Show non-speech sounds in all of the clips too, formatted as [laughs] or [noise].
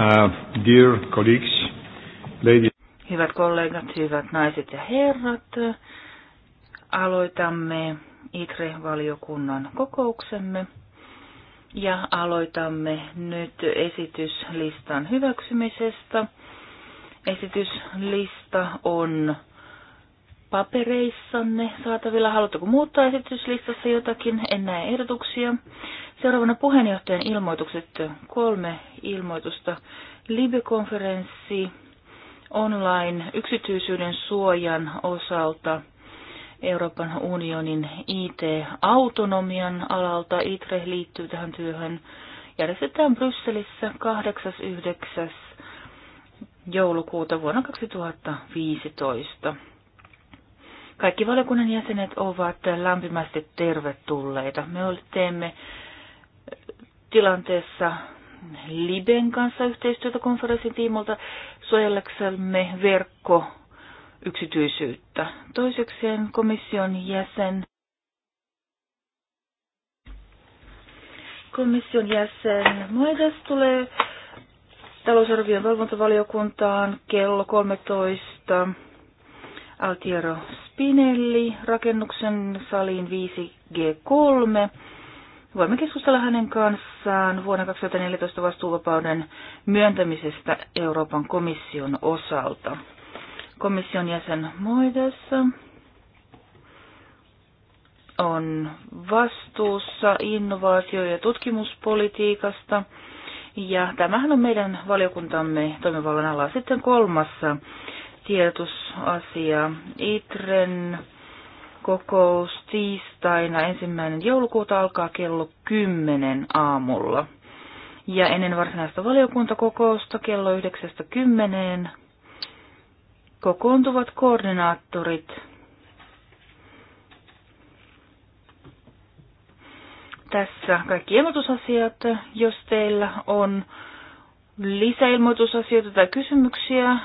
Uh, dear colleagues, ladies. Hyvät kollegat, hyvät naiset ja herrat, aloitamme ITRE-valiokunnan kokouksemme ja aloitamme nyt esityslistan hyväksymisestä. Esityslista on papereissanne saatavilla. Haluatteko muuttaa esityslistassa jotakin? En näe ehdotuksia. Seuraavana puheenjohtajan ilmoitukset. Kolme ilmoitusta. Libekonferenssi online yksityisyyden suojan osalta Euroopan unionin IT-autonomian alalta. ITRE liittyy tähän työhön. Järjestetään Brysselissä 8.9. joulukuuta vuonna 2015. Kaikki valiokunnan jäsenet ovat lämpimästi tervetulleita. Me teemme tilanteessa Liben kanssa yhteistyötä konferenssin tiimolta suojellaksemme verkko yksityisyyttä. Toisekseen komission jäsen komission jäsen Moedas tulee talousarvion valvontavaliokuntaan kello 13. Altiero Spinelli rakennuksen saliin 5G3 Voimme keskustella hänen kanssaan vuonna 2014 vastuuvapauden myöntämisestä Euroopan komission osalta. Komission jäsen Moidessa on vastuussa innovaatio- ja tutkimuspolitiikasta. Ja tämähän on meidän valiokuntamme toimivallan alla. Sitten kolmas tiedotusasia. ITREN kokous tiistaina ensimmäinen joulukuuta alkaa kello 10 aamulla. Ja ennen varsinaista valiokuntakokousta kello 9.10 kokoontuvat koordinaattorit tässä kaikki ilmoitusasiat. Jos teillä on lisäilmoitusasioita tai kysymyksiä,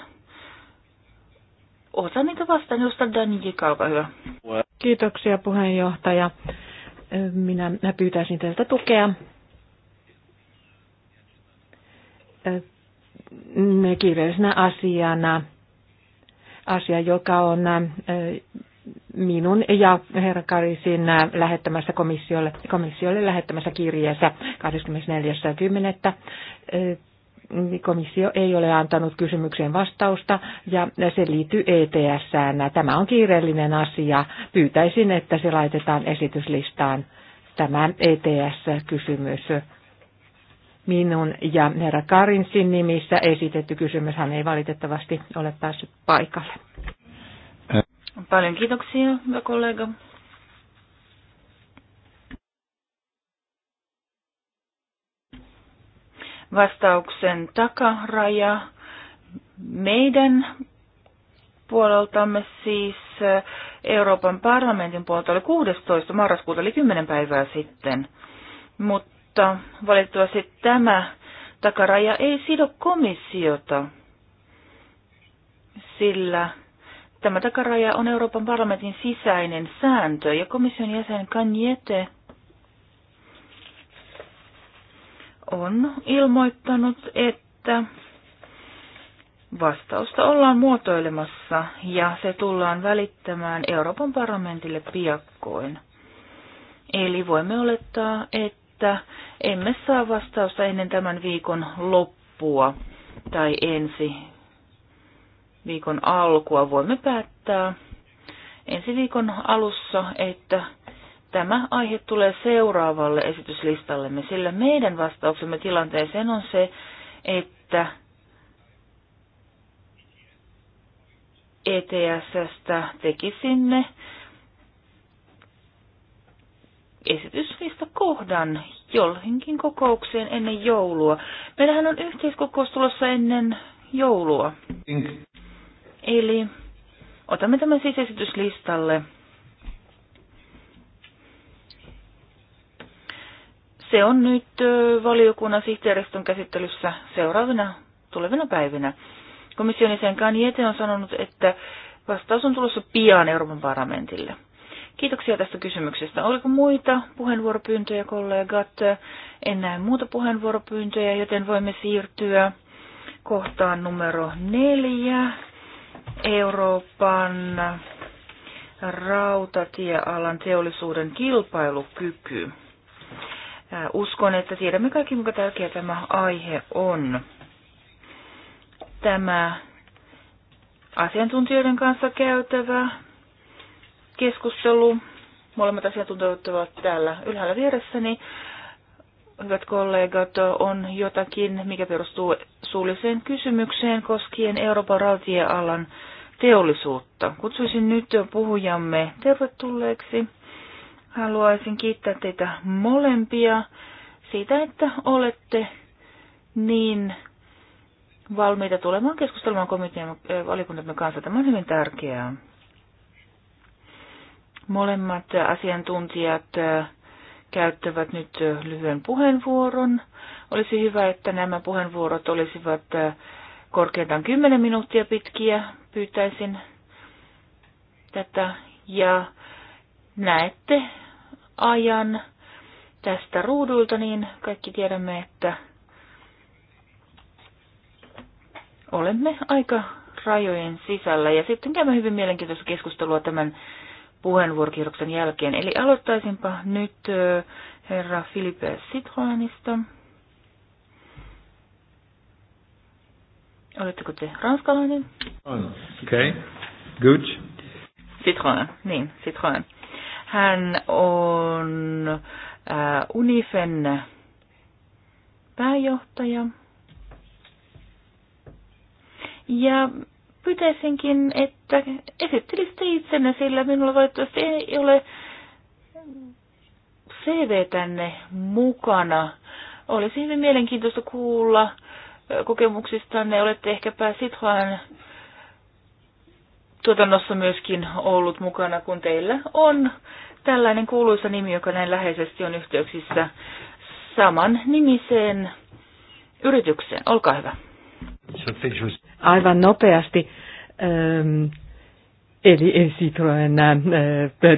ota niitä vastaan, jos tämä Jika, olkaa hyvä. Kiitoksia puheenjohtaja. Minä pyytäisin teiltä tukea. Kiireellisenä asiana, asia, joka on minun ja herra Karisin lähettämässä komissiolle, komissiolle lähettämässä kirjeessä 24.10 komissio ei ole antanut kysymykseen vastausta ja se liittyy ets Tämä on kiireellinen asia. Pyytäisin, että se laitetaan esityslistaan tämä ETS-kysymys. Minun ja herra Karinsin nimissä esitetty kysymys, hän ei valitettavasti ole päässyt paikalle. Paljon kiitoksia, kollega. vastauksen takaraja meidän puoleltamme siis eh, Euroopan parlamentin puolelta oli 16. marraskuuta, eli 10 päivää sitten. Mutta valitettavasti tämä takaraja ei sido komissiota, sillä tämä takaraja on Euroopan parlamentin sisäinen sääntö, ja komission jäsen Kanjete on ilmoittanut, että vastausta ollaan muotoilemassa ja se tullaan välittämään Euroopan parlamentille piakkoin. Eli voimme olettaa, että emme saa vastausta ennen tämän viikon loppua tai ensi viikon alkua. Voimme päättää ensi viikon alussa, että tämä aihe tulee seuraavalle esityslistallemme, sillä meidän vastauksemme tilanteeseen on se, että ETSstä tekisimme esityslista kohdan jollekin kokoukseen ennen joulua. Meillähän on yhteiskokous tulossa ennen joulua. Eli otamme tämän siis esityslistalle Se on nyt valiokunnan sihteeristön käsittelyssä seuraavina tulevina päivinä. Komission jäsen Kanjete on sanonut, että vastaus on tulossa pian Euroopan parlamentille. Kiitoksia tästä kysymyksestä. Oliko muita puheenvuoropyyntöjä, kollegat? En näe muuta puheenvuoropyyntöjä, joten voimme siirtyä kohtaan numero neljä. Euroopan rautatiealan teollisuuden kilpailukyky. Äh, uskon, että tiedämme kaikki, kuinka tärkeä tämä aihe on. Tämä asiantuntijoiden kanssa käytävä keskustelu, molemmat asiantuntijat ovat täällä ylhäällä vieressäni, hyvät kollegat, on jotakin, mikä perustuu suulliseen kysymykseen koskien Euroopan rautiealan teollisuutta. Kutsuisin nyt puhujamme tervetulleeksi. Haluaisin kiittää teitä molempia siitä, että olette niin valmiita tulemaan keskustelemaan komitean eh, valikuntamme kanssa. Tämä on hyvin tärkeää. Molemmat asiantuntijat eh, käyttävät nyt eh, lyhyen puheenvuoron. Olisi hyvä, että nämä puheenvuorot olisivat korkeintaan 10 minuuttia pitkiä. Pyytäisin tätä ja näette ajan tästä ruudulta, niin kaikki tiedämme, että olemme aika rajojen sisällä. Ja sitten käymme hyvin mielenkiintoista keskustelua tämän puheenvuorokierroksen jälkeen. Eli aloittaisinpa nyt herra Filipe Sitroenista. Oletteko te ranskalainen? Okei, okay. good. Citroen, niin, Citroen. Hän on äh, Unifen pääjohtaja. Ja pyytäisinkin, että esittelisitte itsenne, sillä minulla valitettavasti ei ole CV tänne mukana. Olisi hyvin mielenkiintoista kuulla äh, kokemuksistanne. Olette ehkäpä Citroen tuotannossa myöskin ollut mukana, kun teillä on tällainen kuuluisa nimi, joka näin läheisesti on yhteyksissä saman nimiseen yritykseen. Olkaa hyvä. Aivan nopeasti. Ähm, eli Citroen äh,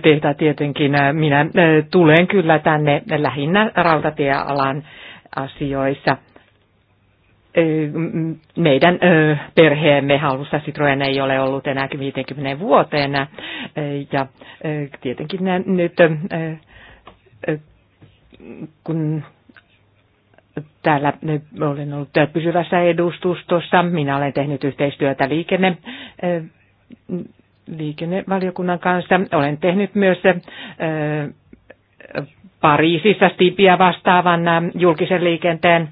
tehtä tietenkin. Minä äh, tulen kyllä tänne lähinnä rautatiealan asioissa meidän perheemme halussa Citroen ei ole ollut enää 50 vuoteen. Ja tietenkin nyt kun täällä olen ollut pysyvässä edustustossa, minä olen tehnyt yhteistyötä liikenne liikennevaliokunnan kanssa. Olen tehnyt myös Pariisissa Stipiä vastaavan julkisen liikenteen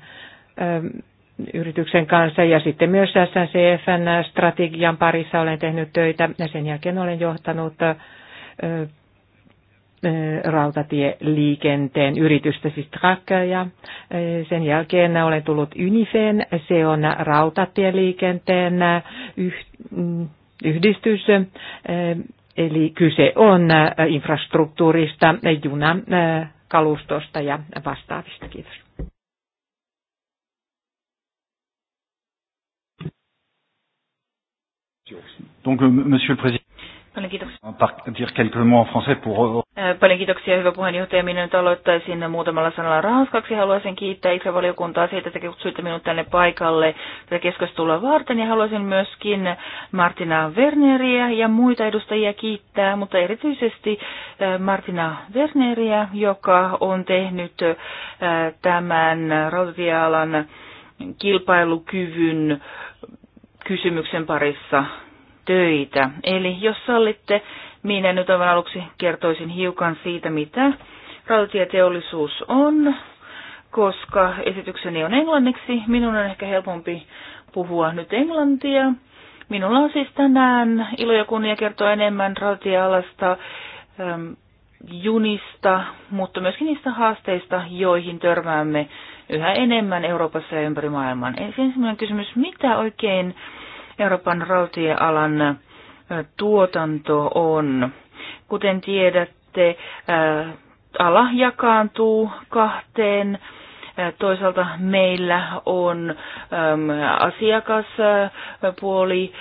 yrityksen kanssa ja sitten myös SNCFn strategian parissa olen tehnyt töitä ja sen jälkeen olen johtanut rautatieliikenteen yritystä, siis trakkeja. sen jälkeen olen tullut Unifeen, se on rautatieliikenteen yhdistys, eli kyse on infrastruktuurista, juna, kalustosta ja vastaavista. Kiitos. Donc, euh, monsieur le président. Paljon kiitoksia. Euh, paljon kiitoksia, hyvä puheenjohtaja. Minä nyt aloittaisin muutamalla sanalla ranskaksi. Haluaisin kiittää itse valiokuntaa siitä, että kutsuitte minut tänne paikalle tätä keskustelua varten. Ja haluaisin myöskin Martina Werneriä ja muita edustajia kiittää, mutta erityisesti Martina Werneriä, joka on tehnyt tämän rautatiealan kilpailukyvyn kysymyksen parissa töitä. Eli jos sallitte, minä nyt aivan aluksi kertoisin hiukan siitä, mitä rautatieteollisuus on, koska esitykseni on englanniksi. Minun on ehkä helpompi puhua nyt englantia. Minulla on siis tänään ilo ja kunnia kertoa enemmän rautatiealasta, ähm, junista, mutta myöskin niistä haasteista, joihin törmäämme yhä enemmän Euroopassa ja ympäri maailman. Ensimmäinen kysymys, mitä oikein Euroopan rautiealan tuotanto on. Kuten tiedätte, ala jakaantuu kahteen. Toisaalta meillä on asiakaspuoli,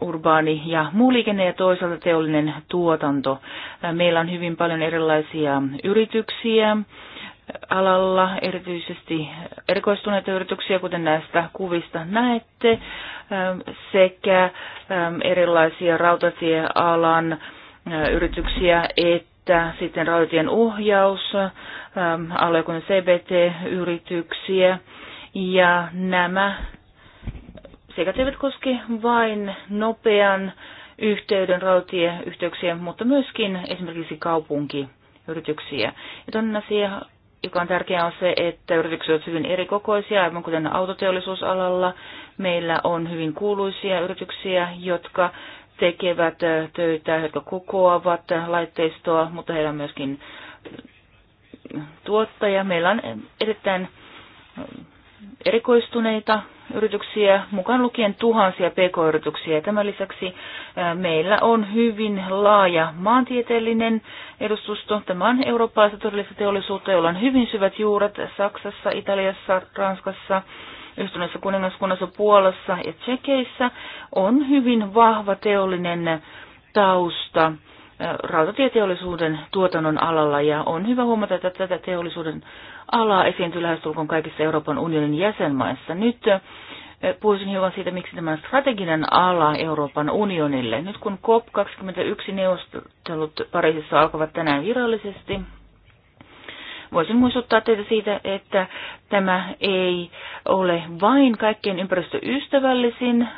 urbaani ja muu liikenne ja toisaalta teollinen tuotanto. Meillä on hyvin paljon erilaisia yrityksiä, alalla, erityisesti erikoistuneita yrityksiä, kuten näistä kuvista näette, ähm, sekä ähm, erilaisia rautatiealan äh, yrityksiä että sitten rautatien ohjaus, ähm, alueen CBT-yrityksiä. Ja nämä sekä eivät koski vain nopean yhteyden rautatieyhteyksiä, mutta myöskin esimerkiksi kaupunkiyrityksiä. Ja toinen asia joka on tärkeää, on se, että yritykset ovat hyvin erikokoisia, aivan kuten autoteollisuusalalla. Meillä on hyvin kuuluisia yrityksiä, jotka tekevät töitä, jotka kokoavat laitteistoa, mutta heillä on myöskin tuottaja. Meillä on erittäin erikoistuneita yrityksiä, mukaan lukien tuhansia pk-yrityksiä. Tämän lisäksi äh, meillä on hyvin laaja maantieteellinen edustusto. Tämä on eurooppalaista todellista teollisuutta, jolla on hyvin syvät juuret Saksassa, Italiassa, Ranskassa, Yhdistyneessä kuningaskunnassa, Puolassa ja Tsekeissä. On hyvin vahva teollinen tausta rautatieteollisuuden tuotannon alalla ja on hyvä huomata, että tätä teollisuuden alaa esiintyy lähestulkoon kaikissa Euroopan unionin jäsenmaissa. Nyt puhuisin hiukan siitä, miksi tämä strateginen ala Euroopan unionille. Nyt kun COP21 neuvostelut Pariisissa alkavat tänään virallisesti, voisin muistuttaa teitä siitä, että tämä ei ole vain kaikkein ympäristöystävällisin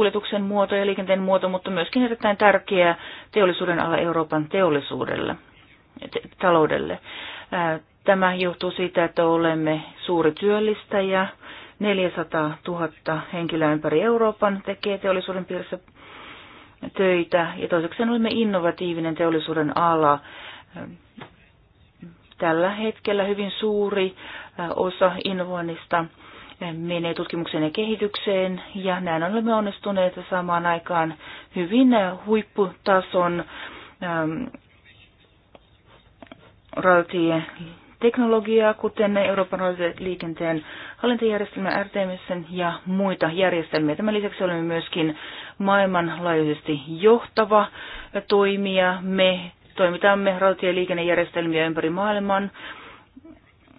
kuljetuksen muoto ja liikenteen muoto, mutta myöskin erittäin tärkeä teollisuuden ala Euroopan teollisuudelle, taloudelle. Tämä johtuu siitä, että olemme suuri työllistäjä. 400 000 henkilöä ympäri Euroopan tekee teollisuuden piirissä töitä ja toiseksi olemme innovatiivinen teollisuuden ala. Tällä hetkellä hyvin suuri osa innovoinnista menee tutkimukseen ja kehitykseen, ja näin olemme onnistuneet saamaan aikaan hyvin huipputason ähm, teknologiaa, kuten Euroopan liikenteen hallintajärjestelmä RTMS ja muita järjestelmiä. Tämän lisäksi olemme myöskin maailmanlaajuisesti johtava toimija. Me toimitamme rautatieliikennejärjestelmiä ympäri maailman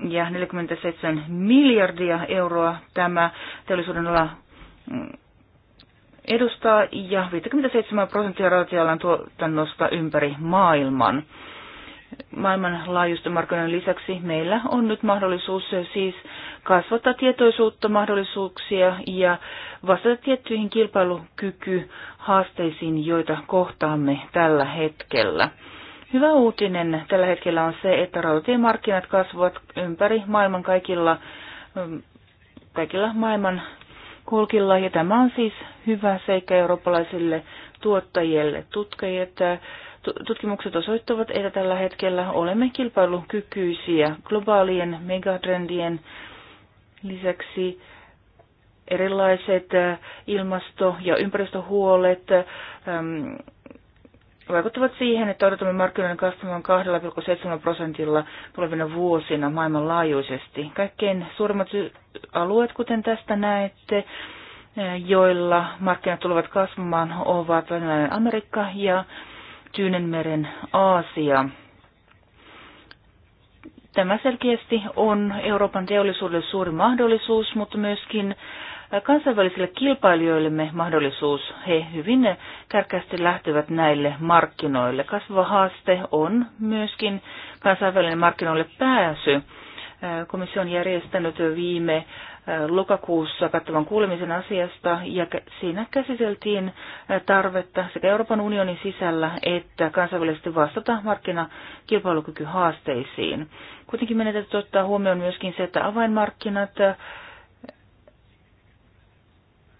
ja 47 miljardia euroa tämä teollisuuden ala mm, edustaa ja 57 prosenttia rautialan tuotannosta ympäri maailman. Maailmanlaajuisten markkinoiden lisäksi meillä on nyt mahdollisuus siis kasvattaa tietoisuutta, mahdollisuuksia ja vastata tiettyihin kilpailukykyhaasteisiin, joita kohtaamme tällä hetkellä. Hyvä uutinen tällä hetkellä on se, että rautatiemarkkinat kasvavat ympäri maailman kaikilla, mm, kaikilla maailman kulkilla, ja tämä on siis hyvä seikka eurooppalaisille tuottajille. Tutkijat, tutkimukset osoittavat, että tällä hetkellä olemme kilpailukykyisiä globaalien megatrendien lisäksi erilaiset äh, ilmasto- ja ympäristöhuolet, vaikuttavat siihen, että odotamme markkinoiden kasvamaan 2,7 prosentilla tulevina vuosina maailmanlaajuisesti. Kaikkein suurimmat alueet, kuten tästä näette, eh, joilla markkinat tulevat kasvamaan, ovat Latinalainen Amerikka ja Tyynenmeren Aasia. Tämä selkeästi on Euroopan teollisuudelle suuri mahdollisuus, mutta myöskin kansainvälisille kilpailijoillemme mahdollisuus. He hyvin kärkästi lähtevät näille markkinoille. Kasvava haaste on myöskin kansainvälinen markkinoille pääsy. Äh, Komissio on järjestänyt viime äh, lokakuussa kattavan kuulemisen asiasta ja siinä käsiteltiin äh, tarvetta sekä Euroopan unionin sisällä että kansainvälisesti vastata markkinakilpailukykyhaasteisiin. Kuitenkin menetetty ottaa huomioon myöskin se, että avainmarkkinat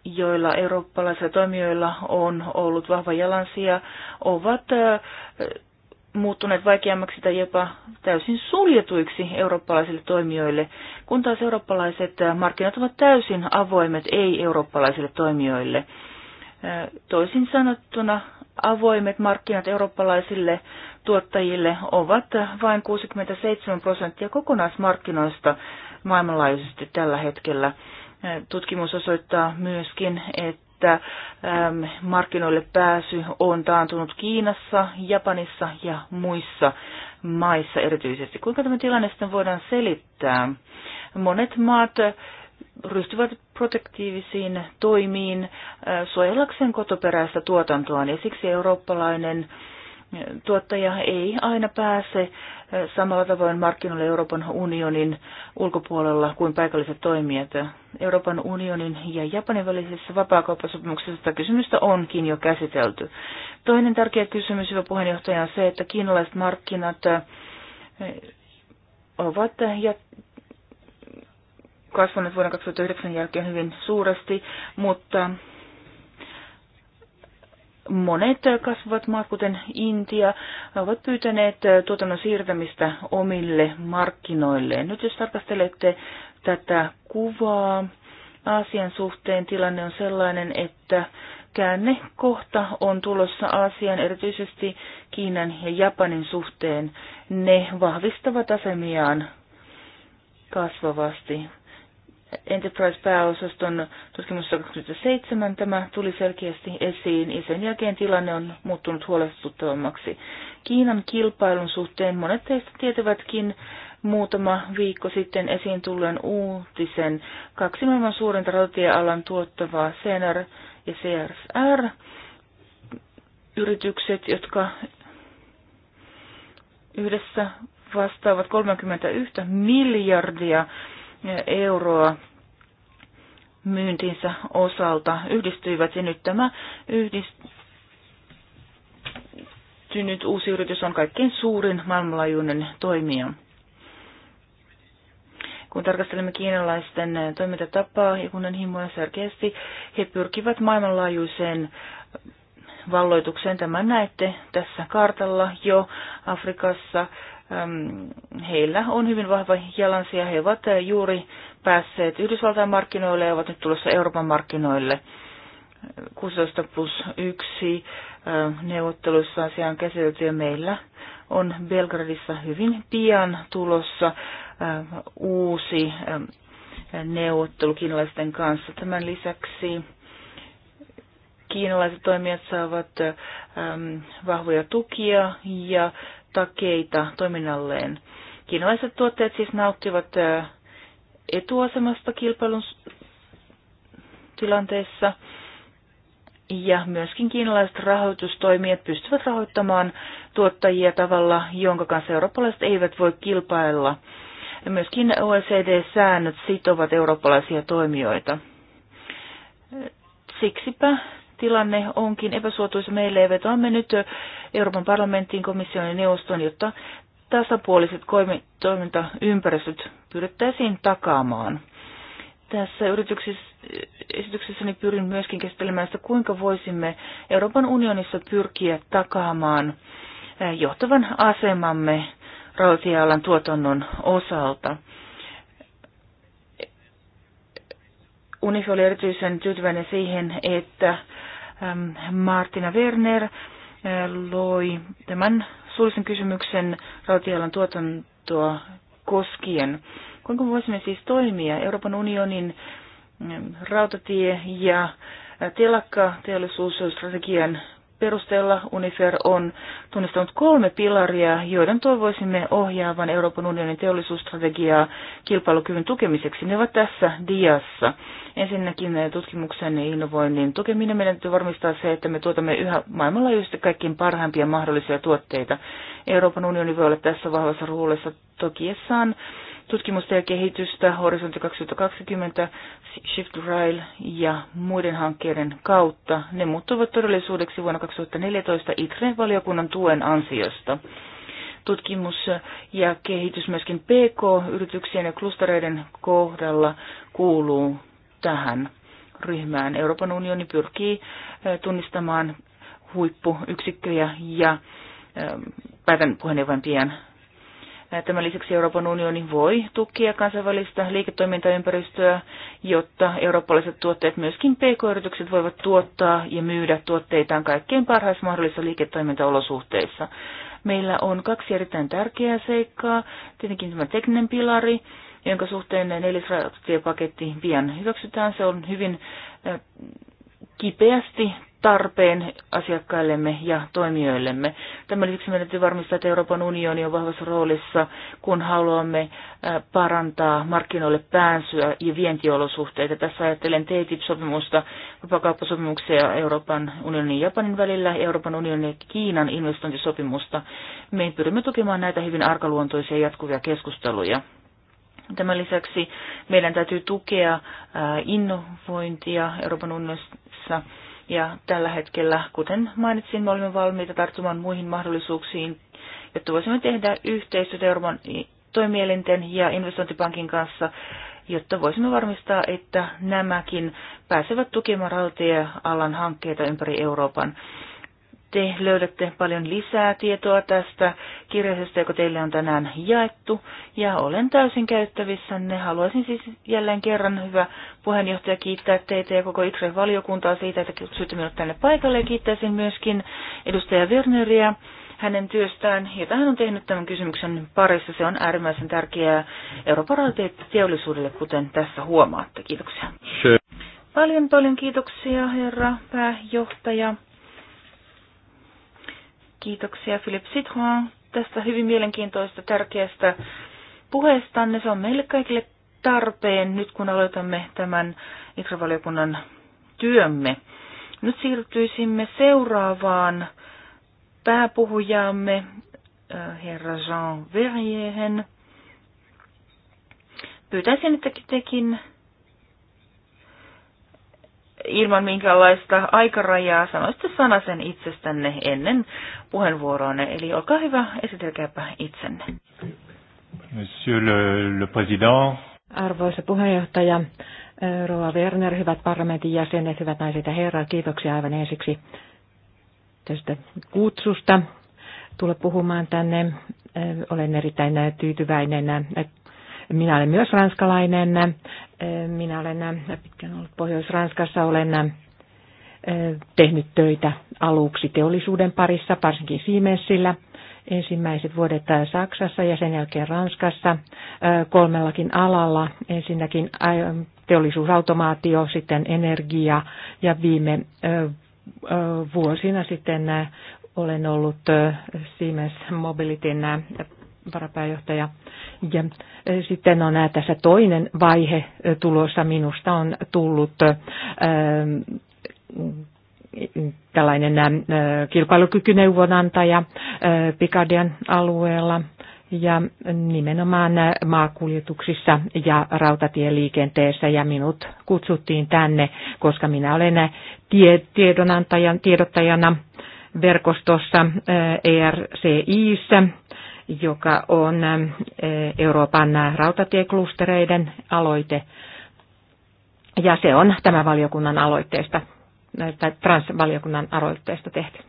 joilla eurooppalaisilla toimijoilla on ollut vahva jalansija, ovat muuttuneet vaikeammaksi tai jopa täysin suljetuiksi eurooppalaisille toimijoille, kun taas eurooppalaiset markkinat ovat täysin avoimet ei-eurooppalaisille toimijoille. Toisin sanottuna avoimet markkinat eurooppalaisille tuottajille ovat vain 67 prosenttia kokonaismarkkinoista maailmanlaajuisesti tällä hetkellä. Tutkimus osoittaa myöskin, että ähm, markkinoille pääsy on taantunut Kiinassa, Japanissa ja muissa maissa erityisesti. Kuinka tämä tilanne sitten voidaan selittää? Monet maat äh, ryhtyvät protektiivisiin toimiin äh, suojellakseen kotoperäistä tuotantoa, ja siksi eurooppalainen tuottaja ei aina pääse samalla tavoin markkinoille Euroopan unionin ulkopuolella kuin paikalliset toimijat. Euroopan unionin ja Japanin välisessä vapaakauppasopimuksessa tätä kysymystä onkin jo käsitelty. Toinen tärkeä kysymys, hyvä puheenjohtaja, on se, että kiinalaiset markkinat ovat kasvaneet vuoden 2009 jälkeen hyvin suuresti, mutta monet kasvavat maat, kuten Intia, ovat pyytäneet tuotannon siirtämistä omille markkinoilleen. Nyt jos tarkastelette tätä kuvaa, Aasian suhteen tilanne on sellainen, että käänne kohta on tulossa Aasian, erityisesti Kiinan ja Japanin suhteen. Ne vahvistavat asemiaan kasvavasti. Enterprise-pääosaston tutkimuksessa 27 tämä tuli selkeästi esiin ja sen jälkeen tilanne on muuttunut huolestuttavammaksi. Kiinan kilpailun suhteen monet teistä tietävätkin muutama viikko sitten esiin tulleen uutisen kaksi maailman suurinta rautatiealan tuottavaa CNR ja CSR yritykset, jotka yhdessä vastaavat 31 miljardia euroa myyntinsä osalta yhdistyivät. Ja nyt tämä yhdistynyt uusi yritys on kaikkein suurin maailmanlaajuinen toimija. Kun tarkastelemme kiinalaisten toimintatapaa ja kunnianhimoja selkeästi, he pyrkivät maailmanlaajuiseen valloitukseen. Tämän näette tässä kartalla jo Afrikassa, heillä on hyvin vahva jalansija He ovat äh, juuri päässeet Yhdysvaltain markkinoille ja ovat nyt tulossa Euroopan markkinoille. 16 plus 1 äh, neuvotteluissa asia on käsitelty ja meillä on Belgradissa hyvin pian tulossa äh, uusi ähm, neuvottelu kiinalaisten kanssa. Tämän lisäksi kiinalaiset toimijat saavat ähm, vahvoja tukia ja takeita toiminnalleen. Kiinalaiset tuotteet siis nauttivat etuasemasta kilpailun tilanteessa ja myöskin kiinalaiset rahoitustoimijat pystyvät rahoittamaan tuottajia tavalla, jonka kanssa eurooppalaiset eivät voi kilpailla. Myöskin OECD-säännöt sitovat eurooppalaisia toimijoita. Siksipä tilanne onkin epäsuotuisa meille ja vetoamme nyt Euroopan parlamenttiin, komission ja neuvoston, jotta tasapuoliset toimintaympäristöt pyrittäisiin takaamaan. Tässä esityksessäni pyrin myöskin käsittelemään sitä, kuinka voisimme Euroopan unionissa pyrkiä takaamaan eh, johtavan asemamme rautatiealan tuotannon osalta. Unifi oli erityisen tyytyväinen siihen, että Ähm, Martina Werner äh, loi tämän suullisen kysymyksen rautialan tuotantoa koskien. Kuinka voisimme siis toimia Euroopan unionin ähm, rautatie- ja äh, telakka-teollisuusstrategian perusteella Unifer on tunnistanut kolme pilaria, joiden toivoisimme ohjaavan Euroopan unionin teollisuusstrategiaa kilpailukyvyn tukemiseksi. Ne ovat tässä diassa. Ensinnäkin tutkimuksen ja innovoinnin tukeminen. Meidän täytyy varmistaa se, että me tuotamme yhä maailmanlaajuisesti kaikkiin parhaimpia mahdollisia tuotteita. Euroopan unioni voi olla tässä vahvassa roolissa tokiessaan tutkimusta ja kehitystä Horisontti 2020, Shift Rail ja muiden hankkeiden kautta. Ne muuttuivat todellisuudeksi vuonna 2014 ITREn valiokunnan tuen ansiosta. Tutkimus ja kehitys myöskin PK-yrityksien ja klustereiden kohdalla kuuluu tähän ryhmään. Euroopan unioni pyrkii eh, tunnistamaan huippuyksikköjä ja eh, päätän puheenjohtajan pian Tämän lisäksi Euroopan unioni voi tukea kansainvälistä liiketoimintaympäristöä, jotta eurooppalaiset tuotteet, myöskin pk-yritykset, voivat tuottaa ja myydä tuotteitaan kaikkein parhaissa mahdollisissa liiketoimintaolosuhteissa. Meillä on kaksi erittäin tärkeää seikkaa. Tietenkin tämä tekninen pilari, jonka suhteen neljäs pian hyväksytään. Se on hyvin äh, kipeästi tarpeen asiakkaillemme ja toimijoillemme. Tämän lisäksi meidän täytyy varmistaa, että Euroopan unioni on vahvassa roolissa, kun haluamme äh, parantaa markkinoille pääsyä ja vientiolosuhteita. Tässä ajattelen TTIP-sopimusta, vapakauppasopimuksia Euroopan unionin ja Japanin välillä, Euroopan unionin ja Kiinan investointisopimusta. Me pyrimme tukemaan näitä hyvin arkaluontoisia jatkuvia keskusteluja. Tämän lisäksi meidän täytyy tukea äh, innovointia Euroopan unionissa ja tällä hetkellä, kuten mainitsin, me olemme valmiita tarttumaan muihin mahdollisuuksiin, jotta voisimme tehdä yhteistyötä Euroopan toimielinten ja investointipankin kanssa, jotta voisimme varmistaa, että nämäkin pääsevät tukemaan rautatie-alan hankkeita ympäri Euroopan te löydätte paljon lisää tietoa tästä kirjasesta, joka teille on tänään jaettu, ja olen täysin Ne Haluaisin siis jälleen kerran, hyvä puheenjohtaja, kiittää teitä ja koko Iksen valiokuntaa siitä, että kutsuitte minut tänne paikalle, ja kiittäisin myöskin edustaja Werneriä hänen työstään, jota hän on tehnyt tämän kysymyksen parissa. Se on äärimmäisen tärkeää Euroopan teollisuudelle, kuten tässä huomaatte. Kiitoksia. Paljon, paljon kiitoksia, herra pääjohtaja. Kiitoksia Philip Citron tästä hyvin mielenkiintoista, tärkeästä puheestanne. Se on meille kaikille tarpeen nyt, kun aloitamme tämän ikravaliokunnan työmme. Nyt siirtyisimme seuraavaan pääpuhujaamme, äh, herra Jean Verrieren. Pyytäisin, että tekin ilman minkäänlaista aikarajaa sanoitte sanasen itsestänne ennen puheenvuoroonne. Eli olkaa hyvä, esitelkääpä itsenne. Monsieur le, le Président. Arvoisa puheenjohtaja, Roa Werner, hyvät parlamentin jäsenet, hyvät naiset ja herrat, kiitoksia aivan ensiksi tästä kutsusta tulla puhumaan tänne. Olen erittäin tyytyväinen. Minä olen myös ranskalainen. Minä olen pitkään ollut Pohjois-Ranskassa, olen tehnyt töitä aluksi teollisuuden parissa, varsinkin Siemensillä. Ensimmäiset vuodet Saksassa ja sen jälkeen Ranskassa kolmellakin alalla. Ensinnäkin teollisuusautomaatio, sitten energia ja viime vuosina sitten olen ollut Siemens Mobilityn varapääjohtaja. Ja sitten on tässä toinen vaihe tulossa. Minusta on tullut tällainen kilpailukykyneuvonantaja Picardian alueella ja nimenomaan maakuljetuksissa ja rautatieliikenteessä ja minut kutsuttiin tänne, koska minä olen tie, tiedonantajan, tiedottajana verkostossa ERCIssä, joka on Euroopan rautatieklustereiden aloite. Ja se on tämän valiokunnan aloitteesta Näitä transvaliokunnan aloitteista tehty.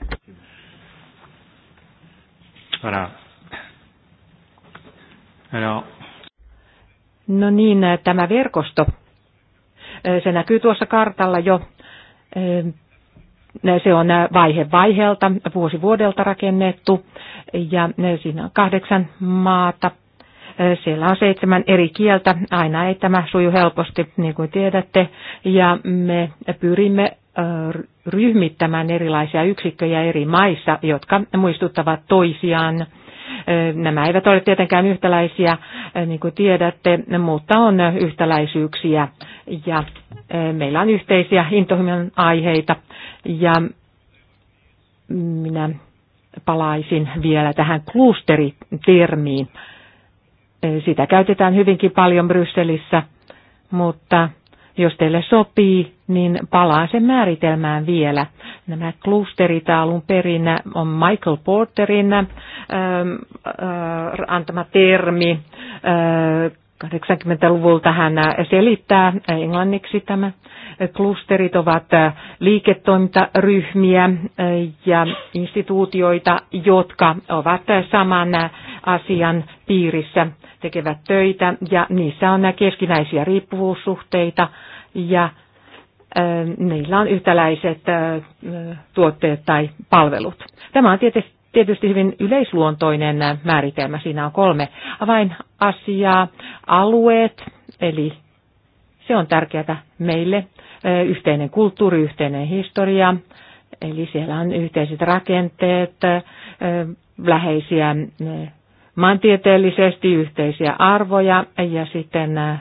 No niin, tämä verkosto, eh, se näkyy tuossa kartalla jo. Eh, se on vaihe vaiheelta, vuosi vuodelta rakennettu ja eh, siinä on kahdeksan maata. Siellä on seitsemän eri kieltä, aina ei tämä suju helposti, niin kuin tiedätte, ja me pyrimme ryhmittämään erilaisia yksikköjä eri maissa, jotka muistuttavat toisiaan. Nämä eivät ole tietenkään yhtäläisiä, niin kuin tiedätte, mutta on yhtäläisyyksiä ja meillä on yhteisiä intohimon aiheita ja minä palaisin vielä tähän klusteritermiin. Sitä käytetään hyvinkin paljon Brysselissä, mutta jos teille sopii, niin palaan sen määritelmään vielä. Nämä klusterit alun perin on Michael Porterin ähm, äh, antama termi. Äh, 80-luvulta hän äh, selittää äh, englanniksi tämä. Klusterit ovat äh, liiketoimintaryhmiä ja instituutioita, jotka ovat saman asian piirissä tekevät töitä ja niissä on nämä keskinäisiä riippuvuussuhteita ja niillä on yhtäläiset tuotteet tai palvelut. Tämä on tietysti hyvin yleisluontoinen määritelmä. Siinä on kolme avainasiaa. Alueet, eli se on tärkeää meille. Yhteinen kulttuuri, yhteinen historia, eli siellä on yhteiset rakenteet, läheisiä maantieteellisesti yhteisiä arvoja ja sitten äh,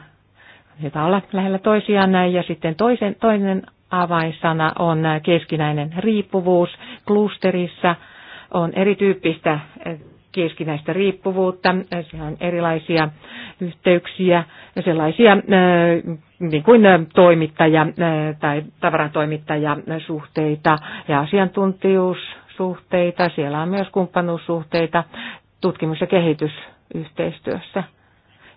jota olla lähellä toisiaan. näin äh, Ja sitten toisen, toinen avainsana on äh, keskinäinen riippuvuus. Klusterissa on erityyppistä keskinäistä riippuvuutta, siellä on erilaisia yhteyksiä, sellaisia niin kuin toimittaja tai tavarantoimittajasuhteita ja asiantuntijuussuhteita, siellä on myös kumppanuussuhteita tutkimus- ja kehitysyhteistyössä.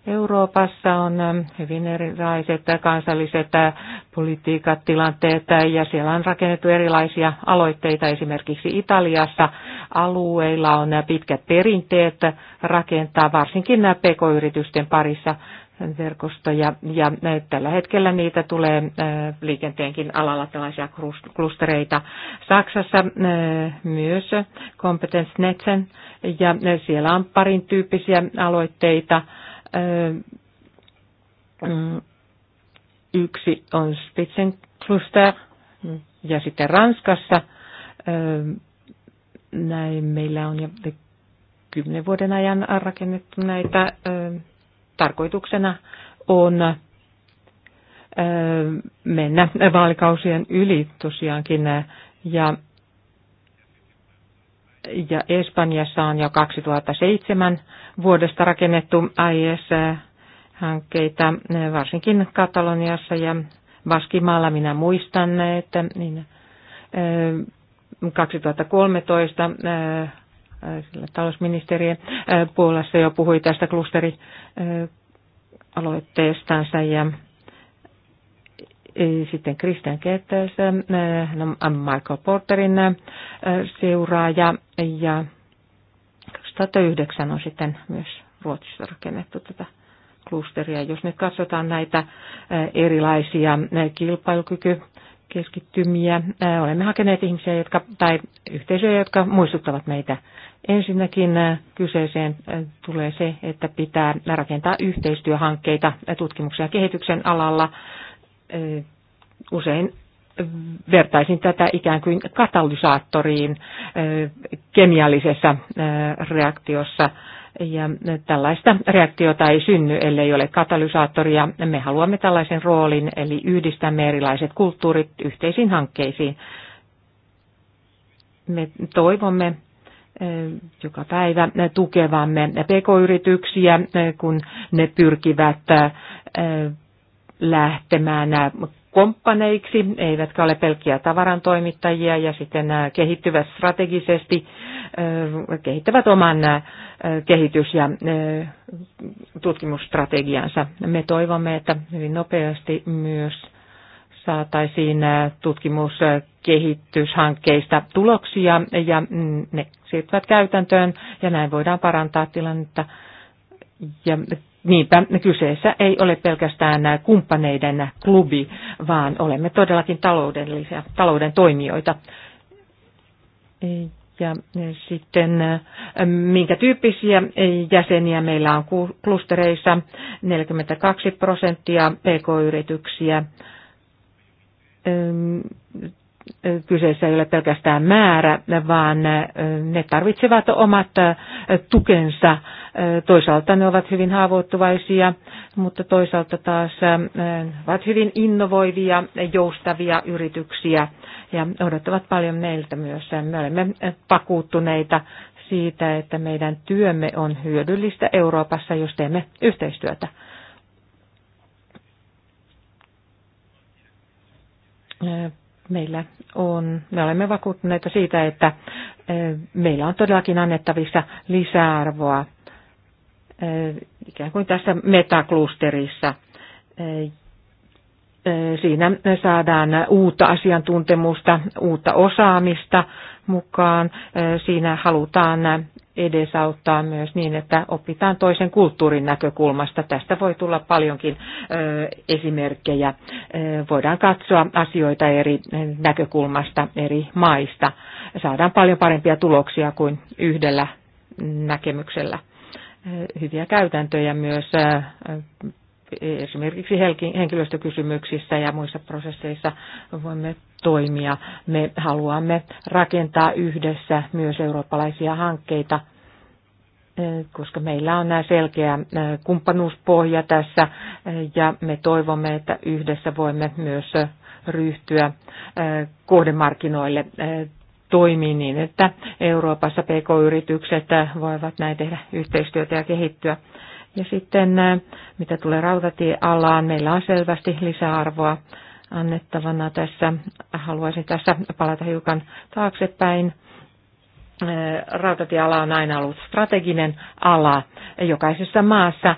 Euroopassa on ähm, hyvin erilaiset kansalliset äh, politiikat, tilanteet äh, ja siellä on rakennettu erilaisia aloitteita. Esimerkiksi Italiassa alueilla on äh, pitkät perinteet rakentaa varsinkin nämä pk-yritysten parissa verkostoja ja tällä hetkellä niitä tulee liikenteenkin alalla tällaisia klustereita. Saksassa myös Kompetenznetzen ja siellä on parin tyyppisiä aloitteita. Mm, yksi on Spitzen cluster ja sitten Ranskassa näin meillä on jo kymmenen vuoden ajan rakennettu näitä tarkoituksena on mennä vaalikausien yli tosiaankin. Ja, ja Espanjassa on jo 2007 vuodesta rakennettu IS-hankkeita, varsinkin Kataloniassa ja Vaskimaalla. Minä muistan, että niin, 2013 sillä talousministeri äh, Puolassa jo puhui tästä klusterialoitteestansa ja sitten Christian Kettäys, äh, äh, Michael Porterin seuraaja ja 2009 on sitten myös Ruotsissa rakennettu tätä klusteria. Jos nyt katsotaan näitä erilaisia kilpailukyky keskittymiä. Olemme hakeneet ihmisiä jotka, tai yhteisöjä, jotka muistuttavat meitä Ensinnäkin äh, kyseeseen äh, tulee se, että pitää rakentaa yhteistyöhankkeita äh, tutkimuksen ja kehityksen alalla. Usein vertaisin tätä ikään kuin katalysaattoriin kemiallisessa reaktiossa. Ja tällaista reaktiota ei synny, ellei ole katalysaattoria. Me haluamme tällaisen roolin, eli yhdistämme erilaiset kulttuurit yhteisiin hankkeisiin. Me toivomme, joka päivä tukevamme pk-yrityksiä, kun ne pyrkivät lähtemään komppaneiksi, eivätkä ole pelkkiä tavarantoimittajia ja sitten kehittyvät strategisesti, kehittävät oman kehitys- ja tutkimusstrategiansa. Me toivomme, että hyvin nopeasti myös saataisiin tutkimuskehityshankkeista tuloksia ja mm, ne siirtyvät käytäntöön ja näin voidaan parantaa tilannetta. Ja niinpä kyseessä ei ole pelkästään kumppaneiden klubi, vaan olemme todellakin taloudellisia, talouden toimijoita. Ja sitten minkä tyyppisiä jäseniä meillä on klustereissa? 42 prosenttia pk-yrityksiä, kyseessä ei ole pelkästään määrä, vaan ne tarvitsevat omat tukensa. Toisaalta ne ovat hyvin haavoittuvaisia, mutta toisaalta taas ovat hyvin innovoivia, joustavia yrityksiä ja odottavat paljon meiltä myös. Me olemme pakuuttuneita siitä, että meidän työmme on hyödyllistä Euroopassa, jos teemme yhteistyötä meillä on, me olemme vakuuttuneita siitä, että eh, meillä on todellakin annettavissa lisäarvoa eh, ikään kuin tässä metaklusterissa. Eh, siinä saadaan uutta asiantuntemusta, uutta osaamista mukaan. Siinä halutaan edesauttaa myös niin, että opitaan toisen kulttuurin näkökulmasta. Tästä voi tulla paljonkin esimerkkejä. Voidaan katsoa asioita eri näkökulmasta eri maista. Saadaan paljon parempia tuloksia kuin yhdellä näkemyksellä. Hyviä käytäntöjä myös esimerkiksi henkilöstökysymyksissä ja muissa prosesseissa voimme toimia. Me haluamme rakentaa yhdessä myös eurooppalaisia hankkeita, eh, koska meillä on nämä selkeä eh, kumppanuuspohja tässä eh, ja me toivomme, että yhdessä voimme myös ryhtyä kohdemarkkinoille toimii niin, että Euroopassa PK-yritykset voivat näin tehdä yhteistyötä ja kehittyä. Ja sitten mitä tulee rautatiealaan, meillä on selvästi lisäarvoa annettavana tässä. Haluaisin tässä palata hiukan taaksepäin. Rautatieala on aina ollut strateginen ala jokaisessa maassa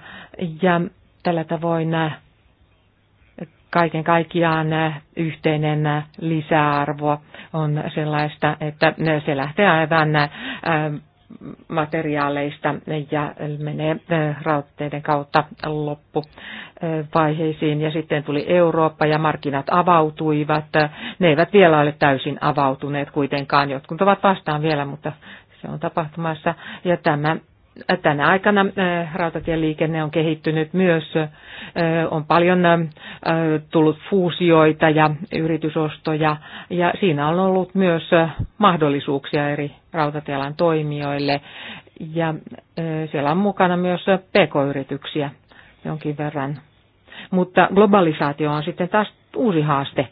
ja tällä tavoin kaiken kaikkiaan yhteinen lisäarvo on sellaista, että se lähtee aivan materiaaleista ja menee äh, rautteiden kautta loppuvaiheisiin. Ja sitten tuli Eurooppa ja markkinat avautuivat. Ne eivät vielä ole täysin avautuneet kuitenkaan. Jotkut ovat vastaan vielä, mutta se on tapahtumassa. Ja tämä tänä aikana äh, rautatieliikenne on kehittynyt myös, äh, on paljon äh, tullut fuusioita ja yritysostoja ja siinä on ollut myös mahdollisuuksia eri rautatiealan toimijoille ja siellä on mukana myös pk-yrityksiä jonkin verran. Mutta globalisaatio on sitten taas uusi haaste.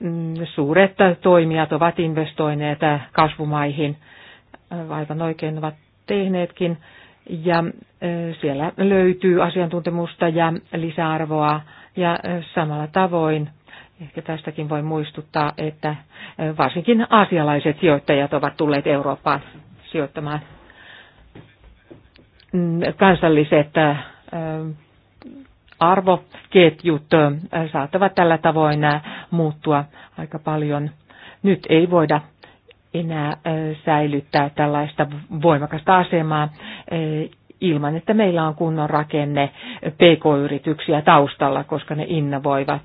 Mm, suuret toimijat ovat investoineet kasvumaihin – aivan oikein ovat tehneetkin. Ja siellä löytyy asiantuntemusta ja lisäarvoa ja samalla tavoin Ehkä tästäkin voi muistuttaa, että varsinkin asialaiset sijoittajat ovat tulleet Eurooppaan sijoittamaan mm, kansalliset arvoketjut saattavat tällä tavoin muuttua aika paljon. Nyt ei voida enää säilyttää tällaista voimakasta asemaa ilman, että meillä on kunnon rakenne pk-yrityksiä taustalla, koska ne innovoivat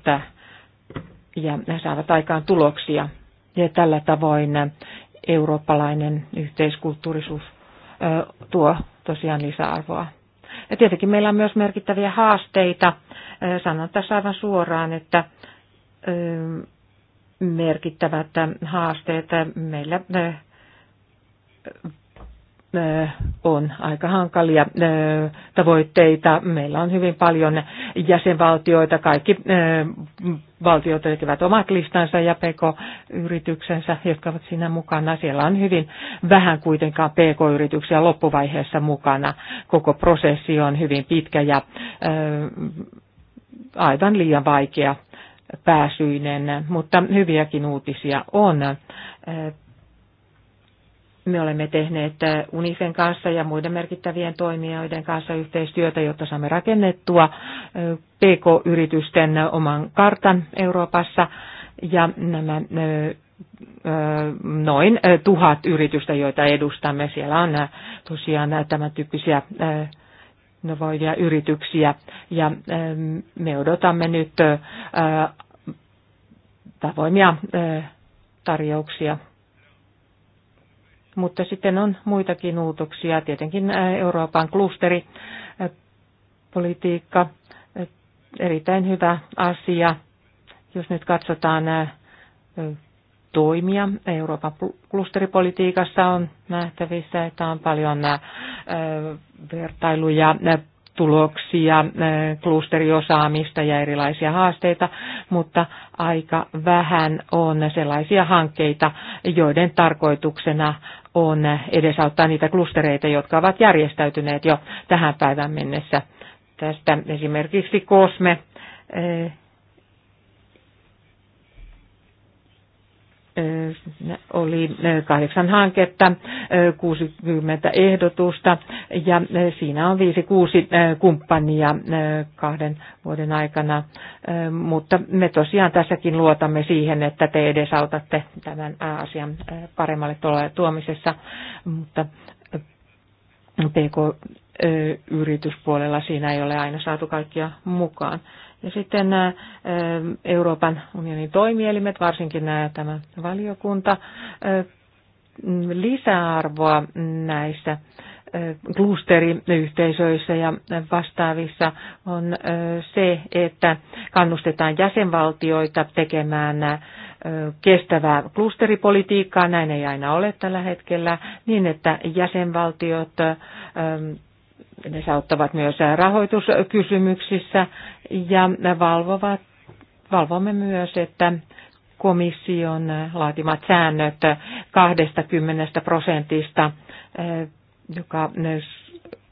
ja saavat aikaan tuloksia. Ja tällä tavoin eurooppalainen yhteiskulttuurisuus tuo tosiaan lisäarvoa. Ja tietenkin meillä on myös merkittäviä haasteita. Sanon tässä aivan suoraan, että merkittävät haasteet. Meillä on aika hankalia tavoitteita. Meillä on hyvin paljon jäsenvaltioita. Kaikki valtiot tekevät omat listansa ja PK-yrityksensä, jotka ovat siinä mukana. Siellä on hyvin vähän kuitenkaan PK-yrityksiä loppuvaiheessa mukana. Koko prosessi on hyvin pitkä ja aivan liian vaikea pääsyinen, mutta hyviäkin uutisia on. Me olemme tehneet Unifen kanssa ja muiden merkittävien toimijoiden kanssa yhteistyötä, jotta saamme rakennettua PK-yritysten oman kartan Euroopassa. Ja nämä noin tuhat yritystä, joita edustamme. Siellä on tosiaan tämän tyyppisiä innovoivia yrityksiä ja me odotamme nyt avoimia tarjouksia. Mutta sitten on muitakin uutoksia, tietenkin Euroopan klusteri erittäin hyvä asia. Jos nyt katsotaan toimia. Euroopan klusteripolitiikassa on nähtävissä, että on paljon äh, vertailuja äh, tuloksia, äh, klusteriosaamista ja erilaisia haasteita, mutta aika vähän on sellaisia hankkeita, joiden tarkoituksena on edesauttaa niitä klustereita, jotka ovat järjestäytyneet jo tähän päivään mennessä. Tästä esimerkiksi COSME oli kahdeksan hanketta, 60 ehdotusta ja siinä on viisi kuusi kumppania kahden vuoden aikana, mutta me tosiaan tässäkin luotamme siihen, että te edesautatte tämän asian paremmalle tuomisessa, mutta PK-yrityspuolella siinä ei ole aina saatu kaikkia mukaan. Ja sitten Euroopan unionin toimielimet, varsinkin tämä valiokunta, lisäarvoa näissä klusteriyhteisöissä ja vastaavissa on se, että kannustetaan jäsenvaltioita tekemään kestävää klusteripolitiikkaa, näin ei aina ole tällä hetkellä, niin että jäsenvaltiot ne auttavat myös rahoituskysymyksissä ja valvovat, valvomme myös, että komission laatimat säännöt 20 prosentista, eh, joka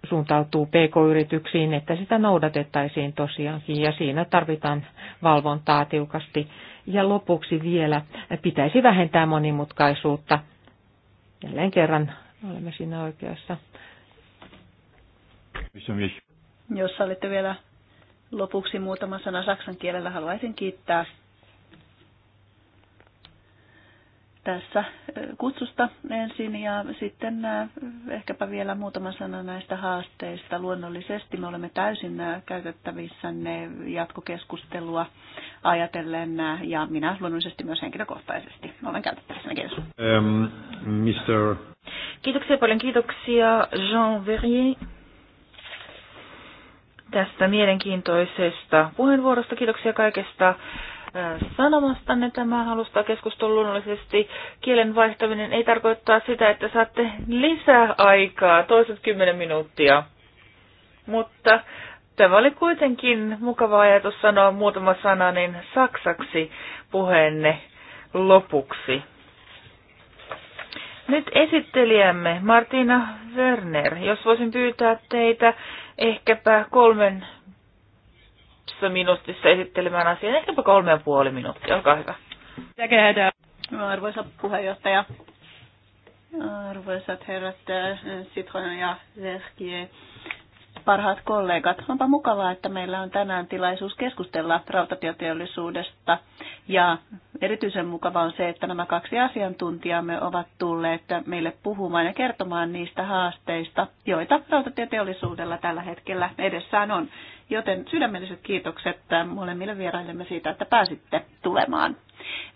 suuntautuu pk-yrityksiin, että sitä noudatettaisiin tosiaankin ja siinä tarvitaan valvontaa tiukasti. Ja lopuksi vielä eh, pitäisi vähentää monimutkaisuutta. Jälleen kerran olemme siinä oikeassa. Jos olette vielä lopuksi muutama sana saksan kielellä, haluaisin kiittää tässä kutsusta ensin ja sitten ehkäpä vielä muutama sana näistä haasteista. Luonnollisesti me olemme täysin käytettävissä ne jatkokeskustelua ajatellen ja minä luonnollisesti myös henkilökohtaisesti olen käytettävissä. Kiitos. Um, Mr. Kiitoksia paljon. Kiitoksia Jean Verrier tästä mielenkiintoisesta puheenvuorosta. Kiitoksia kaikesta äh, sanomastanne. Tämä halusta keskustelun luonnollisesti. Kielen vaihtaminen ei tarkoittaa sitä, että saatte lisää aikaa, toiset kymmenen minuuttia. Mutta tämä oli kuitenkin mukava ajatus sanoa muutama niin saksaksi puheenne lopuksi. Nyt esittelijämme Martina Werner, jos voisin pyytää teitä ehkäpä kolmen minuutissa esittelemään asian, ehkäpä kolme ja puoli minuuttia, olkaa hyvä. Arvoisa puheenjohtaja, arvoisat herrat Citroen ja Verkier, parhaat kollegat. Onpa mukavaa, että meillä on tänään tilaisuus keskustella rautatieteollisuudesta. Ja erityisen mukavaa on se, että nämä kaksi asiantuntijamme ovat tulleet meille puhumaan ja kertomaan niistä haasteista, joita rautatieteollisuudella tällä hetkellä edessään on. Joten sydämelliset kiitokset molemmille vieraillemme siitä, että pääsitte tulemaan.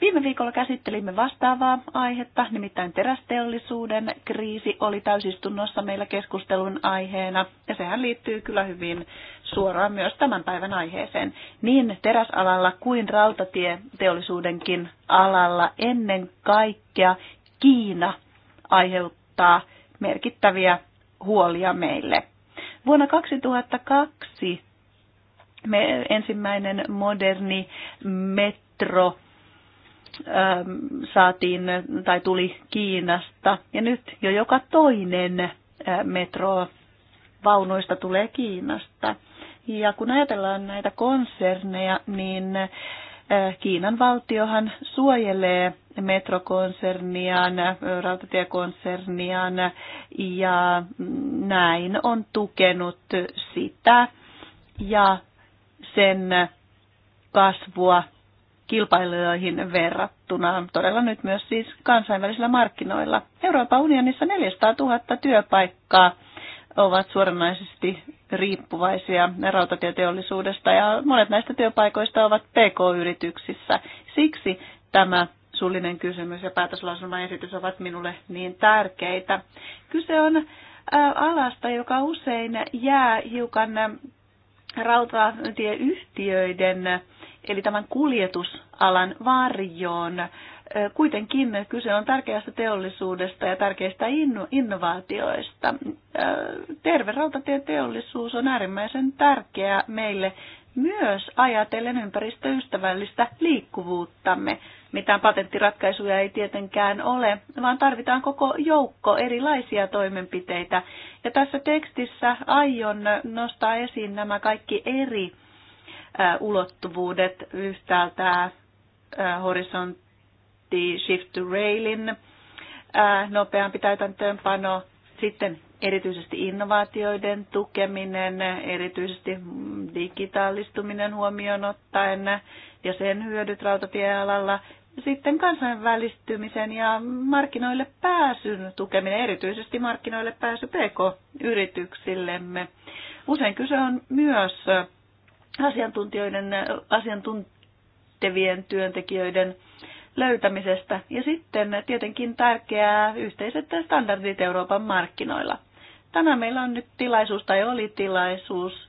Viime viikolla käsittelimme vastaavaa aihetta, nimittäin terästeollisuuden kriisi oli täysistunnossa meillä keskustelun aiheena, ja sehän liittyy kyllä hyvin suoraan myös tämän päivän aiheeseen, niin teräsalalla kuin rautatieteollisuudenkin alalla ennen kaikkea Kiina aiheuttaa merkittäviä huolia meille. Vuonna 2002 me ensimmäinen moderni metro Ähm, saatiin tai tuli Kiinasta. Ja nyt jo joka toinen äh, vaunuista tulee Kiinasta. Ja kun ajatellaan näitä konserneja, niin äh, Kiinan valtiohan suojelee metrokonserniaan, äh, rautatiekonserniaan ja näin on tukenut sitä ja sen kasvua kilpailijoihin verrattuna, todella nyt myös siis kansainvälisillä markkinoilla. Euroopan unionissa 400 000 työpaikkaa ovat suoranaisesti riippuvaisia rautatieteollisuudesta ja monet näistä työpaikoista ovat PK-yrityksissä. Siksi tämä sullinen kysymys ja esitys ovat minulle niin tärkeitä. Kyse on alasta, joka usein jää hiukan rautatieyhtiöiden eli tämän kuljetusalan varjoon. Kuitenkin kyse on tärkeästä teollisuudesta ja tärkeistä innovaatioista. Terve rautatien teollisuus on äärimmäisen tärkeää meille myös ajatellen ympäristöystävällistä liikkuvuuttamme. Mitään patenttiratkaisuja ei tietenkään ole, vaan tarvitaan koko joukko erilaisia toimenpiteitä. Ja tässä tekstissä aion nostaa esiin nämä kaikki eri ulottuvuudet yhtäältä horisontti shift to railin nopeampi täytäntöönpano, sitten erityisesti innovaatioiden tukeminen, erityisesti digitaalistuminen huomioon ottaen ja sen hyödyt rautatiealalla. Sitten kansainvälistymisen ja markkinoille pääsyn tukeminen, erityisesti markkinoille pääsy PK-yrityksillemme. Usein kyse on myös asiantuntijoiden, asiantuntevien työntekijöiden löytämisestä ja sitten tietenkin tärkeää yhteiset standardit Euroopan markkinoilla. Tänään meillä on nyt tilaisuus tai oli tilaisuus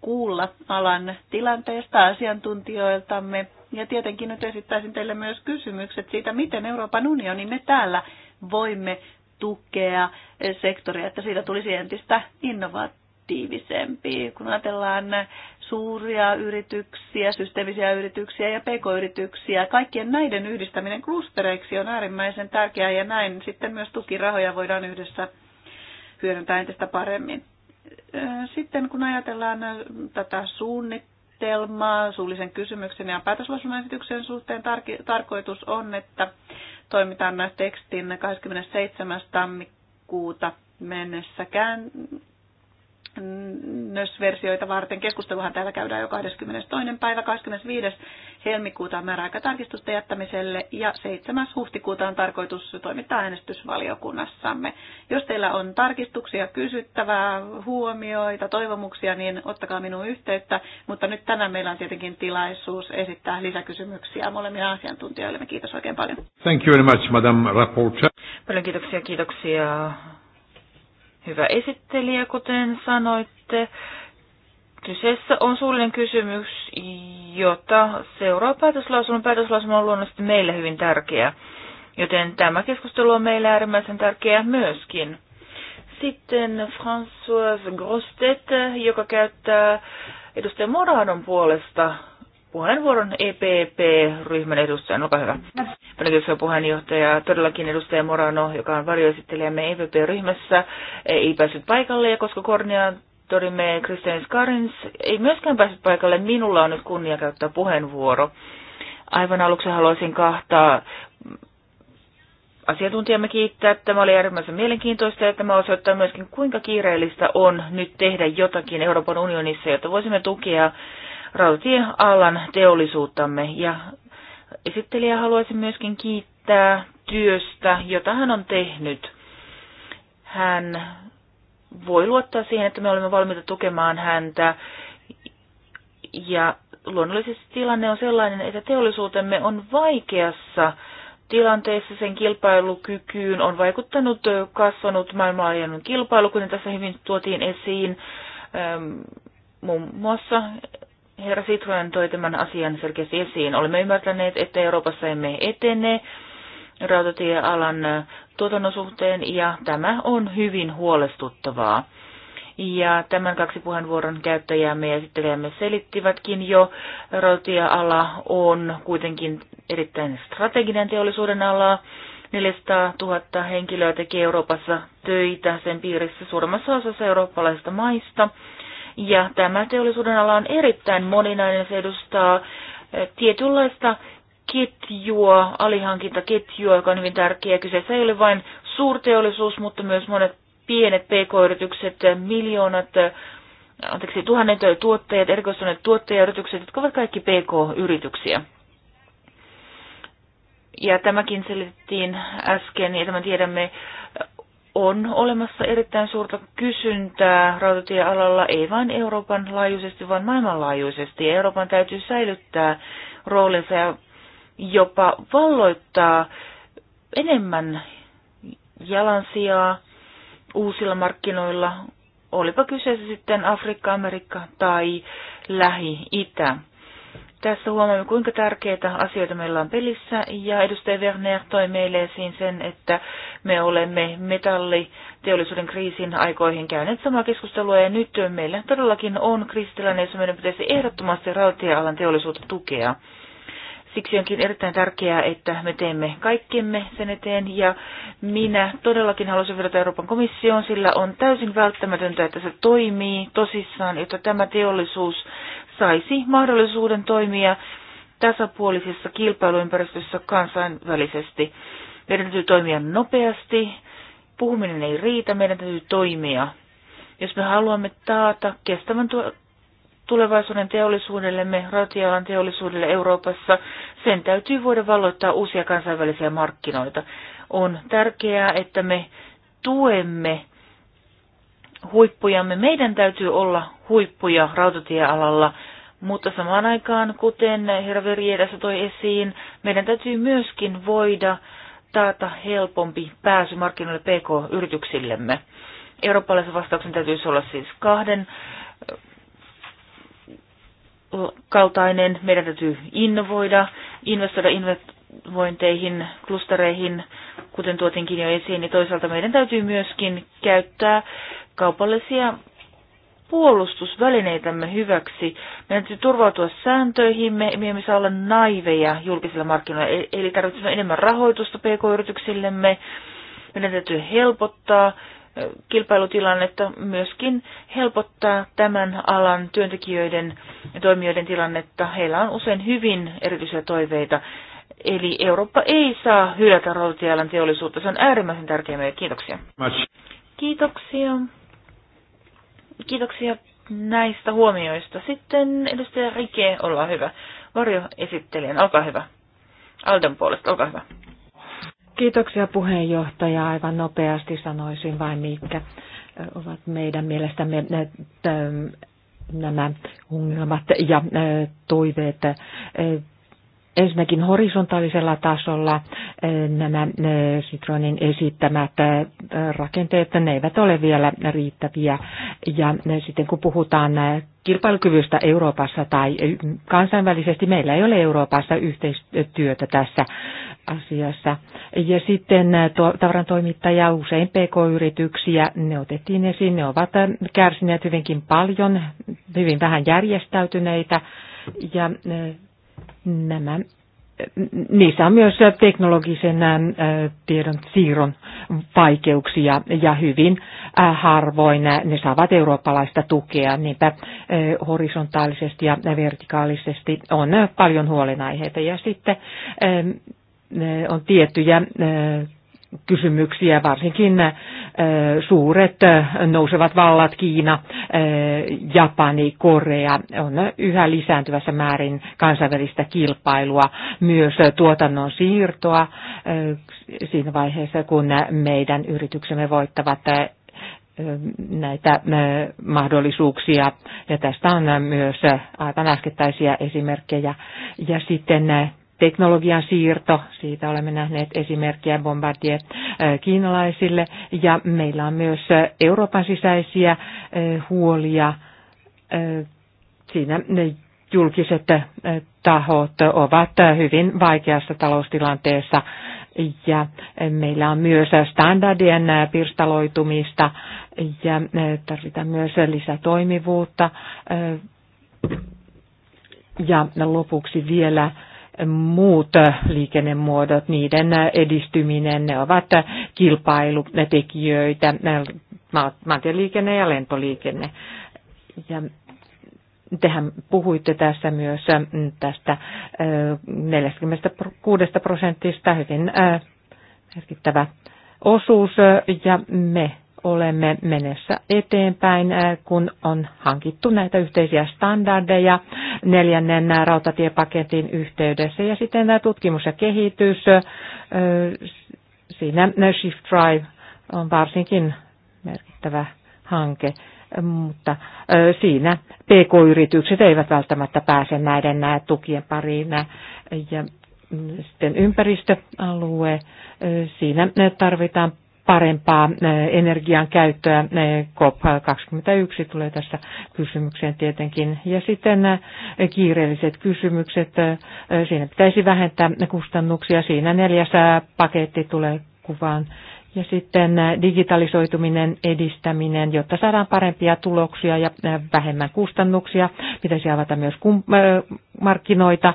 kuulla alan tilanteesta asiantuntijoiltamme. Ja tietenkin nyt esittäisin teille myös kysymykset siitä, miten Euroopan unioni me täällä voimme tukea sektoria, että siitä tulisi entistä innovaatiota aktiivisempi, kun ajatellaan suuria yrityksiä, systeemisiä yrityksiä ja pk-yrityksiä. Kaikkien näiden yhdistäminen klustereiksi on äärimmäisen tärkeää ja näin sitten myös tukirahoja voidaan yhdessä hyödyntää entistä paremmin. Sitten kun ajatellaan tätä suunnittelmaa, suullisen kysymyksen ja päätöslausumaesityksen suhteen tar- tarkoitus on, että toimitaan tekstin 27. tammikuuta mennessä versioita varten. Keskusteluhan täällä käydään jo 22. päivä, 25. helmikuuta on määräaika jättämiselle ja 7. huhtikuuta on tarkoitus toimittaa äänestysvaliokunnassamme. Jos teillä on tarkistuksia, kysyttävää, huomioita, toivomuksia, niin ottakaa minun yhteyttä, mutta nyt tänään meillä on tietenkin tilaisuus esittää lisäkysymyksiä molemmille asiantuntijoille. Kiitos oikein paljon. Thank you very much, Madam Rapporteur. Paljon kiitoksia, kiitoksia Hyvä esittelijä, kuten sanoitte. Kyseessä on suullinen kysymys, jota seuraa päätöslausuma. Päätöslausuma on luonnollisesti meille hyvin tärkeä, joten tämä keskustelu on meille äärimmäisen tärkeää myöskin. Sitten François Grostet, joka käyttää edustaja Moradon puolesta puheenvuoron EPP-ryhmän edustajan. Olkaa hyvä. Pönäkysö puheenjohtaja, todellakin edustaja Morano, joka on varjoesittelijämme EVP-ryhmässä, ei päässyt paikalle, ja koska todimme Christian Skarins ei myöskään päässyt paikalle, minulla on nyt kunnia käyttää puheenvuoro. Aivan aluksi haluaisin kahta asiantuntijamme kiittää. Tämä oli äärimmäisen mielenkiintoista ja tämä osoittaa myöskin, kuinka kiireellistä on nyt tehdä jotakin Euroopan unionissa, jotta voisimme tukea rautatiealan teollisuuttamme ja Esittelijä haluaisin myöskin kiittää työstä, jota hän on tehnyt. Hän voi luottaa siihen, että me olemme valmiita tukemaan häntä. Ja luonnollisesti tilanne on sellainen, että teollisuutemme on vaikeassa tilanteessa sen kilpailukykyyn on vaikuttanut kasvanut maailmanlaajuinen kilpailu, kuten tässä hyvin tuotiin esiin. Ähm, muun muassa Herra Citroen toi tämän asian selkeästi esiin. Olemme ymmärtäneet, että Euroopassa emme etene rautatiealan tuotannon suhteen, ja tämä on hyvin huolestuttavaa. Ja tämän kaksi puheenvuoron käyttäjäämme ja esittelijämme selittivätkin jo. Rautatieala on kuitenkin erittäin strateginen teollisuuden ala. 400 000 henkilöä tekee Euroopassa töitä sen piirissä suurimmassa osassa eurooppalaisista maista. Ja tämä teollisuuden ala on erittäin moninainen. Se edustaa eh, tietynlaista ketjua, alihankintaketjua, joka on hyvin tärkeä. Kyseessä ei ole vain suurteollisuus, mutta myös monet pienet pk-yritykset, miljoonat, eh, anteeksi, tuhannet tuottajat, erikoistuneet tuottajayritykset, jotka ovat kaikki pk-yrityksiä. Ja tämäkin selitettiin äsken, ja tämän tiedämme on olemassa erittäin suurta kysyntää rautatiealalla, ei vain Euroopan laajuisesti, vaan maailmanlaajuisesti. Euroopan täytyy säilyttää roolinsa ja jopa valloittaa enemmän jalansijaa uusilla markkinoilla, olipa kyseessä sitten Afrikka, Amerikka tai Lähi-Itä. Tässä huomaamme, kuinka tärkeitä asioita meillä on pelissä, ja edustaja Werner toi meille esiin sen, että me olemme metalliteollisuuden kriisin aikoihin käyneet samaa keskustelua, ja nyt meillä todellakin on kristillinen jossa meidän pitäisi ehdottomasti rautatiealan teollisuutta tukea. Siksi onkin erittäin tärkeää, että me teemme kaikkemme sen eteen ja minä todellakin haluaisin vedota Euroopan komissioon, sillä on täysin välttämätöntä, että se toimii tosissaan, jotta tämä teollisuus saisi mahdollisuuden toimia tasapuolisessa kilpailuympäristössä kansainvälisesti. Meidän täytyy toimia nopeasti. Puhuminen ei riitä, meidän täytyy toimia. Jos me haluamme taata kestävän tulevaisuuden teollisuudellemme, ratialan teollisuudelle Euroopassa, sen täytyy voida valloittaa uusia kansainvälisiä markkinoita. On tärkeää, että me tuemme huippujamme. Meidän täytyy olla huippuja rautatiealalla, mutta samaan aikaan, kuten herra Verjedässä toi esiin, meidän täytyy myöskin voida taata helpompi pääsy markkinoille PK-yrityksillemme. Eurooppalaisen vastauksen täytyisi olla siis kahden kaltainen. Meidän täytyy innovoida, investoida investointeihin, klustereihin, kuten tuotinkin jo esiin, niin toisaalta meidän täytyy myöskin käyttää kaupallisia puolustusvälineitämme hyväksi. Meidän täytyy turvautua sääntöihimme, me emme saa olla naiveja julkisilla markkinoilla, e- eli tarvitsemme enemmän rahoitusta pk-yrityksillemme, meidän täytyy helpottaa kilpailutilannetta, myöskin helpottaa tämän alan työntekijöiden ja toimijoiden tilannetta. Heillä on usein hyvin erityisiä toiveita. Eli Eurooppa ei saa hylätä rautatiealan teollisuutta. Se on äärimmäisen tärkeää meille. Kiitoksia. Kiitoksia. Kiitoksia näistä huomioista. Sitten edustaja Rike, olkaa hyvä. Varjo esittelijän, olkaa hyvä. Alden puolesta, olkaa hyvä. Kiitoksia puheenjohtaja. Aivan nopeasti sanoisin vain, mitkä ovat meidän mielestämme nämä ongelmat ja toiveet. Ensinnäkin horisontaalisella tasolla eh, nämä eh, Citronin esittämät eh, rakenteet, ne eivät ole vielä riittäviä. Ja sitten kun puhutaan kilpailukyvystä Euroopassa tai kansainvälisesti, meillä ei ole Euroopassa yhteistyötä tässä asiassa. Ja sitten tavaran toimittaja, usein PK-yrityksiä, ne otettiin esiin, ne ovat kärsineet hyvinkin paljon, hyvin vähän järjestäytyneitä ja Nämä, niissä on myös teknologisen tiedon siirron vaikeuksia ja hyvin harvoin ne saavat eurooppalaista tukea. Niinpä horisontaalisesti ja vertikaalisesti on paljon huolenaiheita. Ja sitten on tiettyjä kysymyksiä, varsinkin äh, suuret äh, nousevat vallat, Kiina, äh, Japani, Korea, on yhä lisääntyvässä määrin kansainvälistä kilpailua, myös tuotannon siirtoa siinä vaiheessa, kun meidän yrityksemme voittavat näitä mahdollisuuksia. Ja tästä on myös aivan äskettäisiä esimerkkejä. Ja sitten teknologian siirto, siitä olemme nähneet esimerkkiä Bombardier eh, kiinalaisille, ja meillä on myös eh, Euroopan sisäisiä eh, huolia siinä julkiset tahot ovat hyvin vaikeassa taloustilanteessa ja meillä on myös standardien pirstaloitumista ja tarvitaan myös lisätoimivuutta. Ja lopuksi vielä muut liikennemuodot, niiden edistyminen, ne ovat kilpailutekijöitä, maantieliikenne ja lentoliikenne. Ja tehän puhuitte tässä myös mm, tästä 46 prosentista, hyvin merkittävä osuus, ja me olemme menessä eteenpäin, äh, kun on hankittu näitä yhteisiä standardeja neljännen rautatiepaketin yhteydessä. Ja sitten tutkimus ja kehitys, äh, siinä Shift Drive on varsinkin merkittävä hanke, mutta äh, siinä PK-yritykset eivät välttämättä pääse näiden tukien pariin. Ja sitten ympäristöalue, siinä tarvitaan parempaa energian käyttöä. COP21 tulee tässä kysymykseen tietenkin. Ja sitten kiireelliset kysymykset. Siinä pitäisi vähentää kustannuksia. Siinä neljäs paketti tulee kuvaan. Ja sitten digitalisoituminen, edistäminen, jotta saadaan parempia tuloksia ja vähemmän kustannuksia. Pitäisi avata myös markkinoita.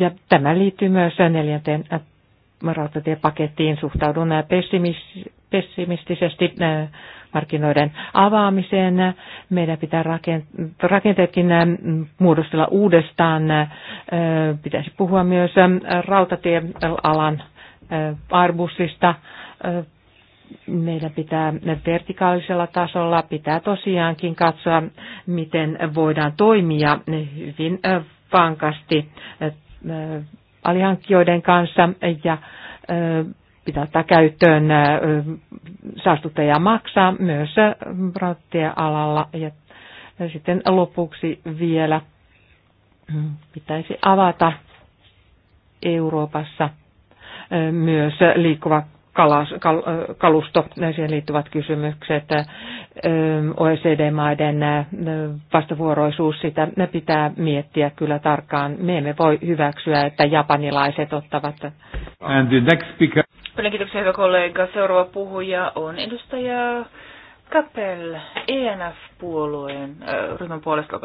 Ja tämä liittyy myös neljänteen rautatiepakettiin suhtaudun äh, pessimistisesti äh, markkinoiden avaamiseen. Meidän pitää rakenteetkin äh, muodostella uudestaan. Pitäisi puhua myös rautatiealan arbusista. Meidän pitää vertikaalisella tasolla pitää tosiaankin katsoa, miten voidaan toimia hyvin vankasti alihankkijoiden kanssa ja pitää ottaa käyttöön saastuttaja maksaa myös rautatiealalla. Ja sitten lopuksi vielä pitäisi avata Euroopassa myös liikkuva kalas, kal, kalusto, siihen liittyvät kysymykset, OECD-maiden vastavuoroisuus, sitä ne pitää miettiä kyllä tarkkaan. Me emme voi hyväksyä, että japanilaiset ottavat. And the next speaker. Paljon kiitoksia, hyvä kollega. Seuraava puhuja on edustaja Kapel, ENF-puolueen ryhmän puolesta.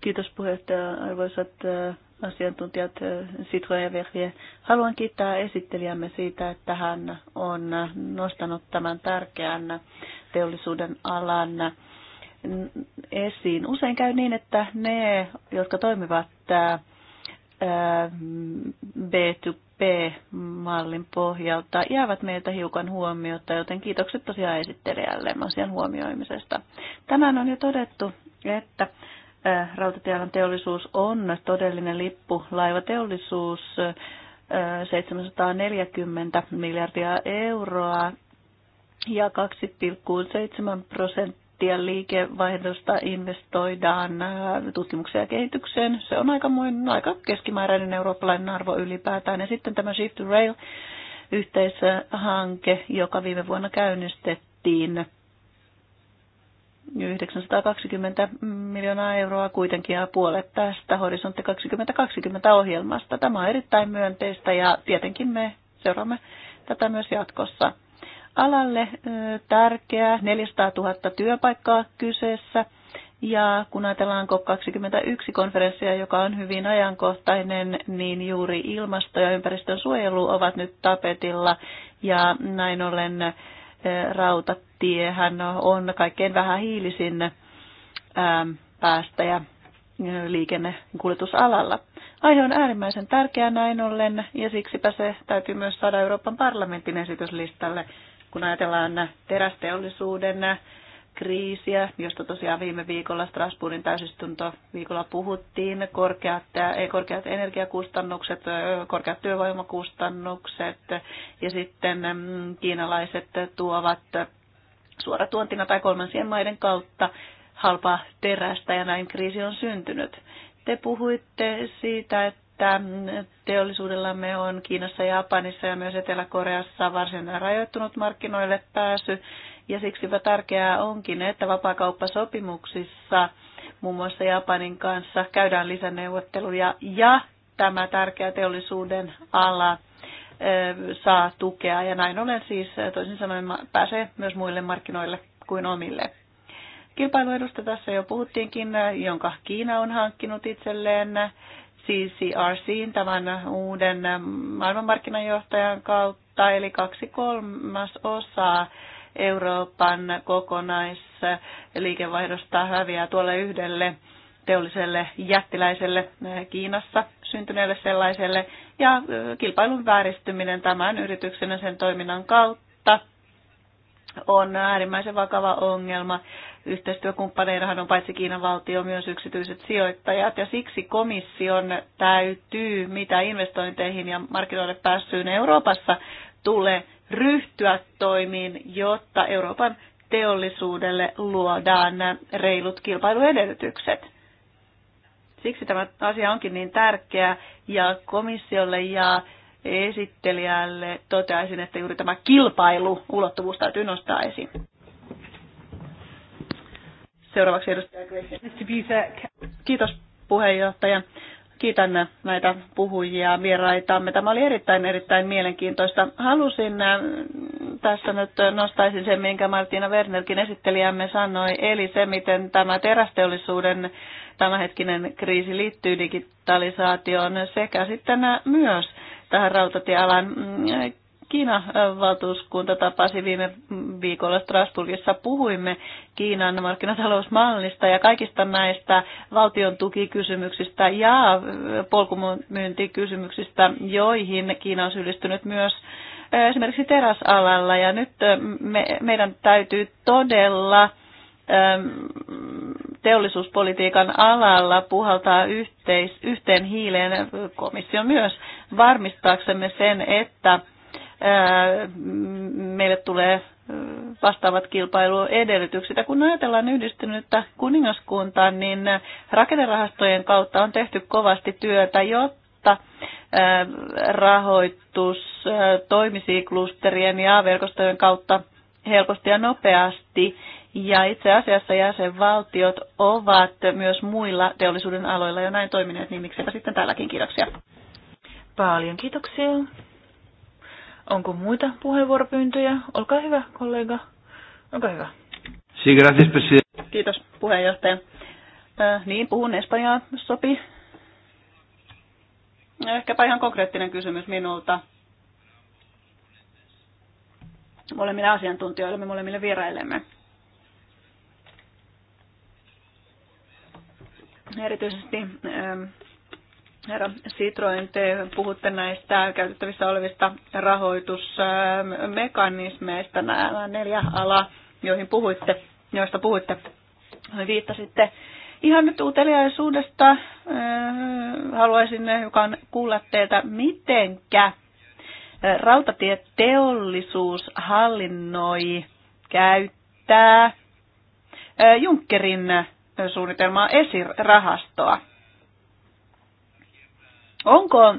Kiitos puheenjohtaja, arvoisat asiantuntijat Citroen ja Vervier. Haluan kiittää esittelijämme siitä, että hän on nostanut tämän tärkeän teollisuuden alan esiin. Usein käy niin, että ne, jotka toimivat B2B-mallin pohjalta, jäävät meiltä hiukan huomiota, joten kiitokset tosiaan esittelijälle asian huomioimisesta. Tänään on jo todettu, että Rautatiealan teollisuus on todellinen lippu. Laivateollisuus 740 miljardia euroa ja 2,7 prosenttia liikevaihdosta investoidaan tutkimukseen ja kehitykseen. Se on aika, aika keskimääräinen eurooppalainen arvo ylipäätään. Ja sitten tämä Shift to Rail yhteishanke, joka viime vuonna käynnistettiin 920 miljoonaa euroa kuitenkin ja puolet tästä Horisontti 2020 ohjelmasta. Tämä on erittäin myönteistä ja tietenkin me seuraamme tätä myös jatkossa. Alalle tärkeää 400 000 työpaikkaa kyseessä. Ja kun ajatellaan COP21-konferenssia, joka on hyvin ajankohtainen, niin juuri ilmasto ja ympäristön suojelu ovat nyt tapetilla. Ja näin ollen rautatiehän on kaikkein vähähiilisin ähm, päästäjä äh, liikennekuljetusalalla. Aihe on äärimmäisen tärkeä näin ollen ja siksipä se täytyy myös saada Euroopan parlamentin esityslistalle, kun ajatellaan terästeollisuuden kriisiä, josta tosiaan viime viikolla Strasbourgin täysistunto viikolla puhuttiin, korkeat, ei eh, korkeat energiakustannukset, eh, korkeat työvoimakustannukset ja sitten mm, kiinalaiset tuovat suoratuontina tai kolmansien maiden kautta halpaa terästä ja näin kriisi on syntynyt. Te puhuitte siitä, että mm, teollisuudellamme on Kiinassa, Japanissa ja myös Etelä-Koreassa varsin rajoittunut markkinoille pääsy ja siksi tärkeää onkin, että vapaakauppasopimuksissa muun muassa Japanin kanssa käydään lisäneuvotteluja ja tämä tärkeä teollisuuden ala saa tukea ja näin ollen siis toisin sanoen pääsee myös muille markkinoille kuin omille. Kilpailuedusta tässä jo puhuttiinkin, jonka Kiina on hankkinut itselleen CCRC tämän uuden maailmanmarkkinajohtajan kautta, eli kaksi kolmas osaa. Euroopan kokonaisliikevaihdosta häviää tuolle yhdelle teolliselle jättiläiselle eh, Kiinassa syntyneelle sellaiselle ja eh, kilpailun vääristyminen tämän yrityksen ja sen toiminnan kautta on äärimmäisen vakava ongelma. Yhteistyökumppaneidahan on paitsi Kiinan valtio myös yksityiset sijoittajat ja siksi komission täytyy mitä investointeihin ja markkinoille pääsyyn Euroopassa tule ryhtyä toimiin, jotta Euroopan teollisuudelle luodaan reilut kilpailuedellytykset. Siksi tämä asia onkin niin tärkeä ja komissiolle ja esittelijälle toteaisin, että juuri tämä kilpailuulottuvuus täytyy nostaa esiin. Seuraavaksi edustaja Kiitos puheenjohtaja. Kiitän näitä puhujia vieraitamme. Tämä oli erittäin, erittäin mielenkiintoista. Halusin äh, tässä nyt nostaisin sen, minkä Martina Wernerkin esittelijämme sanoi, eli se, miten tämä terästeollisuuden tämänhetkinen kriisi liittyy digitalisaatioon sekä sitten äh, myös tähän rautatiealan mm, Kiinan valtuuskunta tapasi viime viikolla Strasbourgissa. Puhuimme Kiinan markkinatalousmallista ja kaikista näistä valtion tukikysymyksistä ja polkumyyntikysymyksistä, joihin Kiina on syyllistynyt myös eh, esimerkiksi teräsalalla. Ja nyt eh, me, meidän täytyy todella eh, teollisuuspolitiikan alalla puhaltaa yhteis, yhteen hiileen komissio myös varmistaaksemme sen, että meille tulee vastaavat kilpailuedellytykset. Ja kun ajatellaan yhdistynyttä kuningaskuntaa, niin rakennerahastojen kautta on tehty kovasti työtä, jotta rahoitus toimisi klusterien ja verkostojen kautta helposti ja nopeasti. Ja itse asiassa jäsenvaltiot ovat myös muilla teollisuuden aloilla jo näin toimineet, niin miksepä sitten tälläkin kiitoksia. Paljon kiitoksia. Onko muita puheenvuoropyyntöjä? Olkaa hyvä, kollega. Olkaa hyvä. Sí, gracias, presidente. Kiitos, puheenjohtaja. Äh, niin, puhun Espanjaa, sopii. Ehkäpä ihan konkreettinen kysymys minulta. Molemmille asiantuntijoille, molemmille vieraillemme. Erityisesti äh, herra Citroen, te puhutte näistä käytettävissä olevista rahoitusmekanismeista, nämä neljä alaa, joihin puhuitte, joista puhuitte, viittasitte. Ihan nyt uteliaisuudesta äh, haluaisin hiukan kuulla teiltä, mitenkä äh, rautatieteollisuus hallinnoi, käyttää äh, Junckerin suunnitelmaa esirahastoa Onko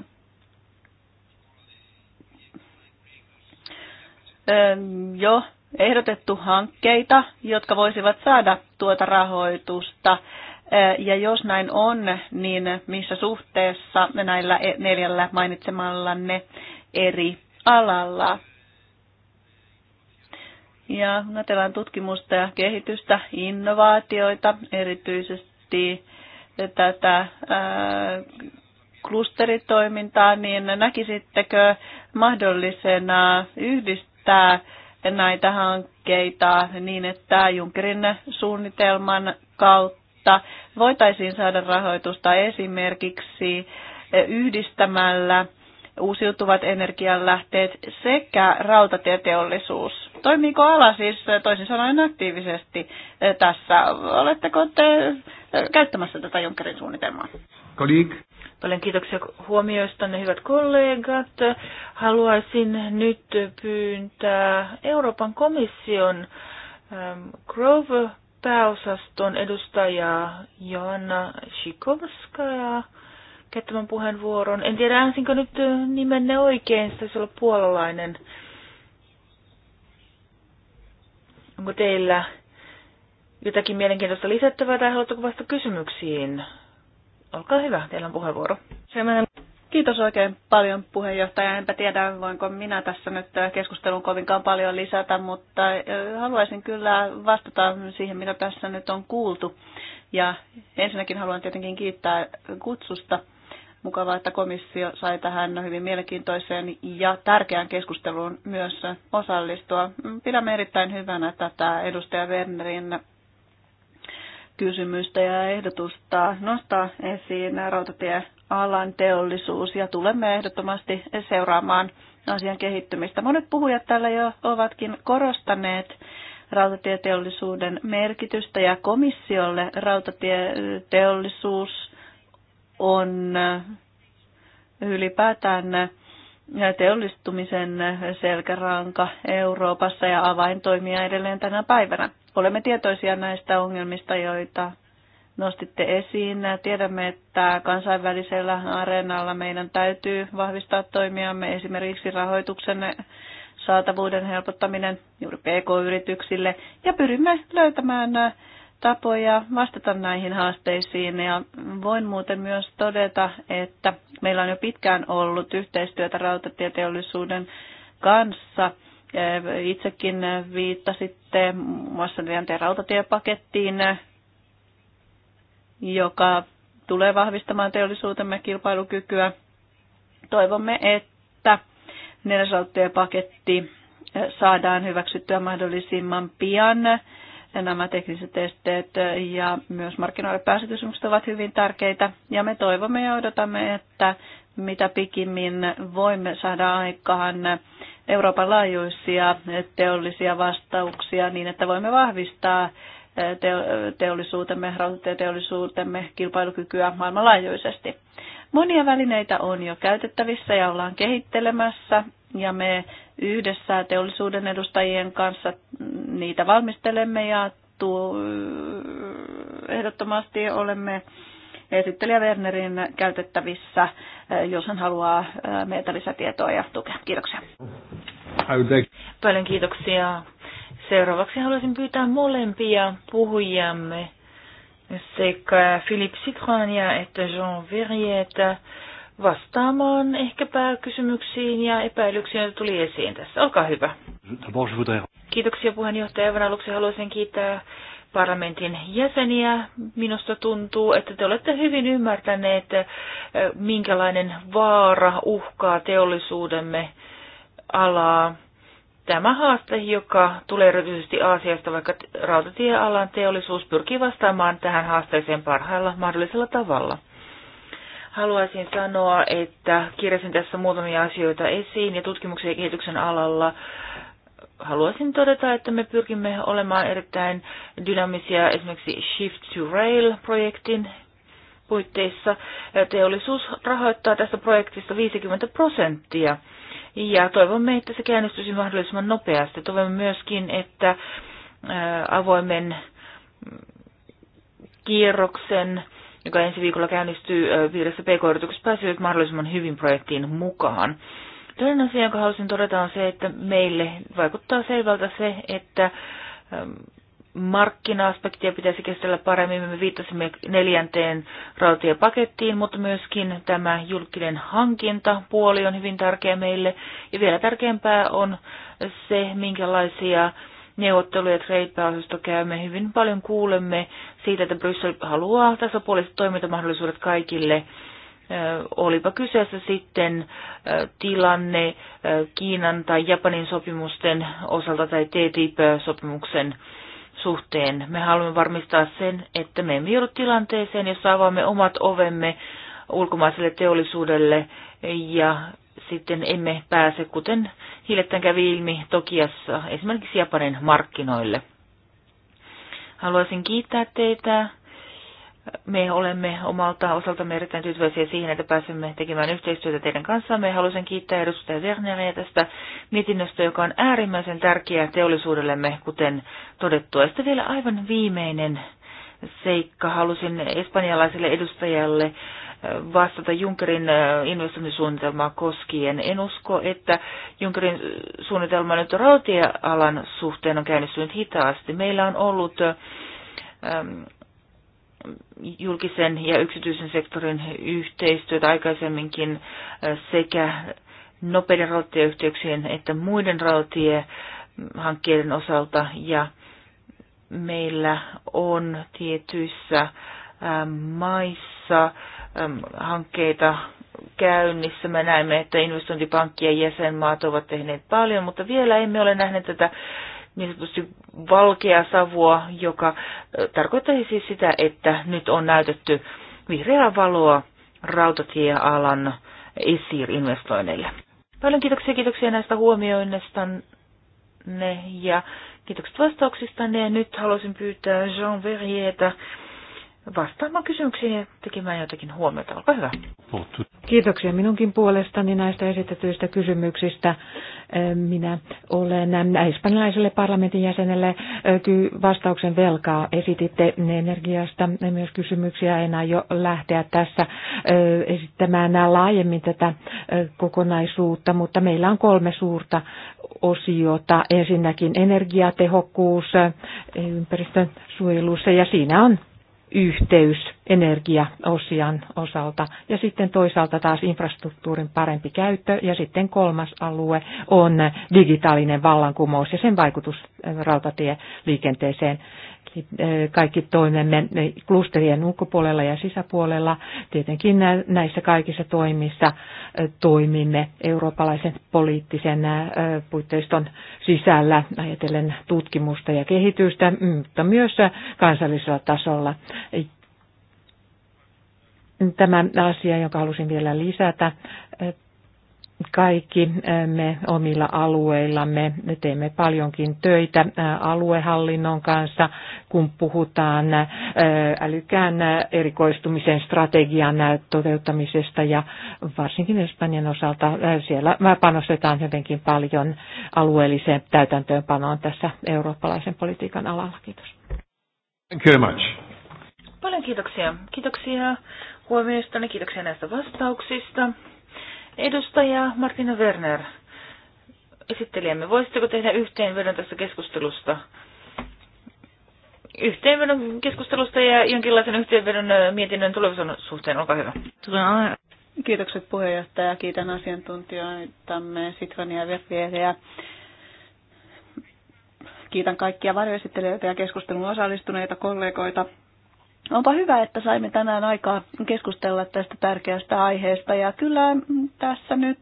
jo ehdotettu hankkeita, jotka voisivat saada tuota rahoitusta? Ja jos näin on, niin missä suhteessa näillä e, neljällä mainitsemallanne eri alalla? Ja ajatellaan tutkimusta ja kehitystä, innovaatioita, erityisesti tätä ää, klusteritoimintaa, niin näkisittekö mahdollisena yhdistää näitä hankkeita niin, että Junkerin suunnitelman kautta voitaisiin saada rahoitusta esimerkiksi yhdistämällä uusiutuvat energianlähteet sekä rautatieteollisuus. Toimiiko ala siis toisin sanoen aktiivisesti tässä? Oletteko te käyttämässä tätä Junckerin suunnitelmaa? Kolik. Paljon kiitoksia huomioistanne, hyvät kollegat. Haluaisin nyt pyyntää Euroopan komission ähm, Grove-pääosaston edustajaa Joanna Sikovskaa käyttämään puheenvuoron. En tiedä, äänsinkö nyt nimenne oikein, se olla puolalainen. Onko teillä jotakin mielenkiintoista lisättävää tai haluatteko vasta kysymyksiin? Olkaa hyvä, teillä on puheenvuoro. Kiitos oikein paljon puheenjohtaja. Enpä tiedä, voinko minä tässä nyt äh, keskustelun kovinkaan paljon lisätä, mutta äh, haluaisin kyllä vastata siihen, mitä tässä nyt on kuultu. Ja ensinnäkin haluan tietenkin kiittää kutsusta. Mukavaa, että komissio sai tähän hyvin mielenkiintoiseen ja tärkeään keskusteluun myös osallistua. Pidämme erittäin hyvänä tätä edustaja Wernerin kysymystä ja ehdotusta nostaa esiin rautatiealan teollisuus ja tulemme ehdottomasti seuraamaan asian kehittymistä. Monet puhujat täällä jo ovatkin korostaneet rautatieteollisuuden merkitystä ja komissiolle rautatieteollisuus on ylipäätään teollistumisen selkäranka Euroopassa ja avaintoimia edelleen tänä päivänä. Olemme tietoisia näistä ongelmista, joita nostitte esiin. Tiedämme, että kansainvälisellä areenalla meidän täytyy vahvistaa toimiamme, esimerkiksi rahoituksen saatavuuden helpottaminen juuri PK-yrityksille, ja pyrimme löytämään tapoja vastata näihin haasteisiin ja voin muuten myös todeta, että meillä on jo pitkään ollut yhteistyötä rautatieteollisuuden kanssa. Itsekin viittasitte muun muassa rautatiepakettiin, joka tulee vahvistamaan teollisuutemme kilpailukykyä. Toivomme, että neljäs paketti saadaan hyväksyttyä mahdollisimman pian nämä tekniset esteet ja myös markkinoille pääsykysymykset ovat hyvin tärkeitä. Ja me toivomme ja odotamme, että mitä pikimmin voimme saada aikaan Euroopan laajuisia teollisia vastauksia niin, että voimme vahvistaa teollisuutemme, rautatieteollisuutemme kilpailukykyä maailmanlaajuisesti. Monia välineitä on jo käytettävissä ja ollaan kehittelemässä ja me yhdessä teollisuuden edustajien kanssa niitä valmistelemme ja tuu, ehdottomasti olemme esittelijä Wernerin käytettävissä, jos hän haluaa meiltä lisätietoa ja tukea. Kiitoksia. Paljon kiitoksia. Seuraavaksi haluaisin pyytää molempia puhujamme sekä Philippe Citroenia että Jean Verrietä vastaamaan ehkä pääkysymyksiin ja epäilyksiin, joita tuli esiin tässä. Olkaa hyvä. Kiitoksia puheenjohtaja. Aivan aluksi haluaisin kiittää parlamentin jäseniä. Minusta tuntuu, että te olette hyvin ymmärtäneet, eh, minkälainen vaara uhkaa teollisuudemme alaa. Tämä haaste, joka tulee erityisesti Aasiasta, vaikka rautatiealan teollisuus pyrkii vastaamaan tähän haasteeseen parhailla mahdollisella tavalla haluaisin sanoa, että kirjasin tässä muutamia asioita esiin ja tutkimuksen ja kehityksen alalla haluaisin todeta, että me pyrkimme olemaan erittäin dynaamisia esimerkiksi Shift to Rail-projektin puitteissa. Teollisuus rahoittaa tästä projektista 50 prosenttia ja toivomme, että se käynnistyisi mahdollisimman nopeasti. Toivomme myöskin, että avoimen kierroksen joka ensi viikolla käynnistyy viidessä pk yrityksessä pääsevät mahdollisimman hyvin projektiin mukaan. Toinen asia, jonka halusin todeta, on se, että meille vaikuttaa selvältä se, että markkina-aspektia pitäisi kestellä paremmin. Me viittasimme neljänteen rautiepakettiin, mutta myöskin tämä julkinen hankintapuoli on hyvin tärkeä meille. Ja vielä tärkeämpää on se, minkälaisia neuvotteluja trade-pääosasto käymme. Hyvin paljon kuulemme siitä, että Bryssel haluaa tasapuoliset toimintamahdollisuudet kaikille olipa kyseessä sitten tilanne Kiinan tai Japanin sopimusten osalta tai TTIP-sopimuksen suhteen. Me haluamme varmistaa sen, että me emme joudu tilanteeseen, jossa avaamme omat ovemme ulkomaiselle teollisuudelle ja sitten emme pääse, kuten hiljattain kävi ilmi Tokiassa esimerkiksi Japanin markkinoille. Haluaisin kiittää teitä. Me olemme omalta osaltamme erittäin tyytyväisiä siihen, että pääsemme tekemään yhteistyötä teidän kanssamme. Haluaisin kiittää edustaja Werneriä tästä mietinnöstä, joka on äärimmäisen tärkeä teollisuudellemme, kuten todettua. Sitten vielä aivan viimeinen seikka. Halusin espanjalaiselle edustajalle vastata Junckerin äh, investointisuunnitelmaa koskien. En usko, että Junckerin suunnitelma nyt rautia suhteen on käynnistynyt hitaasti. Meillä on ollut ähm, julkisen ja yksityisen sektorin yhteistyötä aikaisemminkin äh, sekä nopeiden rautatieyhteyksien että muiden rautatiehankkeiden osalta ja meillä on tietyissä äh, maissa hankkeita käynnissä. Me näemme, että investointipankkien jäsenmaat ovat tehneet paljon, mutta vielä emme ole nähneet tätä niin sanotusti valkea savua, joka tarkoittaisi siis sitä, että nyt on näytetty vihreää valoa rautatiealan ESIR-investoinneille. Paljon kiitoksia, kiitoksia näistä huomioinnestanne ja kiitokset vastauksistanne. Ja nyt haluaisin pyytää Jean Verrietä vastaamaan kysymyksiin ja tekemään jotakin huomiota. Olkaa hyvä. Kiitoksia minunkin puolestani näistä esitetyistä kysymyksistä. Minä olen espanjalaiselle parlamentin jäsenelle vastauksen velkaa. Esititte energiasta myös kysymyksiä. En aio lähteä tässä esittämään laajemmin tätä kokonaisuutta, mutta meillä on kolme suurta osiota. Ensinnäkin energiatehokkuus ympäristön suojelussa ja siinä on yhteys energiaosian osalta ja sitten toisaalta taas infrastruktuurin parempi käyttö ja sitten kolmas alue on digitaalinen vallankumous ja sen vaikutus rautatieliikenteeseen. Eh, kaikki toimemme klusterien ulkopuolella ja sisäpuolella. Tietenkin näissä kaikissa toimissa eh, toimimme eurooppalaisen poliittisen eh, puitteiston sisällä ajatellen tutkimusta ja kehitystä, mutta myös kansallisella tasolla. Tämä asia, jonka halusin vielä lisätä, kaikki me omilla alueillamme teemme paljonkin töitä aluehallinnon kanssa, kun puhutaan älykään erikoistumisen strategian toteuttamisesta ja varsinkin Espanjan osalta siellä panostetaan hyvinkin paljon alueelliseen täytäntöönpanoon tässä eurooppalaisen politiikan alalla. Kiitos. Thank you very much. Paljon kiitoksia. Kiitoksia huomioista kiitoksia näistä vastauksista. Edustaja Martina Werner, esittelijämme, voisitteko tehdä yhteenvedon tästä keskustelusta? Yhteenvedon keskustelusta ja jonkinlaisen yhteenvedon mietinnön tulevaisuuden suhteen, olkaa hyvä. Kiitokset puheenjohtaja, kiitän asiantuntijoitamme Sitrania ja Vefvieriä. Kiitän kaikkia varjoesittelijöitä ja keskustelun osallistuneita kollegoita Onpa hyvä, että saimme tänään aikaa keskustella tästä tärkeästä aiheesta ja kyllä tässä nyt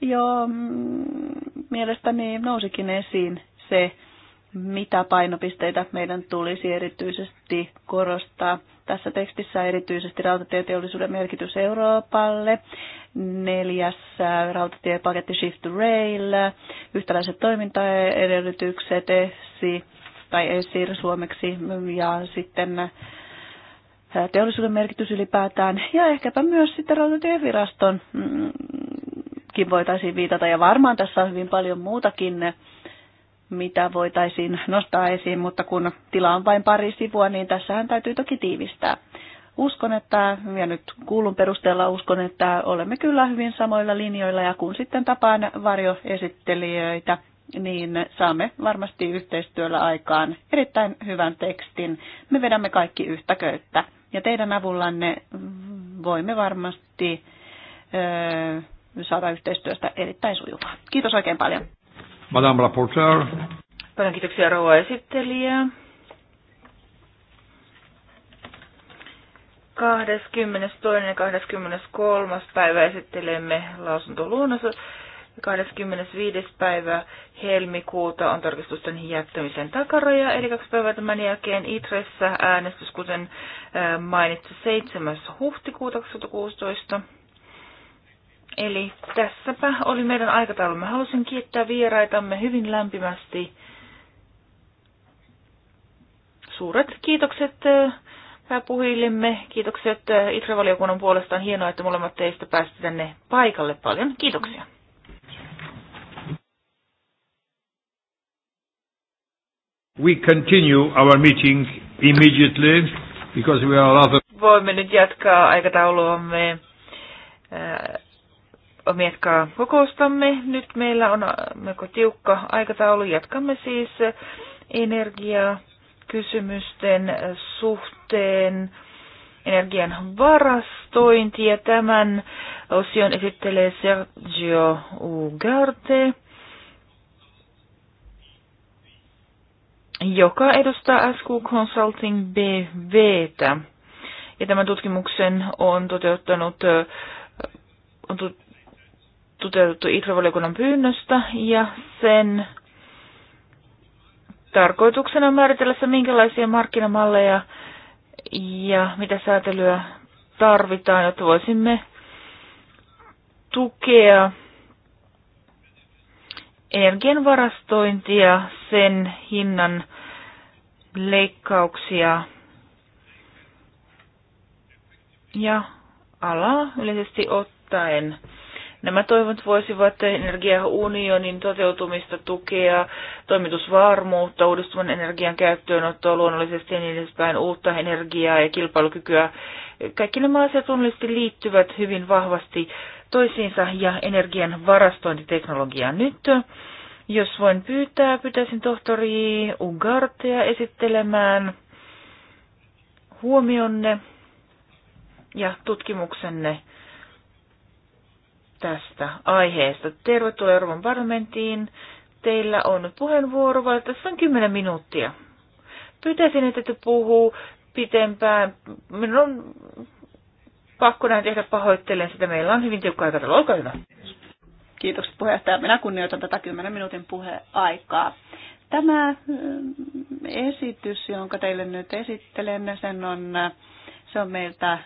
jo mm, mielestäni nousikin esiin se, mitä painopisteitä meidän tulisi erityisesti korostaa. Tässä tekstissä erityisesti rautatieteollisuuden merkitys Euroopalle, neljäs rautatiepaketti Shift to Rail, yhtäläiset toimintaedellytykset ESI tai ESIR suomeksi ja sitten teollisuuden merkitys ylipäätään ja ehkäpä myös sitten rautatieviraston mm, voitaisiin viitata ja varmaan tässä on hyvin paljon muutakin mitä voitaisiin nostaa esiin, mutta kun tila on vain pari sivua, niin tässähän täytyy toki tiivistää. Uskon, että, ja nyt kuulun perusteella uskon, että olemme kyllä hyvin samoilla linjoilla, ja kun sitten tapaan varjoesittelijöitä, niin saamme varmasti yhteistyöllä aikaan erittäin hyvän tekstin. Me vedämme kaikki yhtä köyttä. Ja teidän avullanne voimme varmasti saada yhteistyöstä erittäin sujuvaa. Kiitos oikein paljon. Madame Rapporteur. Paljon kiitoksia rouva esittelijä. 22. ja 23. päivä esittelemme lausuntoluonnossa. 25. päivä helmikuuta on tarkistusten jättämisen takaraja, eli kaksi päivää tämän jälkeen Itressä äänestys, kuten äh, mainittu, 7. huhtikuuta 2016. Eli tässäpä oli meidän aikataulumme. Halusin kiittää vieraitamme hyvin lämpimästi. Suuret kiitokset äh, pääpuhujillemme. Kiitokset äh, Itre-valiokunnan puolestaan. Hienoa, että molemmat teistä pääsitte tänne paikalle. Paljon kiitoksia. We continue our meeting immediately because we are rather... Voimme nyt jatkaa aikatauluamme, äh, jatkaa kokoustamme. Nyt meillä on äh, melko tiukka aikataulu. Jatkamme siis äh, energiakysymysten äh, suhteen energian varastointi ja tämän osion esittelee Sergio Ugarte. joka edustaa SQ Consulting BVtä. Ja tämän tutkimuksen on toteuttanut on toteutettu ITRA-valiokunnan pyynnöstä ja sen tarkoituksena on määritellä se, minkälaisia markkinamalleja ja mitä säätelyä tarvitaan, jotta voisimme tukea energian varastointia, sen hinnan leikkauksia ja ala yleisesti ottaen. Nämä toivot voisivat energiaunionin toteutumista tukea, toimitusvarmuutta, uudistuvan energian käyttöönottoa luonnollisesti ja niin edespäin, uutta energiaa ja kilpailukykyä. Kaikki nämä asiat luonnollisesti liittyvät hyvin vahvasti toisiinsa ja energian varastointiteknologiaa Nyt, jos voin pyytää, pyytäisin tohtori Ugartea esittelemään huomionne ja tutkimuksenne tästä aiheesta. Tervetuloa Euroopan parlamenttiin. Teillä on puheenvuoro, vai tässä on 10 minuuttia. Pyytäisin, että te puhuu pitempään. Minun on pakko näin tehdä pahoittelen sitä. Meillä on hyvin tiukka aikataulu. Olkaa hyvä. Kiitos puheenjohtaja. Minä kunnioitan tätä 10 minuutin puheaikaa. Tämä mm, esitys, jonka teille nyt esittelen, sen on, se on meiltä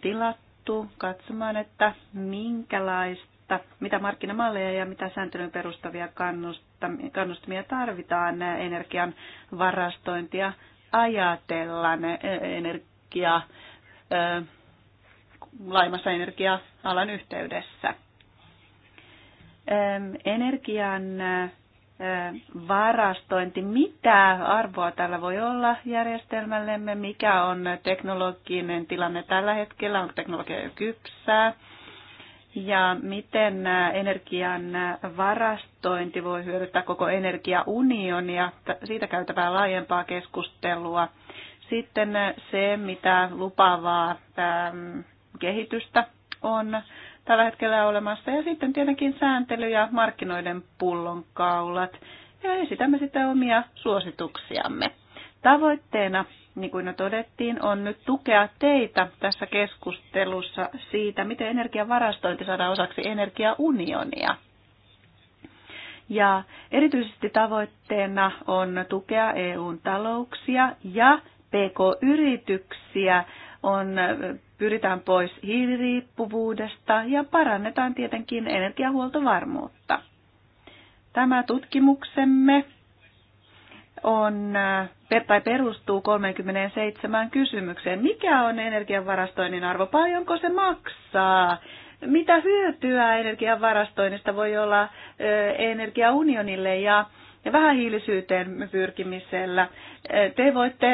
tilattu katsomaan, että minkälaista, mitä markkinamalleja ja mitä sääntelyyn perustavia kannustamia tarvitaan energian varastointia ajatellaan e, e, energia. Laimassa energia-alan yhteydessä. Energian varastointi, mitä arvoa tällä voi olla järjestelmällemme, mikä on teknologinen tilanne tällä hetkellä, onko teknologia jo kypsää ja miten energian varastointi voi hyödyttää koko energiaunionia, siitä käytävää laajempaa keskustelua. Sitten se, mitä lupaavaa kehitystä on tällä hetkellä olemassa. Ja sitten tietenkin sääntely ja markkinoiden pullonkaulat. Ja esitämme sitten omia suosituksiamme. Tavoitteena, niin kuin jo todettiin, on nyt tukea teitä tässä keskustelussa siitä, miten energiavarastointi saadaan osaksi energiaunionia. Ja erityisesti tavoitteena on tukea EUn talouksia ja PK-yrityksiä on pyritään pois hiiliriippuvuudesta ja parannetaan tietenkin energiahuoltovarmuutta. Tämä tutkimuksemme on, tai perustuu 37 kysymykseen. Mikä on energiavarastoinnin arvo? Paljonko se maksaa? Mitä hyötyä energiavarastoinnista voi olla energiaunionille ja ja vähähiilisyyteen pyrkimisellä. Te voitte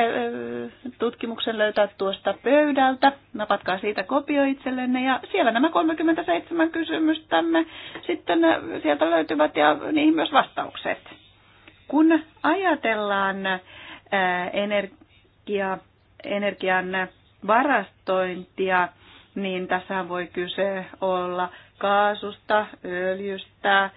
tutkimuksen löytää tuosta pöydältä, napatkaa siitä kopio itsellenne ja siellä nämä 37 kysymystämme sitten sieltä löytyvät ja niihin myös vastaukset. Kun ajatellaan energia, energian varastointia, niin tässä voi kyse olla kaasusta, öljystä,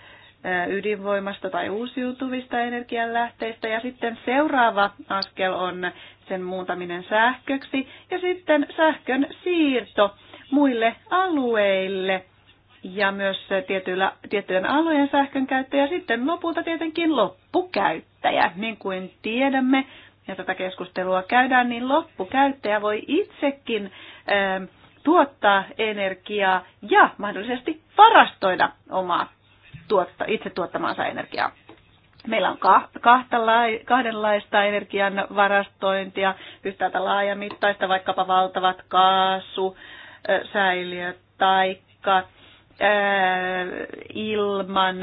ydinvoimasta tai uusiutuvista energianlähteistä ja sitten seuraava askel on sen muuntaminen sähköksi ja sitten sähkön siirto muille alueille ja myös tietyillä, tiettyjen alojen sähkön käyttö ja sitten lopulta tietenkin loppukäyttäjä. Niin kuin tiedämme ja tätä keskustelua käydään, niin loppukäyttäjä voi itsekin ää, tuottaa energiaa ja mahdollisesti varastoida omaa tuotta, itse tuottamaansa energiaa. Meillä on kahta kahdenlaista energian varastointia, yhtäältä laajamittaista, vaikkapa valtavat kaasu, säiliöt, taikka ilman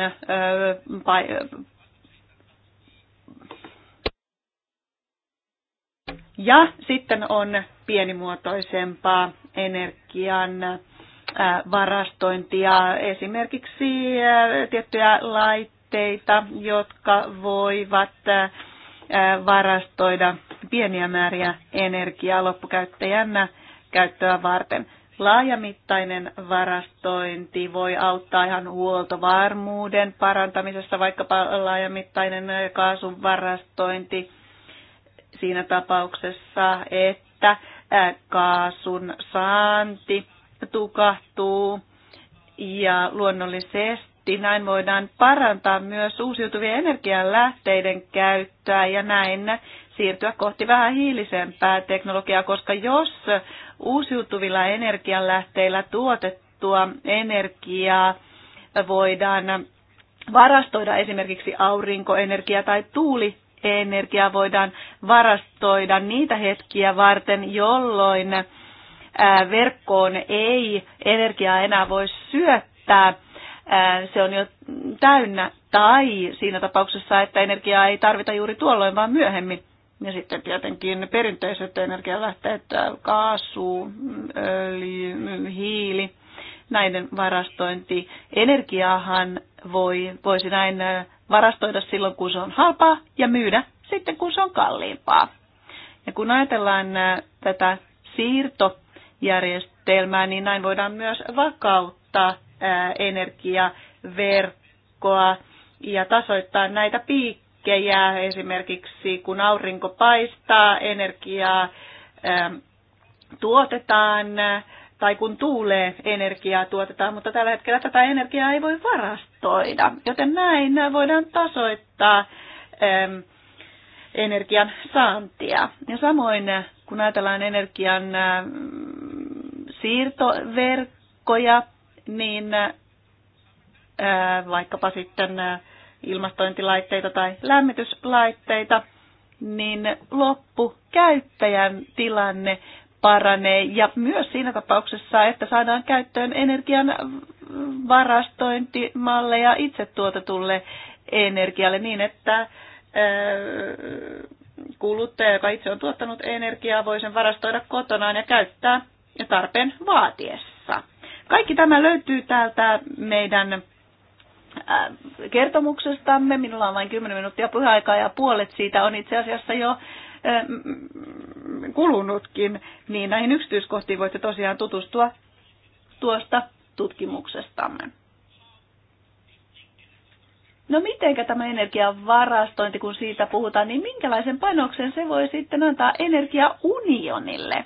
ja sitten on pienimuotoisempaa energian varastointia, esimerkiksi tiettyjä laitteita, jotka voivat varastoida pieniä määriä energiaa loppukäyttäjän käyttöä varten. Laajamittainen varastointi voi auttaa ihan huoltovarmuuden parantamisessa, vaikkapa laajamittainen kaasun varastointi siinä tapauksessa, että kaasun saanti tukahtuu ja luonnollisesti näin voidaan parantaa myös uusiutuvien lähteiden käyttöä ja näin siirtyä kohti vähän hiilisempää teknologiaa, koska jos uusiutuvilla lähteillä tuotettua energiaa voidaan varastoida esimerkiksi aurinkoenergia tai tuuli energiaa voidaan varastoida niitä hetkiä varten, jolloin verkkoon ei energiaa enää voi syöttää, se on jo täynnä, tai siinä tapauksessa, että energiaa ei tarvita juuri tuolloin, vaan myöhemmin. Ja sitten tietenkin perinteiset energialähteet, kaasu, öljy, hiili, näiden varastointi. Energiaahan voi, voisi näin varastoida silloin, kun se on halpaa, ja myydä sitten, kun se on kalliimpaa. Ja kun ajatellaan tätä siirto järjestelmää, niin näin voidaan myös vakauttaa energiaverkkoa ja tasoittaa näitä piikkejä. Esimerkiksi kun aurinko paistaa, energiaa tuotetaan tai kun tuulee, energiaa tuotetaan, mutta tällä hetkellä tätä energiaa ei voi varastoida. Joten näin voidaan tasoittaa energian saantia. Ja samoin kun ajatellaan energian siirtoverkkoja, niin vaikkapa sitten ilmastointilaitteita tai lämmityslaitteita, niin loppukäyttäjän tilanne paranee ja myös siinä tapauksessa, että saadaan käyttöön energian varastointimalleja itse tuotetulle energialle niin, että kuluttaja, joka itse on tuottanut energiaa, voi sen varastoida kotonaan ja käyttää tarpeen vaatiessa. Kaikki tämä löytyy täältä meidän äh, kertomuksestamme. Minulla on vain 10 minuuttia puheaikaa ja puolet siitä on itse asiassa jo äh, mm, kulunutkin, niin näihin yksityiskohtiin voitte tosiaan tutustua tuosta tutkimuksestamme. No miten tämä energian varastointi, kun siitä puhutaan, niin minkälaisen panoksen se voi sitten antaa energiaunionille?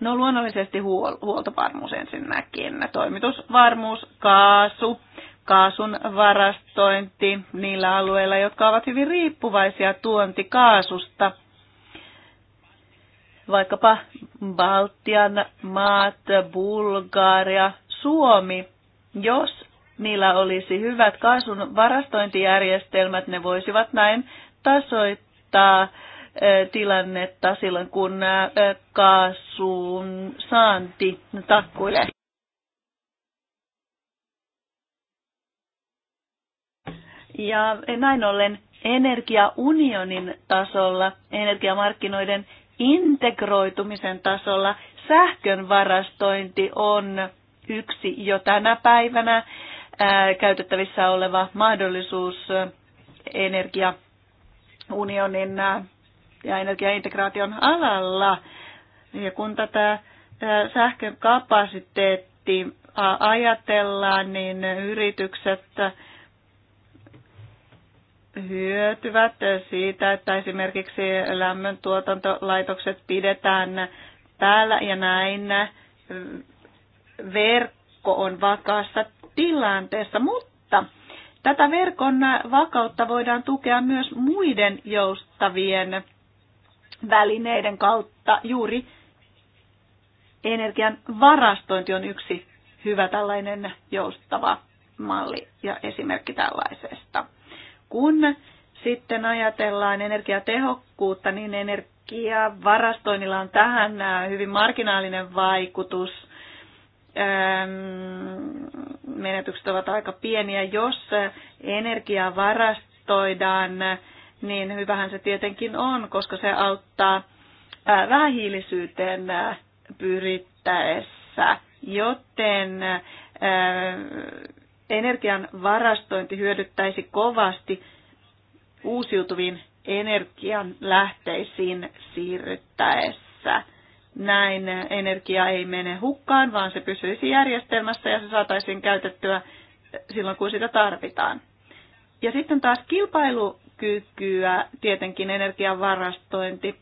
No luonnollisesti huol- huoltovarmuus ensinnäkin, toimitusvarmuus, kaasu, kaasun varastointi niillä alueilla, jotka ovat hyvin riippuvaisia tuontikaasusta. Vaikkapa Baltian maat, Bulgaria, Suomi, jos niillä olisi hyvät kaasun varastointijärjestelmät, ne voisivat näin tasoittaa tilannetta silloin, kun kaasun saanti takkuilee. Ja näin ollen energiaunionin tasolla, energiamarkkinoiden integroitumisen tasolla sähkön varastointi on yksi jo tänä päivänä käytettävissä oleva mahdollisuus energiaunionin ja energiaintegraation alalla. Ja kun tätä sähkön kapasiteetti ajatellaan, niin yritykset hyötyvät siitä, että esimerkiksi lämmön pidetään päällä ja näin verkko on vakaassa tilanteessa, mutta tätä verkon vakautta voidaan tukea myös muiden joustavien välineiden kautta. Juuri energian varastointi on yksi hyvä tällainen joustava malli ja esimerkki tällaisesta. Kun sitten ajatellaan energiatehokkuutta, niin energiavarastoinnilla on tähän hyvin marginaalinen vaikutus – menetykset ovat aika pieniä. Jos energiaa varastoidaan, niin hyvähän se tietenkin on, koska se auttaa vähähiilisyyteen pyrittäessä. Joten energian varastointi hyödyttäisi kovasti uusiutuviin energian lähteisiin siirryttäessä. Näin energia ei mene hukkaan, vaan se pysyisi järjestelmässä ja se saataisiin käytettyä silloin, kun sitä tarvitaan. Ja sitten taas kilpailukykyä tietenkin energian varastointi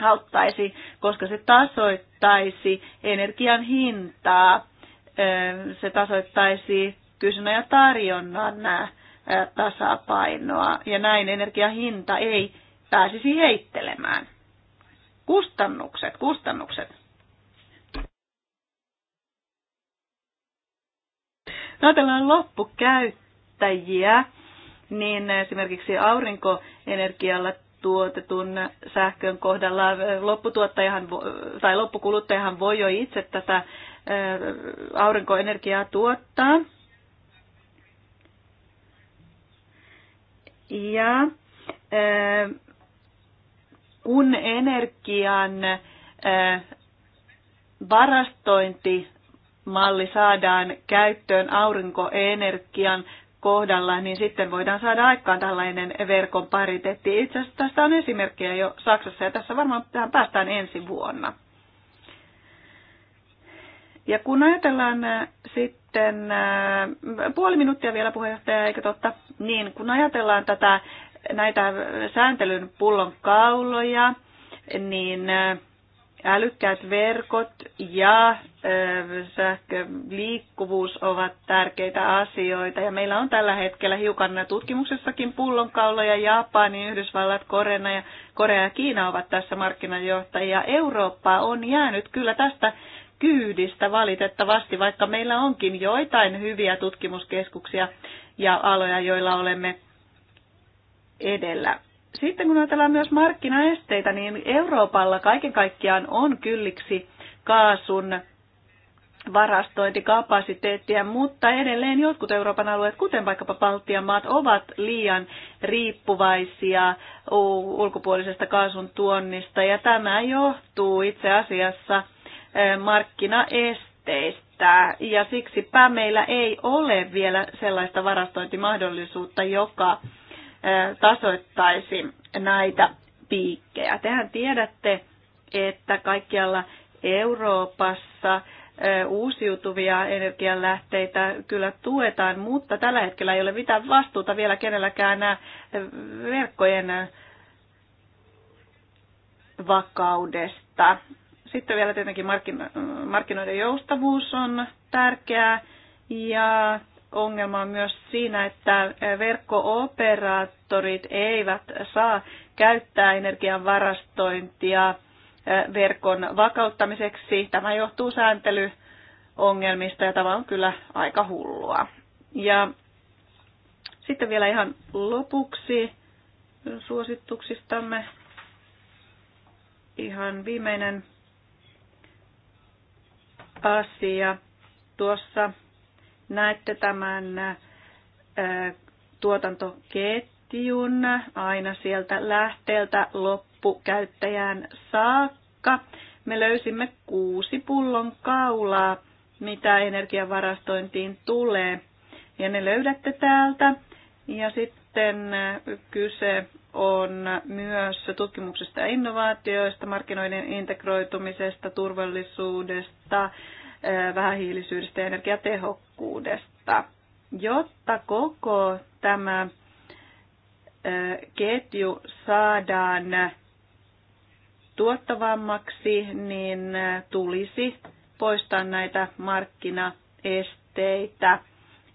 auttaisi, koska se tasoittaisi energian hintaa, se tasoittaisi kysynnän ja tarjonnan tasapainoa ja näin energiahinta ei pääsisi heittelemään. Kustannukset, kustannukset. No, ajatellaan loppukäyttäjiä, niin esimerkiksi aurinkoenergialla tuotetun sähkön kohdalla äh, lopputuottajahan äh, tai loppukuluttajahan voi jo itse tätä äh, aurinkoenergiaa tuottaa. Ja kun energian varastointimalli saadaan käyttöön aurinkoenergian kohdalla, niin sitten voidaan saada aikaan tällainen verkon pariteetti. Itse asiassa tästä on esimerkkejä jo Saksassa ja tässä varmaan tähän päästään ensi vuonna. Ja kun ajatellaan sitten, puoli minuuttia vielä puheenjohtaja, eikö totta? Niin, kun ajatellaan tätä näitä sääntelyn pullonkauloja, niin äh, älykkäät verkot ja äh, sähköliikkuvuus ovat tärkeitä asioita. Ja meillä on tällä hetkellä hiukan tutkimuksessakin pullonkauloja. Japani, Yhdysvallat, Korea ja, Korea ja Kiina ovat tässä markkinajohtajia. Eurooppa on jäänyt kyllä tästä kyydistä valitettavasti, vaikka meillä onkin joitain hyviä tutkimuskeskuksia ja aloja, joilla olemme edellä. Sitten kun ajatellaan myös markkinaesteitä, niin Euroopalla kaiken kaikkiaan on kylliksi kaasun varastointikapasiteettia, mutta edelleen jotkut Euroopan alueet, kuten vaikkapa Baltian maat, ovat liian riippuvaisia ulkopuolisesta kaasun tuonnista, ja tämä johtuu itse asiassa markkinaesteistä, ja siksipä meillä ei ole vielä sellaista varastointimahdollisuutta, joka tasoittaisi näitä piikkejä. Tehän tiedätte, että kaikkialla Euroopassa uusiutuvia energianlähteitä kyllä tuetaan, mutta tällä hetkellä ei ole mitään vastuuta vielä kenelläkään nämä verkkojen vakaudesta. Sitten vielä tietenkin markkinoiden joustavuus on tärkeää ja ongelma on myös siinä, että eh, verkkooperaattorit eivät saa käyttää energian varastointia eh, verkon vakauttamiseksi. Tämä johtuu sääntelyongelmista ja tämä on kyllä aika hullua. Ja sitten vielä ihan lopuksi suosituksistamme ihan viimeinen asia tuossa Näette tämän tuotantoketjun aina sieltä lähteeltä loppukäyttäjään saakka. Me löysimme kuusi pullon kaulaa, mitä energiavarastointiin tulee. Ja ne löydätte täältä. Ja sitten kyse on myös tutkimuksesta ja innovaatioista, markkinoiden integroitumisesta, turvallisuudesta, vähähiilisyydestä ja energiatehokkuudesta. Jotta koko tämä ketju saadaan tuottavammaksi, niin tulisi poistaa näitä markkinaesteitä.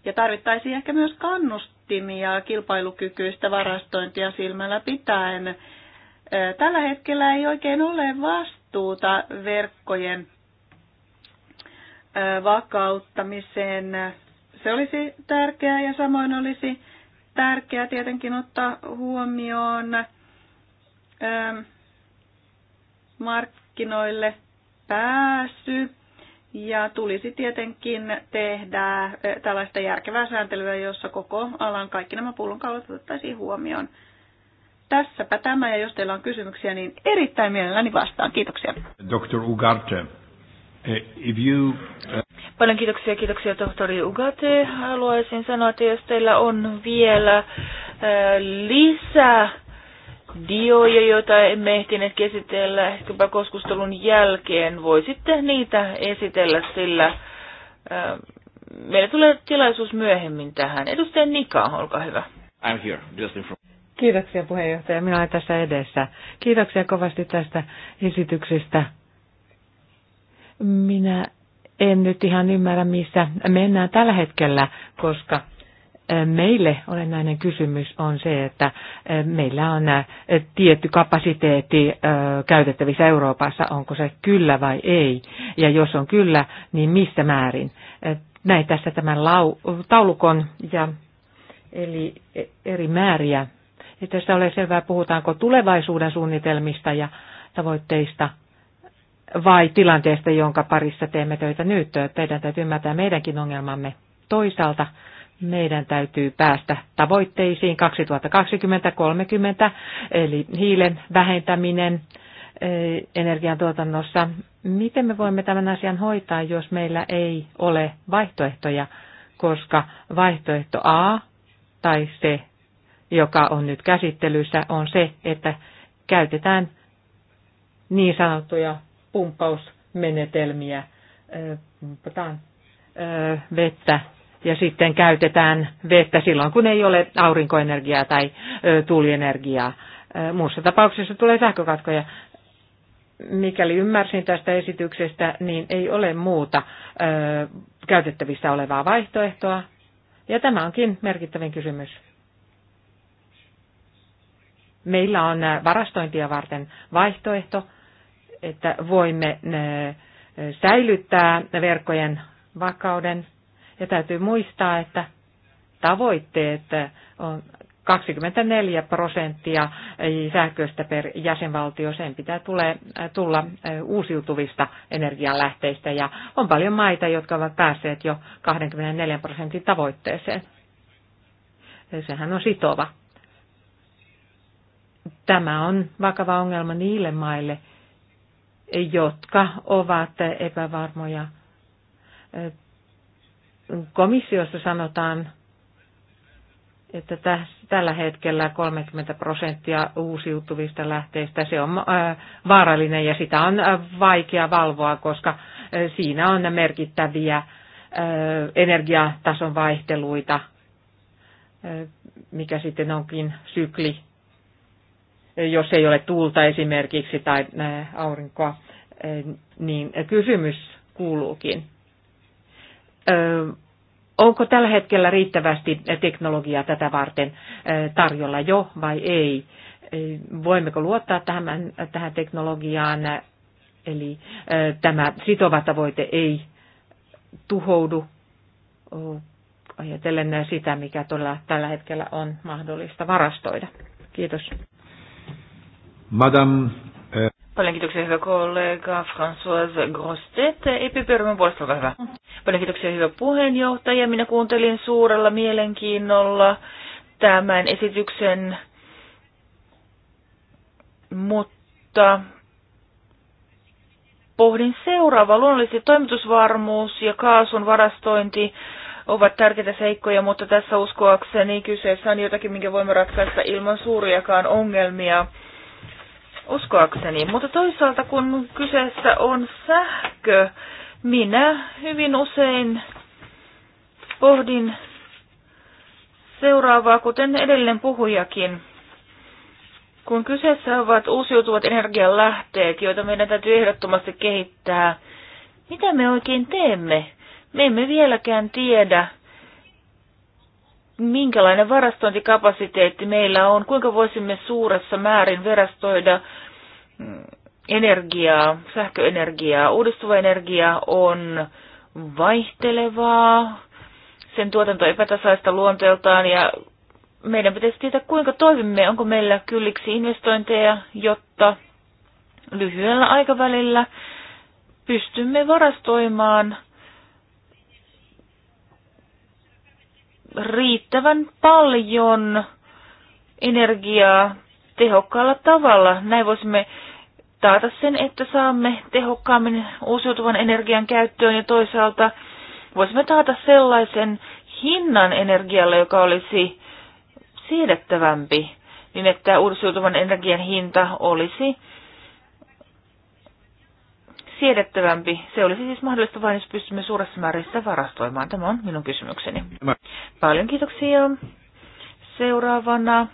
Ja tarvittaisiin ehkä myös kannustimia kilpailukykyistä varastointia silmällä pitäen. Tällä hetkellä ei oikein ole vastuuta verkkojen vakauttamiseen. Se olisi tärkeää ja samoin olisi tärkeää tietenkin ottaa huomioon markkinoille pääsy ja tulisi tietenkin tehdä tällaista järkevää sääntelyä, jossa koko alan kaikki nämä pullonkaulat otettaisiin huomioon. Tässäpä tämä ja jos teillä on kysymyksiä, niin erittäin mielelläni vastaan. Kiitoksia. Dr. Ugarte. Eh, if you, uh, Paljon kiitoksia, kiitoksia tohtori Ugate. Haluaisin sanoa, että jos teillä on vielä eh, lisää dioja, joita emme ehtineet käsitellä ehkäpä keskustelun jälkeen, voisitte niitä esitellä, sillä eh, meillä tulee tilaisuus myöhemmin tähän. Edustaja Nika, olkaa hyvä. I'm here, just in front. Kiitoksia puheenjohtaja, minä olen tässä edessä. Kiitoksia kovasti tästä esityksestä minä en nyt ihan ymmärrä, missä mennään tällä hetkellä, koska eh, meille olennainen kysymys on se, että eh, meillä on eh, tietty kapasiteetti käytettävissä Euroopassa, onko se kyllä vai ei, ja jos on kyllä, niin missä määrin. Näin tässä tämän lau, taulukon ja eli e-, eri määriä. Ja tässä ole selvää, puhutaanko tulevaisuuden suunnitelmista ja tavoitteista – vai tilanteesta, jonka parissa teemme töitä nyt. Teidän täytyy ymmärtää meidänkin ongelmamme. Toisaalta meidän täytyy päästä tavoitteisiin 2020 2030 eli hiilen vähentäminen e, energiantuotannossa. Miten me voimme tämän asian hoitaa, jos meillä ei ole vaihtoehtoja, koska vaihtoehto A tai se, joka on nyt käsittelyssä, on se, että käytetään niin sanottuja pumppausmenetelmiä. Pumpataan vettä ja sitten käytetään vettä silloin, kun ei ole aurinkoenergiaa tai tuulienergiaa. Muussa tapauksessa tulee sähkökatkoja. Mikäli ymmärsin tästä esityksestä, niin ei ole muuta käytettävissä olevaa vaihtoehtoa. Ja tämä onkin merkittävin kysymys. Meillä on varastointia varten vaihtoehto, että voimme äh, säilyttää verkkojen vakauden. Ja täytyy muistaa, että tavoitteet on 24 prosenttia sähköstä per jäsenvaltio, sen pitää tule, äh, tulla äh, uusiutuvista energianlähteistä ja on paljon maita, jotka ovat päässeet jo 24 prosentin tavoitteeseen. Sehän on sitova. Tämä on vakava ongelma niille maille, jotka ovat epävarmoja. Komissiossa sanotaan, että tällä hetkellä 30 prosenttia uusiutuvista lähteistä se on vaarallinen ja sitä on vaikea valvoa, koska siinä on merkittäviä energiatason vaihteluita, mikä sitten onkin sykli jos ei ole tuulta esimerkiksi tai äh, aurinkoa, äh, niin kysymys kuuluukin. Onko tällä hetkellä riittävästi teknologiaa tätä varten äh, tarjolla jo vai ei? Voimmeko luottaa tähän, tähän teknologiaan? Eli tämä sitova tavoite ei tuhoudu ajatellen sitä, mikä todella tällä hetkellä on mahdollista varastoida. Kiitos. Madame... Eh, Paljon kiitoksia hyvä kollega François Grostet, epp ryhmän puolesta olkaa hyvä. Paljon kiitoksia hyvä puheenjohtaja. Minä kuuntelin suurella mielenkiinnolla tämän esityksen, mutta pohdin seuraava. Luonnollisesti toimitusvarmuus ja kaasun varastointi ovat tärkeitä seikkoja, mutta tässä uskoakseni kyseessä on jotakin, minkä voimme ratkaista ilman suuriakaan ongelmia uskoakseni. Mutta toisaalta kun kyseessä on sähkö, minä hyvin usein pohdin seuraavaa, kuten edellinen puhujakin. Kun kyseessä ovat uusiutuvat energianlähteet, joita meidän täytyy ehdottomasti kehittää, mitä me oikein teemme? Me emme vieläkään tiedä, minkälainen varastointikapasiteetti meillä on, kuinka voisimme suuressa määrin varastoida mm, energiaa, sähköenergiaa. Uudistuva energia on vaihtelevaa, sen tuotanto epätasaista luonteeltaan ja meidän pitäisi tietää, kuinka toimimme, onko meillä kylliksi investointeja, jotta lyhyellä aikavälillä pystymme varastoimaan – riittävän paljon energiaa tehokkaalla tavalla. Näin voisimme taata sen, että saamme tehokkaammin uusiutuvan energian käyttöön ja toisaalta voisimme taata sellaisen hinnan energialle, joka olisi siedettävämpi, niin että uusiutuvan energian hinta olisi siedettävämpi. Se olisi siis mahdollista vain, jos pystymme suuressa määrissä varastoimaan. Tämä on minun kysymykseni. Paljon kiitoksia. Seuraavana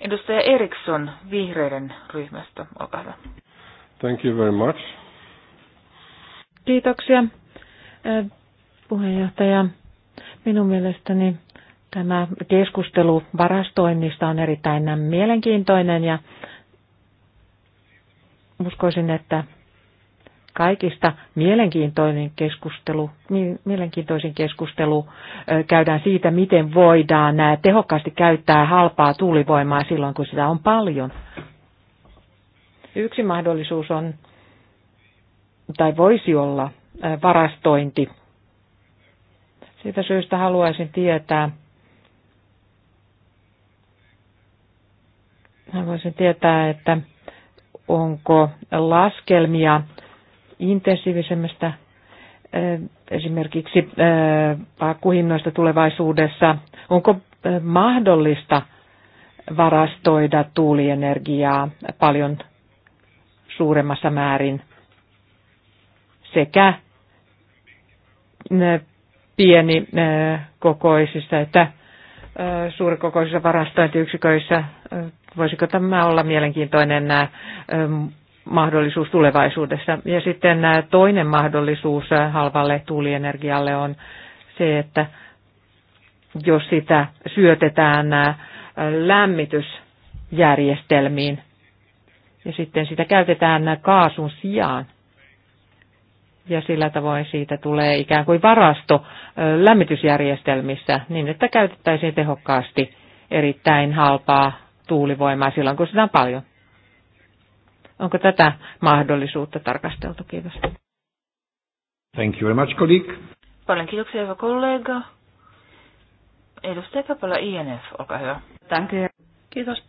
edustaja Eriksson vihreiden ryhmästä. Olkaa hyvä. Thank you very much. Kiitoksia puheenjohtaja. Minun mielestäni tämä keskustelu varastoinnista on erittäin mielenkiintoinen ja uskoisin, että kaikista mielenkiintoinen keskustelu, mielenkiintoisin keskustelu käydään siitä, miten voidaan tehokkaasti käyttää halpaa tuulivoimaa silloin, kun sitä on paljon. Yksi mahdollisuus on, tai voisi olla, varastointi. Siitä syystä haluaisin tietää, haluaisin tietää, että onko laskelmia intensiivisemmästä eh, esimerkiksi eh, pakkuhinnoista tulevaisuudessa. Onko eh, mahdollista varastoida tuulienergiaa paljon suuremmassa määrin sekä pieni kokoisissa että suurikokoisissa varastointiyksiköissä. Voisiko tämä olla mielenkiintoinen mahdollisuus tulevaisuudessa. Ja sitten toinen mahdollisuus halvalle tuulienergialle on se, että jos sitä syötetään lämmitysjärjestelmiin ja sitten sitä käytetään kaasun sijaan. Ja sillä tavoin siitä tulee ikään kuin varasto lämmitysjärjestelmissä niin, että käytettäisiin tehokkaasti erittäin halpaa tuulivoimaa silloin, kun sitä on paljon. Onko tätä mahdollisuutta tarkasteltu? Kiitos. Thank you very much, colleague. Paljon kiitoksia, hyvä kollega. Edustaja Kapala, INF, olkaa hyvä. Thank you. Kiitos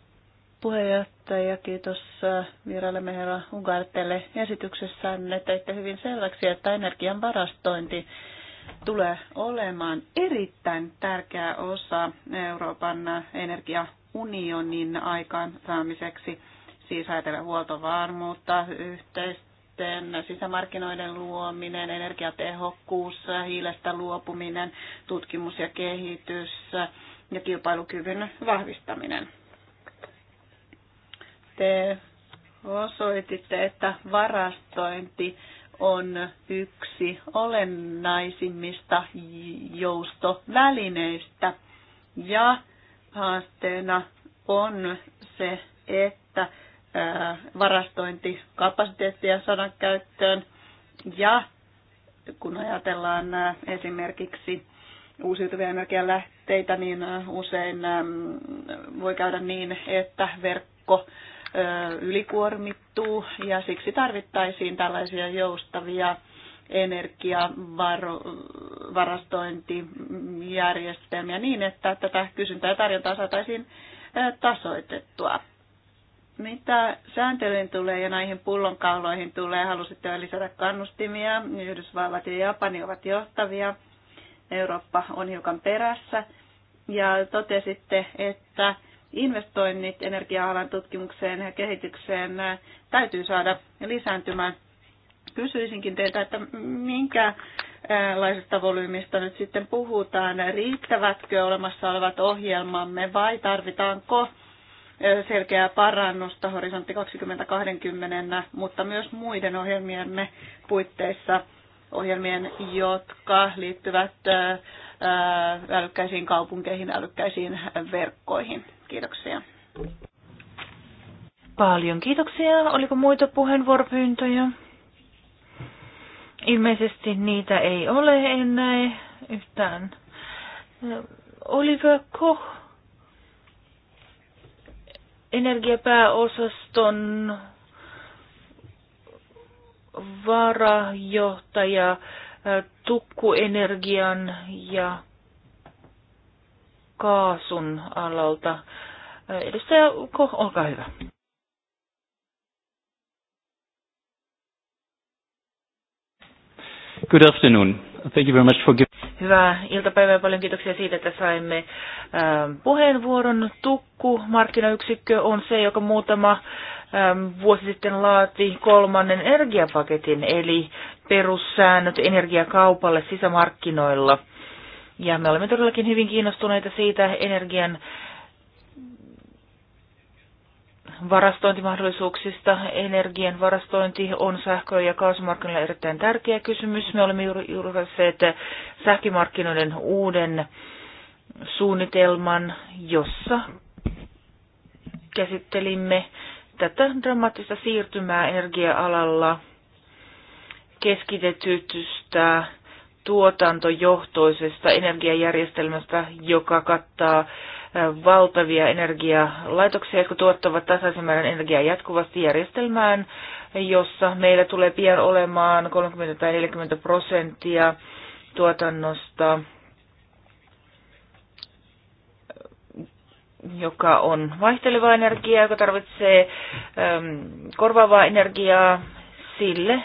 puheenjohtaja, kiitos äh, vierailemme herra Ungartelle esityksessänne. Teitte hyvin selväksi, että energian varastointi tulee olemaan erittäin tärkeä osa Euroopan energiaunionin aikaansaamiseksi siis ajatellen huoltovarmuutta, yhteisten sisämarkkinoiden luominen, energiatehokkuus, hiilestä luopuminen, tutkimus ja kehitys ja kilpailukyvyn vahvistaminen. Te osoititte, että varastointi on yksi olennaisimmista joustovälineistä ja haasteena on se, että varastointikapasiteettia sadan käyttöön. Ja kun ajatellaan esimerkiksi uusiutuvia energialähteitä, niin usein voi käydä niin, että verkko ylikuormittuu ja siksi tarvittaisiin tällaisia joustavia energiavarastointijärjestelmiä niin, että tätä kysyntää ja tarjontaa saataisiin tasoitettua. Mitä sääntelyyn tulee ja näihin pullonkauloihin tulee, halusitte lisätä kannustimia. Yhdysvallat ja Japani ovat johtavia. Eurooppa on hiukan perässä. Ja totesitte, että investoinnit energia-alan tutkimukseen ja kehitykseen äh, täytyy saada lisääntymään. Kysyisinkin teiltä, että minkälaisesta volyymista nyt sitten puhutaan? Riittävätkö olemassa olevat ohjelmamme vai tarvitaanko selkeää parannusta horisontti 2020, mutta myös muiden ohjelmiemme puitteissa ohjelmien, jotka liittyvät älykkäisiin kaupunkeihin, älykkäisiin verkkoihin. Kiitoksia. Paljon kiitoksia. Oliko muita puheenvuoropyyntöjä? Ilmeisesti niitä ei ole, en näe yhtään. Oliver Koch energiapääosaston varajohtaja äh, tukkuenergian ja kaasun alalta. Äh, edustaja Ko, olkaa hyvä. Good afternoon. Thank you very much for giving Hyvää iltapäivää. Paljon kiitoksia siitä, että saimme ähm, puheenvuoron. Tukku markkinayksikkö on se, joka muutama ähm, vuosi sitten laati kolmannen energiapaketin, eli perussäännöt energiakaupalle sisämarkkinoilla. Ja me olemme todellakin hyvin kiinnostuneita siitä energian varastointimahdollisuuksista. Energian varastointi on sähkö- ja kaasumarkkinoilla erittäin tärkeä kysymys. Me olemme juuri julkaisseet sähkömarkkinoiden uuden suunnitelman, jossa käsittelimme tätä dramaattista siirtymää energia-alalla keskitetytystä tuotantojohtoisesta energiajärjestelmästä, joka kattaa valtavia energialaitoksia, jotka tuottavat tasaisen määrän energiaa jatkuvasti järjestelmään, jossa meillä tulee pian olemaan 30 tai 40 prosenttia tuotannosta, joka on vaihtelevaa energiaa, joka tarvitsee äm, korvaavaa energiaa sille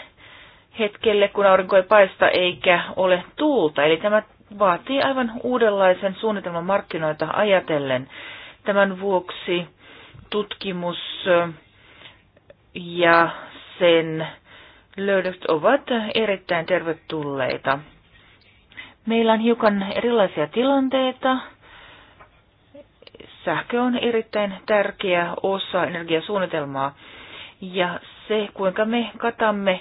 hetkelle, kun aurinko ei paista eikä ole tuulta. Eli tämä vaatii aivan uudenlaisen suunnitelman markkinoita ajatellen. Tämän vuoksi tutkimus ja sen löydöt ovat erittäin tervetulleita. Meillä on hiukan erilaisia tilanteita. Sähkö on erittäin tärkeä osa energiasuunnitelmaa ja se, kuinka me katamme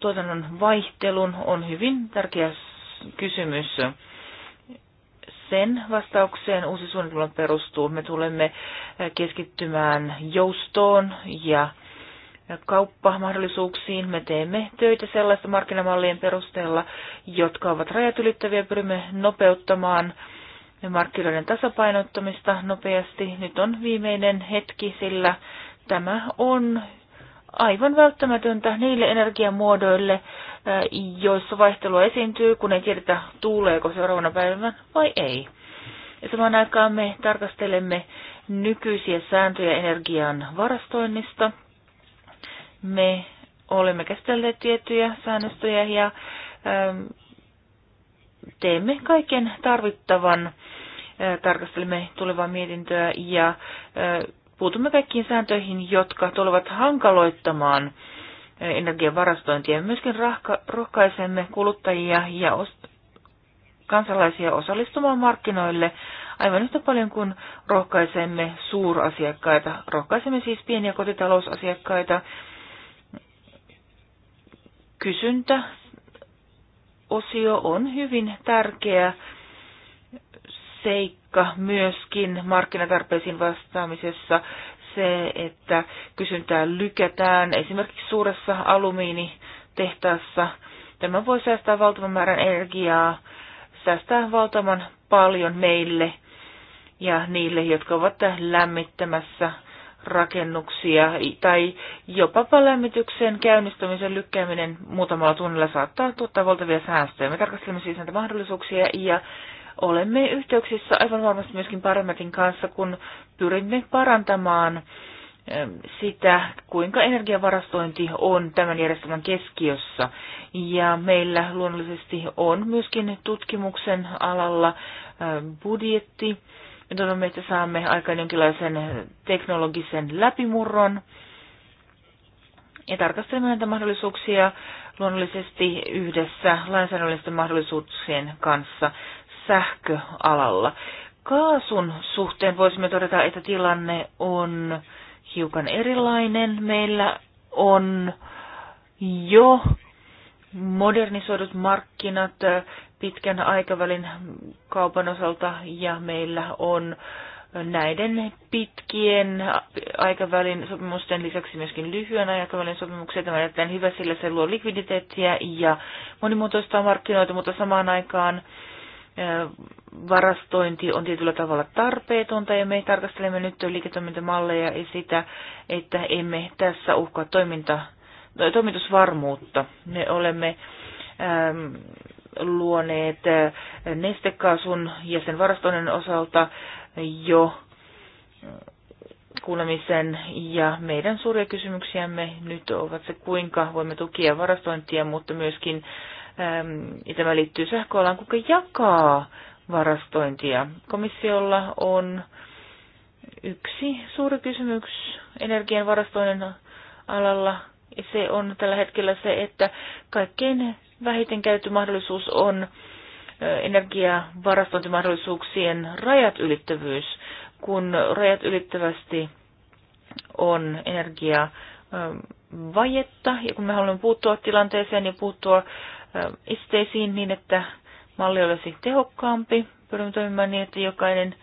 tuotannon vaihtelun, on hyvin tärkeä kysymys. Sen vastaukseen uusi suunnitelma perustuu. Me tulemme keskittymään joustoon ja kauppamahdollisuuksiin. Me teemme töitä sellaista markkinamallien perusteella, jotka ovat rajat ylittäviä. Pyrimme nopeuttamaan markkinoiden tasapainottamista nopeasti. Nyt on viimeinen hetki, sillä tämä on aivan välttämätöntä niille energiamuodoille, joissa vaihtelua esiintyy, kun ei tiedetä tuuleeko seuraavana päivänä vai ei. Ja samaan aikaan me tarkastelemme nykyisiä sääntöjä energian varastoinnista. Me olemme käsitelleet tiettyjä säännöstöjä ja teemme kaiken tarvittavan. Tarkastelemme tulevaa mietintöä ja puutumme kaikkiin sääntöihin, jotka tulevat hankaloittamaan eh, energian varastointia. Myöskin rahka, rohkaisemme kuluttajia ja ost- kansalaisia osallistumaan markkinoille aivan yhtä paljon kuin rohkaisemme suurasiakkaita. Rohkaisemme siis pieniä kotitalousasiakkaita. Kysyntä osio on hyvin tärkeä seikka myöskin markkinatarpeisiin vastaamisessa se, että kysyntää lykätään esimerkiksi suuressa alumiinitehtaassa. Tämä voi säästää valtavan määrän energiaa, säästää valtavan paljon meille ja niille, jotka ovat lämmittämässä rakennuksia tai jopa lämmityksen käynnistämisen lykkääminen muutamalla tunnilla saattaa tuottaa valtavia säästöjä. Me tarkastelemme siis näitä mahdollisuuksia ja olemme yhteyksissä aivan varmasti myöskin Parametin kanssa, kun pyrimme parantamaan sitä, kuinka energiavarastointi on tämän järjestelmän keskiössä. Ja meillä luonnollisesti on myöskin tutkimuksen alalla budjetti. Me toivomme, että saamme aikaan jonkinlaisen teknologisen läpimurron ja tarkastelemme näitä mahdollisuuksia luonnollisesti yhdessä lainsäädännöllisten mahdollisuuksien kanssa sähköalalla. Kaasun suhteen voisimme todeta, että tilanne on hiukan erilainen. Meillä on jo modernisoidut markkinat pitkän aikavälin kaupan osalta ja meillä on näiden pitkien aikavälin sopimusten lisäksi myöskin lyhyen aikavälin sopimuksia. Tämä on hyvä, sillä se luo likviditeettiä ja monimuotoistaa markkinoita, mutta samaan aikaan varastointi on tietyllä tavalla tarpeetonta ja me tarkastelemme nyt liiketoimintamalleja ja sitä, että emme tässä uhkaa toiminta, no, toimitusvarmuutta. Me olemme ähm, luoneet nestekaasun ja sen varastoinnin osalta jo kuulemisen ja meidän suuria kysymyksiämme nyt ovat se, kuinka voimme tukia varastointia, mutta myöskin äh, ja tämä liittyy sähköalaan, kuka jakaa varastointia. Komissiolla on yksi suuri kysymys energian varastoinnin alalla. Ja se on tällä hetkellä se, että kaikkein vähiten käytetty mahdollisuus on energiavarastointimahdollisuuksien rajat ylittävyys, kun rajat ylittävästi on energiaa vajetta ja kun me haluamme puuttua tilanteeseen ja puuttua esteisiin niin, että malli olisi tehokkaampi. Pyrimme toimimaan niin, että jokainen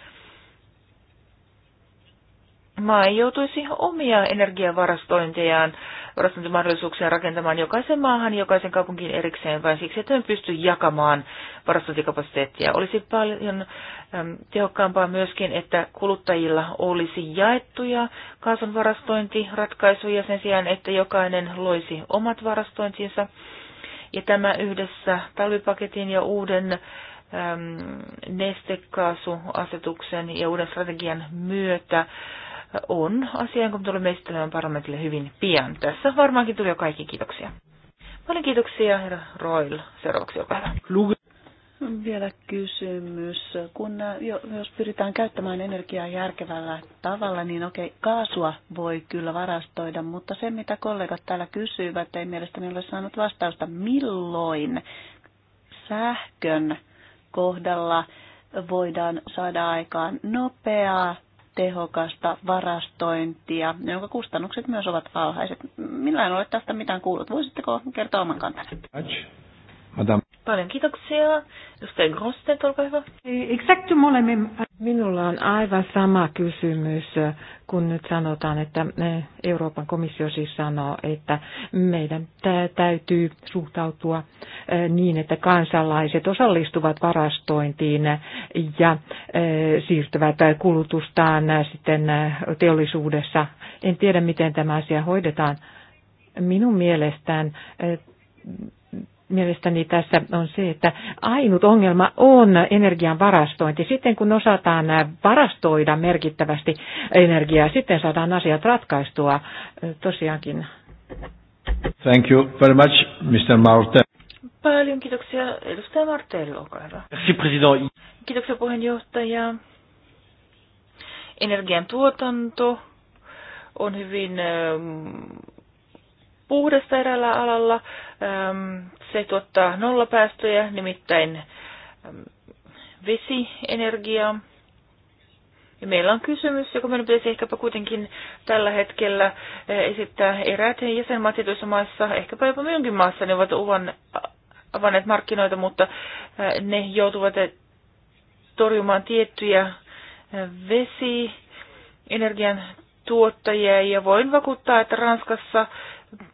maa ei joutuisi omia energiavarastointejaan, varastointimahdollisuuksia rakentamaan jokaisen maahan, jokaisen kaupunkiin erikseen, vain siksi, että me pysty jakamaan varastointikapasiteettia. Olisi paljon äm, tehokkaampaa myöskin, että kuluttajilla olisi jaettuja kaasun varastointiratkaisuja sen sijaan, että jokainen loisi omat varastointinsa. Ja tämä yhdessä talvipaketin ja uuden äm, nestekaasuasetuksen ja uuden strategian myötä on asia, jonka tulemme esittelemään parlamentille hyvin pian. Tässä varmaankin tuli jo kaikki. Kiitoksia. Paljon kiitoksia, herra Roil. Seuraavaksi olkaa hyvä. Vielä kysymys. Kun, äh, jos pyritään käyttämään energiaa järkevällä tavalla, niin okei, kaasua voi kyllä varastoida, mutta se mitä kollegat täällä kysyivät, ei mielestäni ole saanut vastausta, milloin sähkön kohdalla voidaan saada aikaan nopeaa, tehokasta varastointia, jonka kustannukset myös ovat alhaiset. Millään ole tästä mitään kuullut. Voisitteko kertoa oman kantanne? Madame. Paljon kiitoksia. Edustaja Grosten, olkaa hyvä. Minulla on aivan sama kysymys, kun nyt sanotaan, että eh, Euroopan komissio siis sanoo, että meidän täytyy suhtautua eh, niin, että kansalaiset osallistuvat varastointiin ja eh, siirtyvät kulutustaan sitten teollisuudessa. En tiedä, miten tämä asia hoidetaan. Minun mielestään mielestäni tässä on se, että ainut ongelma on energian varastointi. Sitten kun osataan varastoida merkittävästi energiaa, sitten saadaan asiat ratkaistua tosiaankin. Thank you very much, Mr. Martel. Paljon kiitoksia. Edustaja Martel, olkaa hyvä. Merci, president. Kiitoksia puheenjohtaja. Energian tuotanto on hyvin puhdasta eräällä alalla. Se tuottaa nollapäästöjä, nimittäin vesienergiaa. Ja meillä on kysymys, joka meidän pitäisi ehkäpä kuitenkin tällä hetkellä esittää eräät jäsenmaat tietyissä maissa, ehkäpä jopa minunkin maassa, ne ovat uvan, avanneet markkinoita, mutta ne joutuvat torjumaan tiettyjä vesienergian tuottajia. Ja voin vakuuttaa, että Ranskassa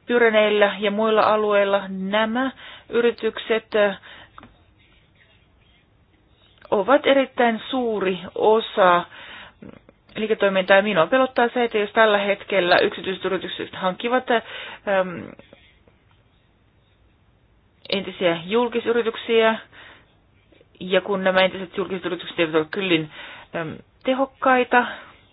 Pyreneillä ja muilla alueilla nämä yritykset äh, ovat erittäin suuri osa liiketoimintaa. minua pelottaa se, että jos tällä hetkellä yksityiset yritykset hankkivat ähm, entisiä julkisyrityksiä, ja kun nämä entiset julkiset yritykset eivät ole kyllin ähm, tehokkaita,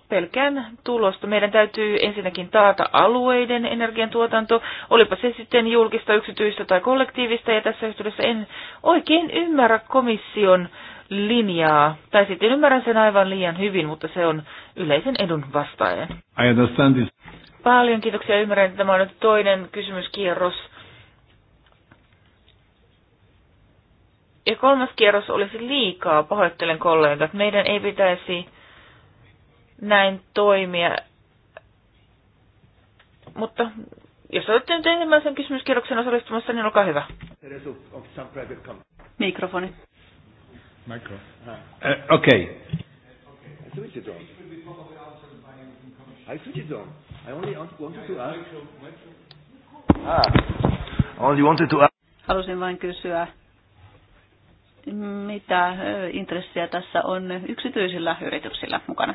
pelkään tulosta. Meidän täytyy ensinnäkin taata alueiden energiantuotanto, olipa se sitten julkista, yksityistä tai kollektiivista, ja tässä yhteydessä en oikein ymmärrä komission linjaa, tai sitten ymmärrän sen aivan liian hyvin, mutta se on yleisen edun vastainen. Paljon kiitoksia, ymmärrän, että tämä on nyt toinen kysymyskierros. Ja kolmas kierros olisi liikaa, pahoittelen kollegat. Meidän ei pitäisi näin toimia. Mutta jos olette nyt ensimmäisen kysymyskierroksen osallistumassa, niin olkaa hyvä. Mikrofoni. Mikro. Uh, ah. Okei. Eh, okay. Ah. Halusin vain kysyä, mitä intressiä tässä on yksityisillä yrityksillä mukana?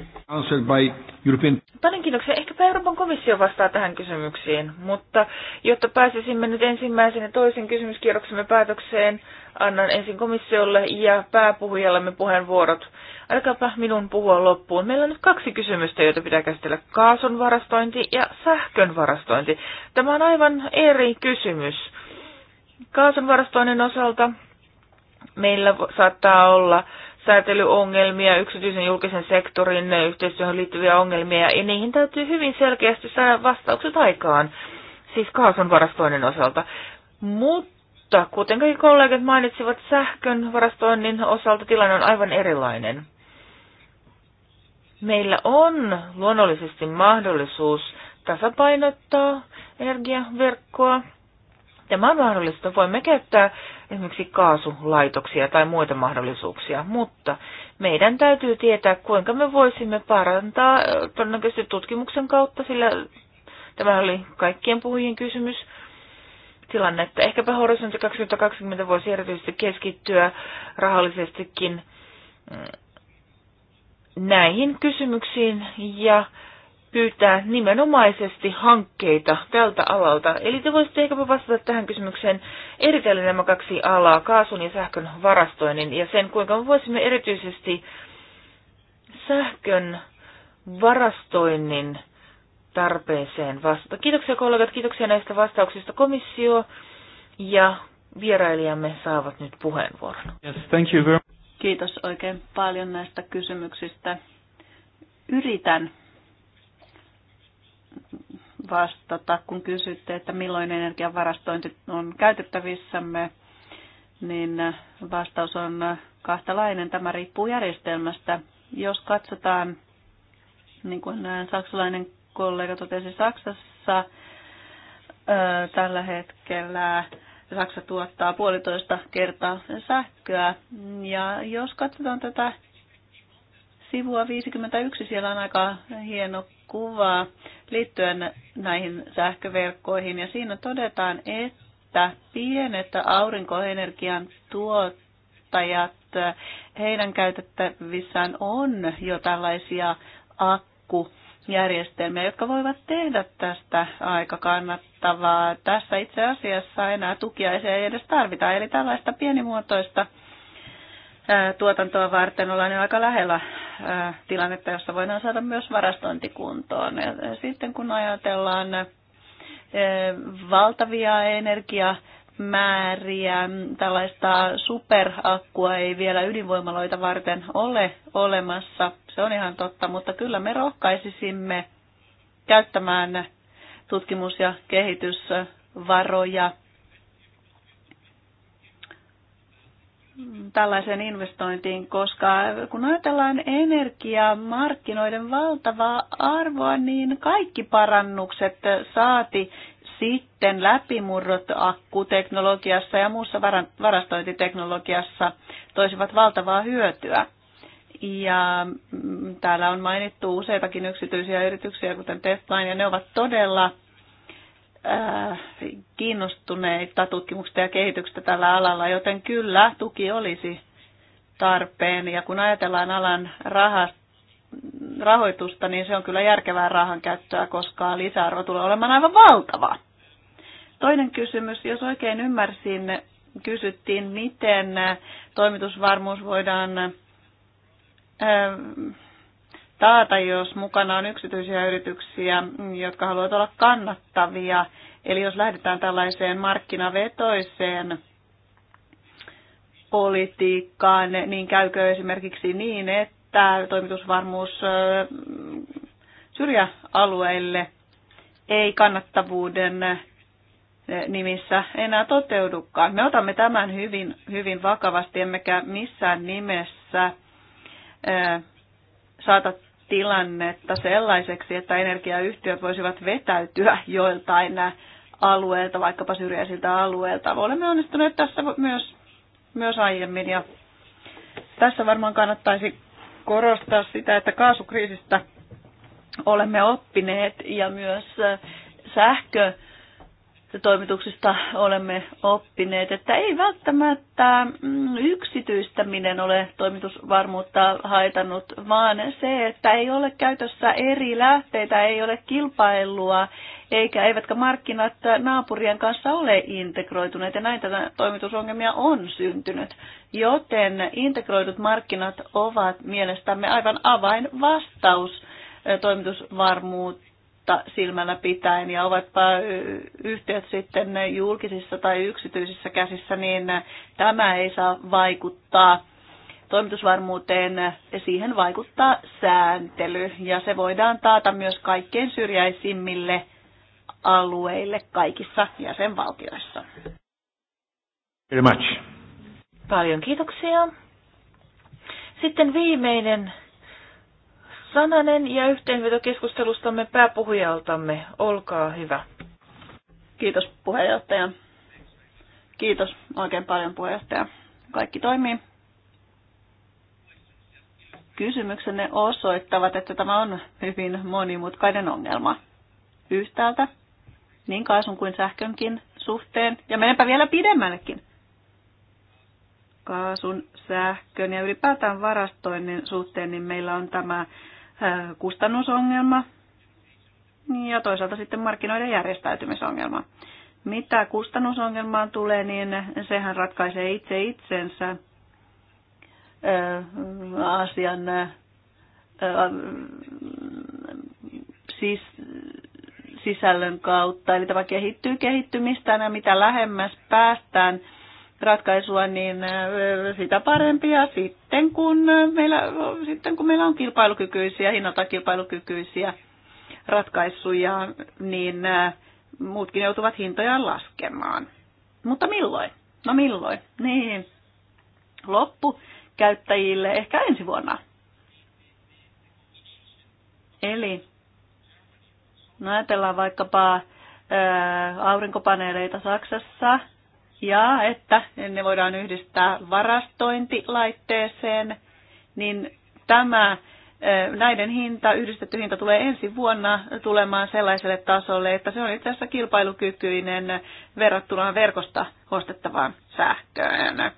Paljon kiitoksia. Ehkäpä Euroopan komissio vastaa tähän kysymyksiin, mutta jotta pääsisimme nyt ensimmäisen ja toisen kysymyskierroksemme päätökseen, annan ensin komissiolle ja pääpuhujallemme puheenvuorot. Älkääpä minun puhua loppuun. Meillä on nyt kaksi kysymystä, joita pitää käsitellä. Kaasun varastointi ja sähkön varastointi. Tämä on aivan eri kysymys. Kaasun varastoinnin osalta Meillä saattaa olla säätelyongelmia, yksityisen julkisen sektorin yhteistyöhön liittyviä ongelmia, ja niihin täytyy hyvin selkeästi saada vastaukset aikaan, siis kaasun varastoinnin osalta. Mutta kuten kaikki kollegat mainitsivat, sähkön varastoinnin osalta tilanne on aivan erilainen. Meillä on luonnollisesti mahdollisuus tasapainottaa energiaverkkoa Tämä on mahdollista. Voimme käyttää esimerkiksi kaasulaitoksia tai muita mahdollisuuksia, mutta meidän täytyy tietää, kuinka me voisimme parantaa todennäköisesti tutkimuksen kautta, sillä tämä oli kaikkien puhujien kysymys, tilannetta. Ehkäpä horisontti 2020 voisi erityisesti keskittyä rahallisestikin mm, näihin kysymyksiin ja pyytää nimenomaisesti hankkeita tältä alalta. Eli te voisitte ehkäpä vastata tähän kysymykseen eritellen nämä kaksi alaa, kaasun ja sähkön varastoinnin, ja sen kuinka me voisimme erityisesti sähkön varastoinnin tarpeeseen vastata. Kiitoksia kollegat, kiitoksia näistä vastauksista komissio ja vierailijamme saavat nyt puheenvuoron. Yes, thank you very Kiitos oikein paljon näistä kysymyksistä. Yritän vastata, kun kysytte, että milloin energian varastointi on käytettävissämme, niin vastaus on kahtalainen. Tämä riippuu järjestelmästä. Jos katsotaan, niin kuin saksalainen kollega totesi Saksassa, tällä hetkellä Saksa tuottaa puolitoista kertaa sähköä. Ja jos katsotaan tätä sivua 51, siellä on aika hieno kuvaa liittyen näihin sähköverkkoihin ja siinä todetaan, että pienet aurinkoenergian tuottajat, heidän käytettävissään on jo tällaisia akku järjestelmiä, jotka voivat tehdä tästä aika kannattavaa. Tässä itse asiassa enää tukia ei edes tarvita, eli tällaista pienimuotoista tuotantoa varten ollaan jo aika lähellä tilannetta, jossa voidaan saada myös varastointikuntoon. Ja sitten kun ajatellaan valtavia energiamääriä, tällaista superakkua ei vielä ydinvoimaloita varten ole olemassa, se on ihan totta, mutta kyllä me rohkaisisimme käyttämään tutkimus- ja kehitysvaroja – tällaiseen investointiin, koska kun ajatellaan energiamarkkinoiden valtavaa arvoa, niin kaikki parannukset saati sitten läpimurrot akkuteknologiassa ja muussa varastointiteknologiassa toisivat valtavaa hyötyä. Ja mm, täällä on mainittu useitakin yksityisiä yrityksiä, kuten Testline, ja ne ovat todella Äh, kiinnostuneita tutkimuksesta ja kehityksestä tällä alalla, joten kyllä tuki olisi tarpeen. Ja kun ajatellaan alan rahasta, rahoitusta, niin se on kyllä järkevää rahan käyttöä, koska lisäarvo tulee olemaan aivan valtava. Toinen kysymys, jos oikein ymmärsin, kysyttiin, miten toimitusvarmuus voidaan äh, taata, jos mukana on yksityisiä yrityksiä, jotka haluavat olla kannattavia. Eli jos lähdetään tällaiseen markkinavetoiseen politiikkaan, niin käykö esimerkiksi niin, että toimitusvarmuus syrjäalueille ei kannattavuuden nimissä enää toteudukaan. Me otamme tämän hyvin, hyvin vakavasti, emmekä missään nimessä saata tilannetta sellaiseksi, että energiayhtiöt voisivat vetäytyä joiltain alueilta, vaikkapa syrjäisiltä alueilta. Olemme onnistuneet tässä myös, myös aiemmin ja tässä varmaan kannattaisi korostaa sitä, että kaasukriisistä olemme oppineet ja myös sähkö toimituksista olemme oppineet, että ei välttämättä mm, yksityistäminen ole toimitusvarmuutta haitannut, vaan se, että ei ole käytössä eri lähteitä, ei ole kilpailua, eikä, eivätkä markkinat naapurien kanssa ole integroituneet, ja tätä toimitusongelmia on syntynyt. Joten integroidut markkinat ovat mielestämme aivan avainvastaus toimitusvarmuuteen taloutta silmällä pitäen ja ovatpa yhteyt sitten julkisissa tai yksityisissä käsissä, niin tämä ei saa vaikuttaa toimitusvarmuuteen. Siihen vaikuttaa sääntely ja se voidaan taata myös kaikkein syrjäisimmille alueille kaikissa jäsenvaltioissa. Very much. Paljon kiitoksia. Sitten viimeinen sananen ja yhteenveto keskustelustamme pääpuhujaltamme. Olkaa hyvä. Kiitos puheenjohtaja. Kiitos oikein paljon puheenjohtaja. Kaikki toimii. Kysymyksenne osoittavat, että tämä on hyvin monimutkainen ongelma. Yhtäältä niin kaasun kuin sähkönkin suhteen, ja menenpä vielä pidemmällekin. Kaasun, sähkön ja ylipäätään varastoinnin suhteen, niin meillä on tämä kustannusongelma ja toisaalta sitten markkinoiden järjestäytymisongelma. Mitä kustannusongelmaan tulee, niin sehän ratkaisee itse itsensä asian sisällön kautta. Eli tämä kehittyy kehittymistään ja mitä lähemmäs päästään – ratkaisua, niin sitä parempia sitten, kun meillä, sitten kun meillä on kilpailukykyisiä, hinnalta kilpailukykyisiä ratkaisuja, niin muutkin joutuvat hintojaan laskemaan. Mutta milloin? No milloin? Niin, loppu käyttäjille ehkä ensi vuonna. Eli no ajatellaan vaikkapa ää, aurinkopaneeleita Saksassa – ja että ne voidaan yhdistää varastointilaitteeseen, niin tämä näiden hinta, yhdistetty hinta tulee ensi vuonna tulemaan sellaiselle tasolle, että se on itse asiassa kilpailukykyinen verrattuna verkosta ostettavaan sähköön.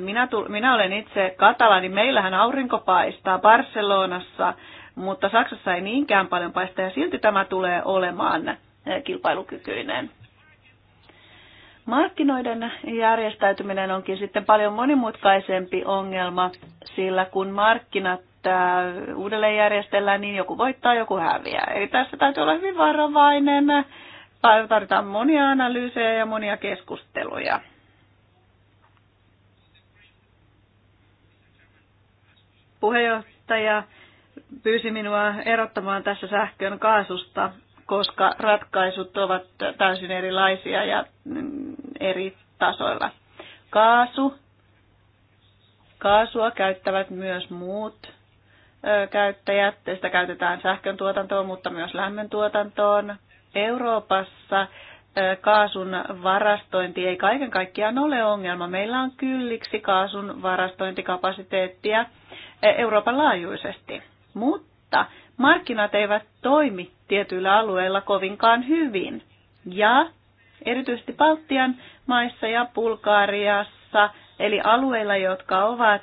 Minä, minä olen itse katalani, niin meillähän aurinko paistaa Barcelonassa, mutta Saksassa ei niinkään paljon paista ja silti tämä tulee olemaan kilpailukykyinen. Markkinoiden järjestäytyminen onkin sitten paljon monimutkaisempi ongelma, sillä kun markkinat äh, uudelleen järjestellään, niin joku voittaa, joku häviää. Eli tässä täytyy olla hyvin varovainen, tarvitaan monia analyysejä ja monia keskusteluja. Puheenjohtaja pyysi minua erottamaan tässä sähkön kaasusta koska ratkaisut ovat täysin erilaisia ja mm, eri tasoilla. Kaasu. Kaasua käyttävät myös muut käyttäjät. Sitä käytetään sähkön tuotantoon, mutta myös lämmön tuotantoon. Euroopassa kaasun varastointi ei kaiken kaikkiaan ole ongelma. Meillä on kylliksi kaasun varastointikapasiteettia Euroopan laajuisesti. Mutta markkinat eivät toimi tietyillä alueilla kovinkaan hyvin. Ja erityisesti Baltian maissa ja Bulgariassa, eli alueilla, jotka ovat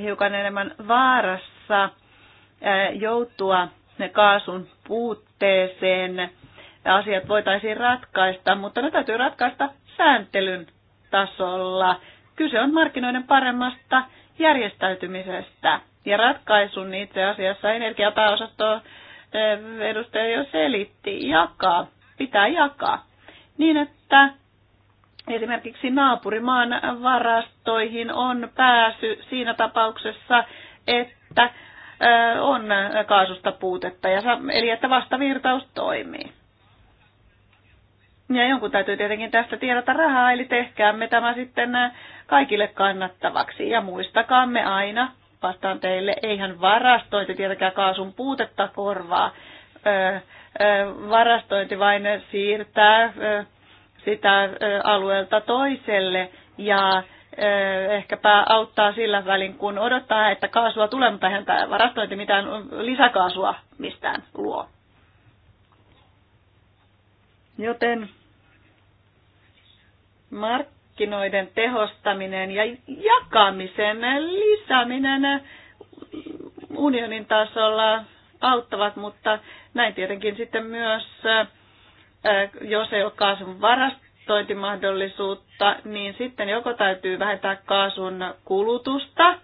hiukan enemmän vaarassa joutua kaasun puutteeseen, asiat voitaisiin ratkaista, mutta ne täytyy ratkaista sääntelyn tasolla. Kyse on markkinoiden paremmasta järjestäytymisestä. Ja ratkaisun itse asiassa energiapääosasto eh, edustaja jo selitti, jakaa, pitää jakaa. Niin, että esimerkiksi naapurimaan varastoihin on pääsy siinä tapauksessa, että eh, on kaasusta puutetta, ja, eli että vastavirtaus toimii. Ja jonkun täytyy tietenkin tästä tiedata rahaa, eli tehkäämme tämä sitten eh, kaikille kannattavaksi. Ja muistakaamme aina, vastaan teille. Eihän varastointi tietenkään kaasun puutetta korvaa. Varastointi vain siirtää sitä alueelta toiselle ja ehkäpä auttaa sillä välin, kun odottaa, että kaasua tulee, mutta eihän tämä varastointi mitään lisäkaasua mistään luo. Joten Mark markkinoiden tehostaminen ja jakamisen lisääminen unionin tasolla auttavat, mutta näin tietenkin sitten myös, äh, jos ei ole kaasun varastointimahdollisuutta, niin sitten joko täytyy vähentää kaasun kulutusta,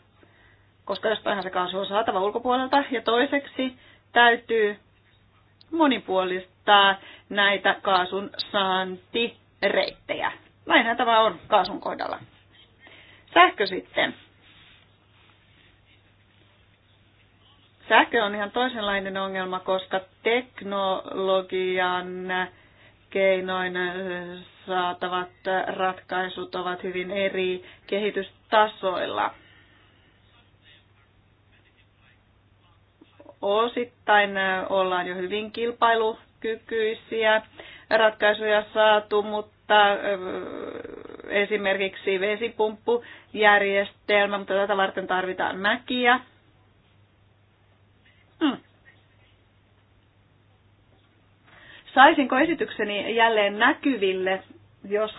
koska jostainhan se kaasu on saatava ulkopuolelta, ja toiseksi täytyy monipuolistaa näitä kaasun saantireittejä. Näinhän tämä on kaasun kohdalla. Sähkö sitten. Sähkö on ihan toisenlainen ongelma, koska teknologian keinoin äh, saatavat ratkaisut ovat hyvin eri kehitystasoilla. Osittain äh, ollaan jo hyvin kilpailukykyisiä ratkaisuja saatu, mutta esimerkiksi vesipumppujärjestelmä, mutta tätä varten tarvitaan mäkiä. Hmm. Saisinko esitykseni jälleen näkyville, jos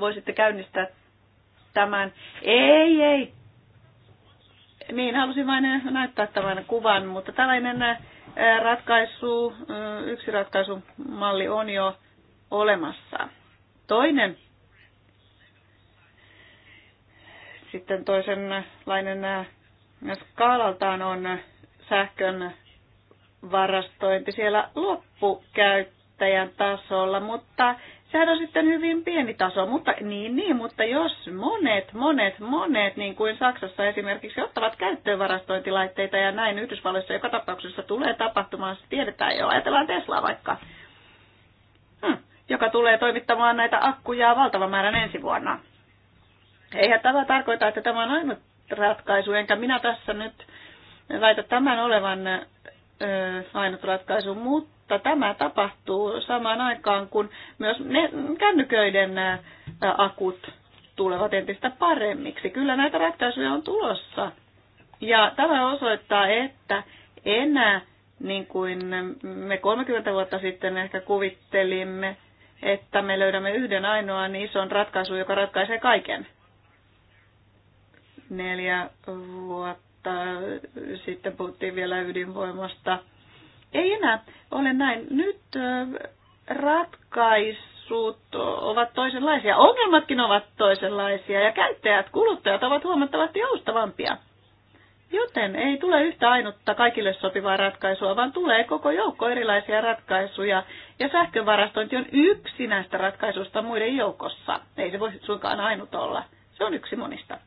voisitte käynnistää tämän? Ei, ei. Niin, halusin vain näyttää tämän kuvan, mutta tällainen ratkaisu, yksi ratkaisumalli on jo olemassa. Toinen sitten toisenlainen skaalaltaan on sähkön varastointi siellä loppukäyttäjän tasolla, mutta Sehän on sitten hyvin pieni taso, mutta niin, niin, mutta jos monet, monet, monet, niin kuin Saksassa esimerkiksi, ottavat käyttöön varastointilaitteita ja näin Yhdysvalloissa joka tapauksessa tulee tapahtumaan, se tiedetään jo, ajatellaan Teslaa vaikka, hm, joka tulee toimittamaan näitä akkuja valtavan määrän ensi vuonna. Eihän tämä tarkoita, että tämä on ainut ratkaisu, enkä minä tässä nyt väitä tämän olevan ö, ainut ratkaisu, mutta mutta tämä tapahtuu samaan aikaan, kun myös ne kännyköiden akut tulevat entistä paremmiksi. Kyllä näitä ratkaisuja on tulossa. Ja tämä osoittaa, että enää niin kuin me 30 vuotta sitten ehkä kuvittelimme, että me löydämme yhden ainoan ison ratkaisun, joka ratkaisee kaiken. Neljä vuotta sitten puhuttiin vielä ydinvoimasta ei enää ole näin. Nyt ratkaisut ovat toisenlaisia. Ongelmatkin ovat toisenlaisia ja käyttäjät, kuluttajat ovat huomattavasti joustavampia. Joten ei tule yhtä ainutta kaikille sopivaa ratkaisua, vaan tulee koko joukko erilaisia ratkaisuja. Ja sähkövarastointi on yksi näistä ratkaisuista muiden joukossa. Ei se voi suinkaan ainut olla. Se on yksi monista.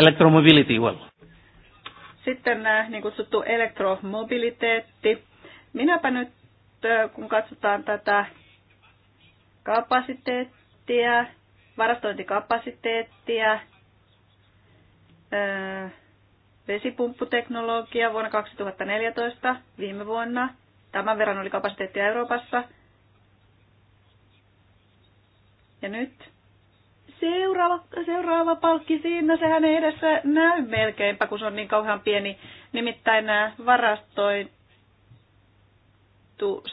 electromobility well. Sitten äh, niin kutsuttu elektromobiliteetti. Minäpä nyt, äh, kun katsotaan tätä kapasiteettia, varastointikapasiteettia, äh, vesipumpputeknologia vuonna 2014, viime vuonna. Tämän verran oli kapasiteettia Euroopassa. Ja nyt seuraava, seuraava palkki siinä, sehän ei edes näy melkeinpä, kun se on niin kauhean pieni. Nimittäin nämä äh, varastoitu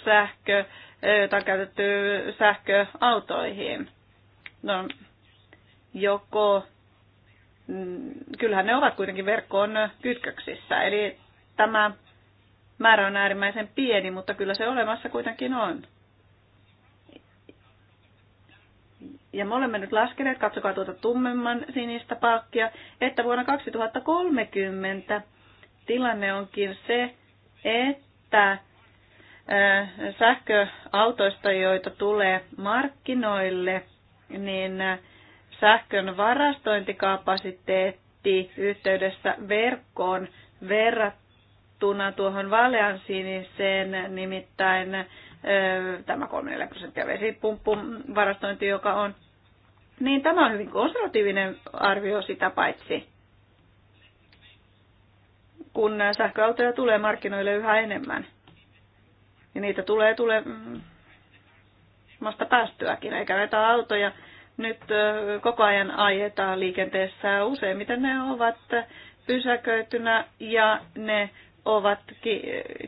sähkö, äh, jota on käytetty sähköautoihin. No, joko, mm, kyllähän ne ovat kuitenkin verkkoon äh, kytköksissä, eli tämä määrä on äärimmäisen pieni, mutta kyllä se olemassa kuitenkin on. Ja me olemme nyt laskeneet, katsokaa tuota tummemman sinistä palkkia, että vuonna 2030 tilanne onkin se, että sähköautoista, joita tulee markkinoille, niin sähkön varastointikapasiteetti yhteydessä verkkoon verrattuna tuohon vaalean siniseen, nimittäin tämä 3 prosenttia vesipumppuvarastointi, joka on niin tämä on hyvin konservatiivinen arvio sitä paitsi, kun sähköautoja tulee markkinoille yhä enemmän. Ja niitä tulee tulemasta mm, päästyäkin, eikä näitä autoja nyt koko ajan ajetaan liikenteessä. Useimmiten ne ovat pysäköitynä ja ne ovat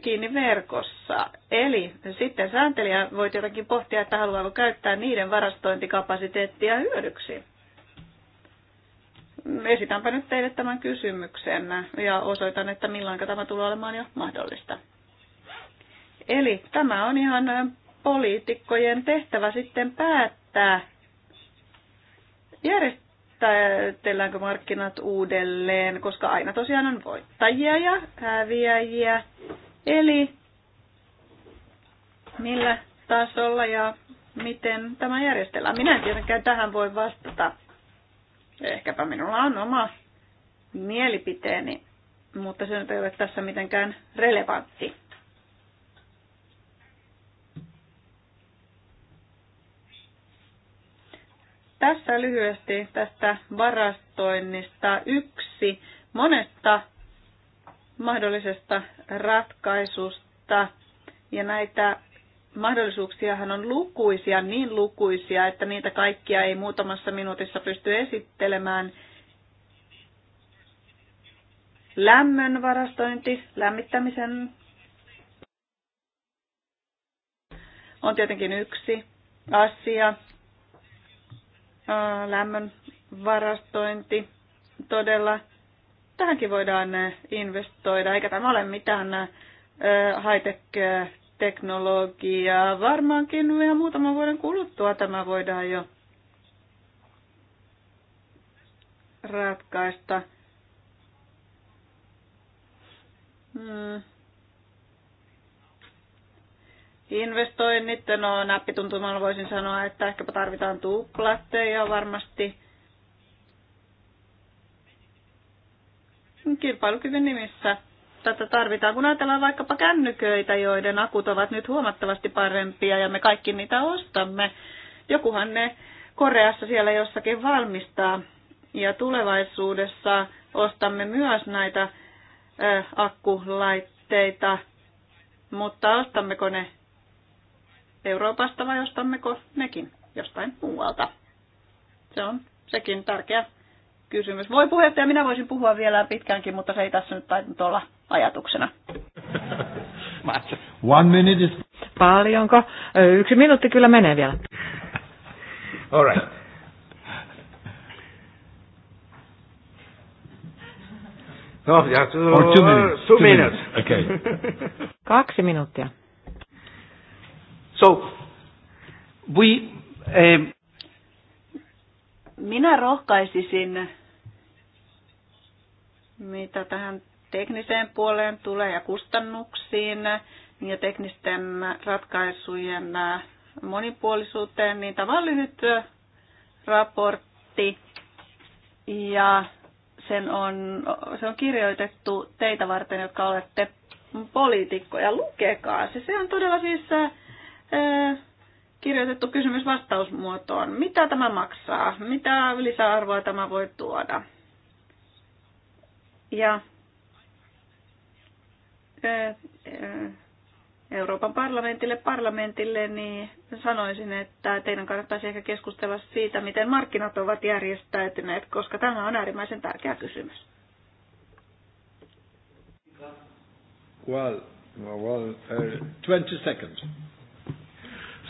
kiinni verkossa. Eli sitten sääntelijä voi jotenkin pohtia, että haluaako käyttää niiden varastointikapasiteettia hyödyksi. Esitänpä nyt teille tämän kysymyksen ja osoitan, että milloin tämä tulee olemaan jo mahdollista. Eli tämä on ihan poliitikkojen tehtävä sitten päättää, järjestää määritelläänkö markkinat uudelleen, koska aina tosiaan on voittajia ja häviäjiä. Eli millä tasolla ja miten tämä järjestellään. Minä en tietenkään tähän voi vastata. Ehkäpä minulla on oma mielipiteeni, mutta se nyt ei ole tässä mitenkään relevantti. Tässä lyhyesti tästä varastoinnista yksi monesta mahdollisesta ratkaisusta. Ja näitä mahdollisuuksiahan on lukuisia, niin lukuisia, että niitä kaikkia ei muutamassa minuutissa pysty esittelemään. Lämmön varastointi, lämmittämisen on tietenkin yksi asia lämmön varastointi todella. Tähänkin voidaan investoida, eikä tämä ole mitään high-tech-teknologiaa. Varmaankin vielä muutaman vuoden kuluttua tämä voidaan jo ratkaista. Hmm investoinnit, no näppituntumalla voisin sanoa, että ehkäpä tarvitaan tuplatteja varmasti. Kilpailukyvyn nimissä tätä tarvitaan, kun ajatellaan vaikkapa kännyköitä, joiden akut ovat nyt huomattavasti parempia ja me kaikki niitä ostamme. Jokuhan ne Koreassa siellä jossakin valmistaa ja tulevaisuudessa ostamme myös näitä akkulaitteita, mutta ostammeko ne Euroopasta vai ostammeko mekin jostain muualta? Se on sekin tärkeä kysymys. Voi puheenjohtaja, minä voisin puhua vielä pitkäänkin, mutta se ei tässä nyt tainnut olla ajatuksena. [laughs] One minute is... Paljonko? Yksi minuutti kyllä menee vielä. All right. No, yeah, two, two minutes. Two minutes. Okay. Kaksi minuuttia. So, we, eh... Minä rohkaisisin, mitä tähän tekniseen puoleen tulee ja kustannuksiin ja teknisten ratkaisujen monipuolisuuteen, niin tämä on lyhyt äh, raportti ja sen on, se on kirjoitettu teitä varten, jotka olette poliitikkoja. Lukekaa se. Se on todella siis äh, Äh, kirjoitettu kysymys vastausmuotoon. Mitä tämä maksaa? Mitä lisäarvoa tämä voi tuoda? Ja äh, äh, Euroopan parlamentille, parlamentille, niin sanoisin, että teidän kannattaisi ehkä keskustella siitä, miten markkinat ovat järjestäytyneet, koska tämä on äärimmäisen tärkeä kysymys. Well, well, uh, 20 seconds.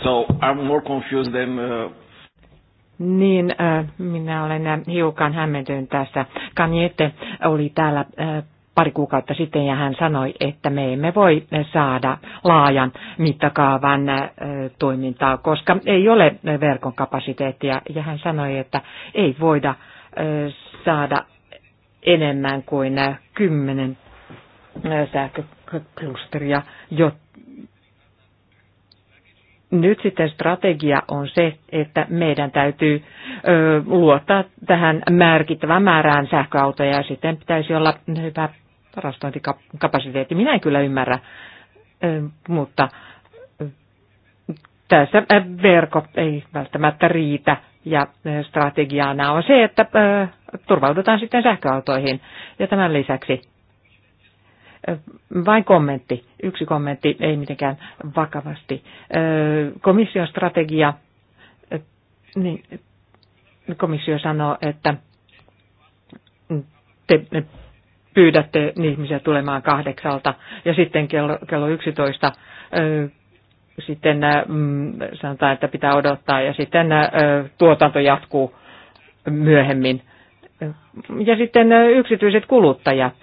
So I'm more confused than uh... Niin, äh, minä olen äh, hiukan hämmentynyt tästä. Kanjette oli täällä äh, pari kuukautta sitten ja hän sanoi, että me emme voi saada laajan mittakaavan toimintaa, koska ei ole verkon kapasiteettia. Ja hän sanoi, että ei voida saada enemmän kuin kymmenen sähköklusteria, jotta nyt sitten strategia on se, että meidän täytyy ö, luottaa tähän merkittävään määrään sähköautoja ja sitten pitäisi olla hyvä varastointikapasiteetti. Minä en kyllä ymmärrä, ö, mutta tässä verkko ei välttämättä riitä ja strategiana on se, että ö, turvaudutaan sitten sähköautoihin ja tämän lisäksi vain kommentti, yksi kommentti, ei mitenkään vakavasti. Komission strategia, niin komissio sanoo, että te pyydätte ihmisiä tulemaan kahdeksalta ja sitten kello, kello 11 sitten mm, sanotaan, että pitää odottaa ja sitten tuotanto jatkuu myöhemmin. Ja sitten yksityiset kuluttajat.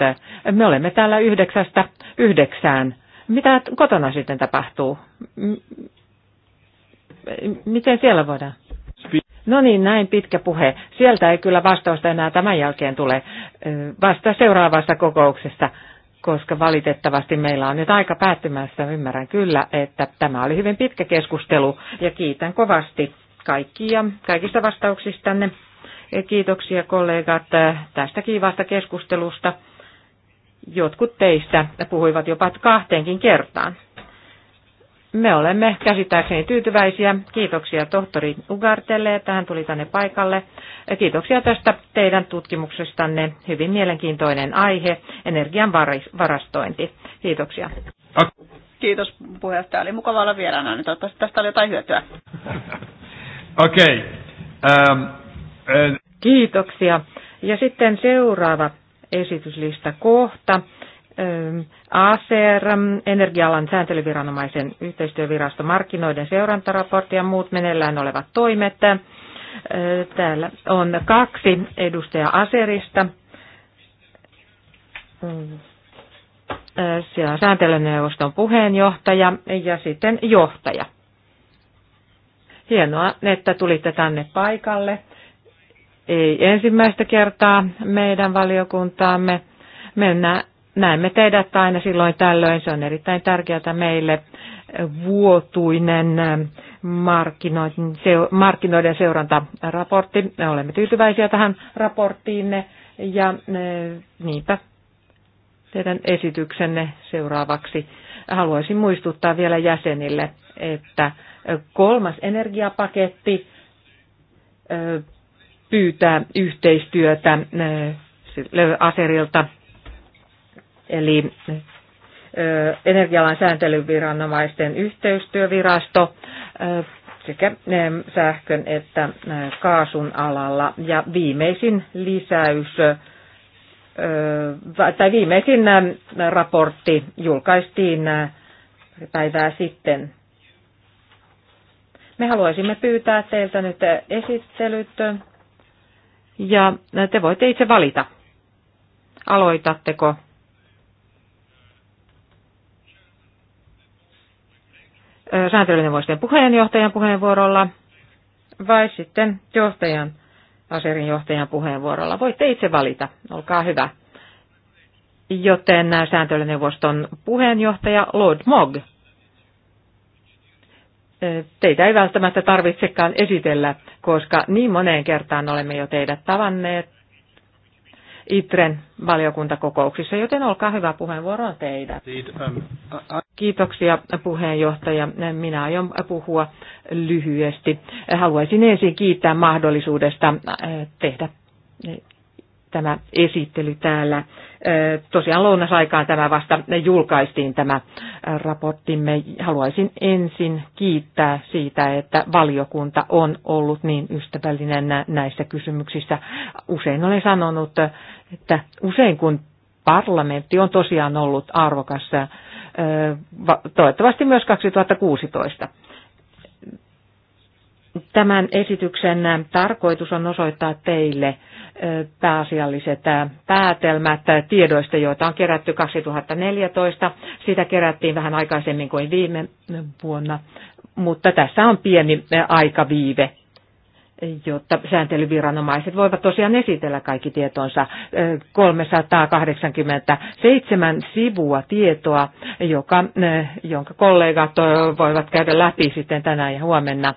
Me olemme täällä yhdeksästä yhdeksään. Mitä kotona sitten tapahtuu? Miten siellä voidaan? No niin, näin pitkä puhe. Sieltä ei kyllä vastausta enää tämän jälkeen tule vasta seuraavasta kokouksesta, koska valitettavasti meillä on nyt aika päättymässä. Ymmärrän kyllä, että tämä oli hyvin pitkä keskustelu ja kiitän kovasti kaikkia, kaikista vastauksistanne. Kiitoksia kollegat tästä kiivaasta keskustelusta. Jotkut teistä puhuivat jopa kahteenkin kertaan. Me olemme käsittääkseni tyytyväisiä. Kiitoksia tohtori Ugartelle, että hän tuli tänne paikalle. Kiitoksia tästä teidän tutkimuksestanne. Hyvin mielenkiintoinen aihe, energian varastointi. Kiitoksia. Kiitos puheenjohtaja. Oli mukava olla vieraana. Toivottavasti tästä oli jotain hyötyä. [laughs] Okei. Okay. Um. Ehm, Kiitoksia. Ja sitten seuraava esityslista kohta. ACR, energialan sääntelyviranomaisen yhteistyövirasto, markkinoiden seurantaraportti ja muut meneillään olevat toimet. Täällä on kaksi edustaja Aserista. Siellä on sääntelyneuvoston puheenjohtaja ja sitten johtaja. Hienoa, että tulitte tänne paikalle ei ensimmäistä kertaa meidän valiokuntaamme. Me näemme teidät aina silloin tällöin. Se on erittäin tärkeää meille vuotuinen markkinoiden seurantaraportti. Me olemme tyytyväisiä tähän raporttiinne ja niinpä teidän esityksenne seuraavaksi. Haluaisin muistuttaa vielä jäsenille, että kolmas energiapaketti pyytää yhteistyötä äh, Aserilta, eli äh, energialan sääntelyviranomaisten yhteistyövirasto äh, sekä ähm, sähkön että kaasun alalla. Ja viimeisin lisäys tai viimeisin raportti julkaistiin päivää sitten. Me haluaisimme pyytää teiltä nyt esittelyt ja te voitte itse valita, aloitatteko sääntelyneuvostojen puheenjohtajan puheenvuorolla vai sitten johtajan, aserin johtajan puheenvuorolla. Voitte itse valita, olkaa hyvä. Joten sääntelyneuvoston puheenjohtaja Lord Mogg teitä ei välttämättä tarvitsekaan esitellä, koska niin moneen kertaan olemme jo teidät tavanneet ITREN valiokuntakokouksissa, joten olkaa hyvä puheenvuoro on teidät. Um, Kiitoksia puheenjohtaja. Minä aion puhua lyhyesti. Haluaisin ensin kiittää mahdollisuudesta äh, tehdä tämä esittely täällä. Tosiaan lounasaikaan tämä vasta julkaistiin tämä raporttimme. Haluaisin ensin kiittää siitä, että valiokunta on ollut niin ystävällinen näissä kysymyksissä. Usein olen sanonut, että usein kun parlamentti on tosiaan ollut arvokas, toivottavasti myös 2016. Tämän esityksen tarkoitus on osoittaa teille, pääasialliset päätelmät tiedoista, joita on kerätty 2014. Sitä kerättiin vähän aikaisemmin kuin viime vuonna, mutta tässä on pieni aikaviive jotta sääntelyviranomaiset voivat tosiaan esitellä kaikki tietonsa. 387 sivua tietoa, joka, jonka kollegat voivat käydä läpi sitten tänään ja huomenna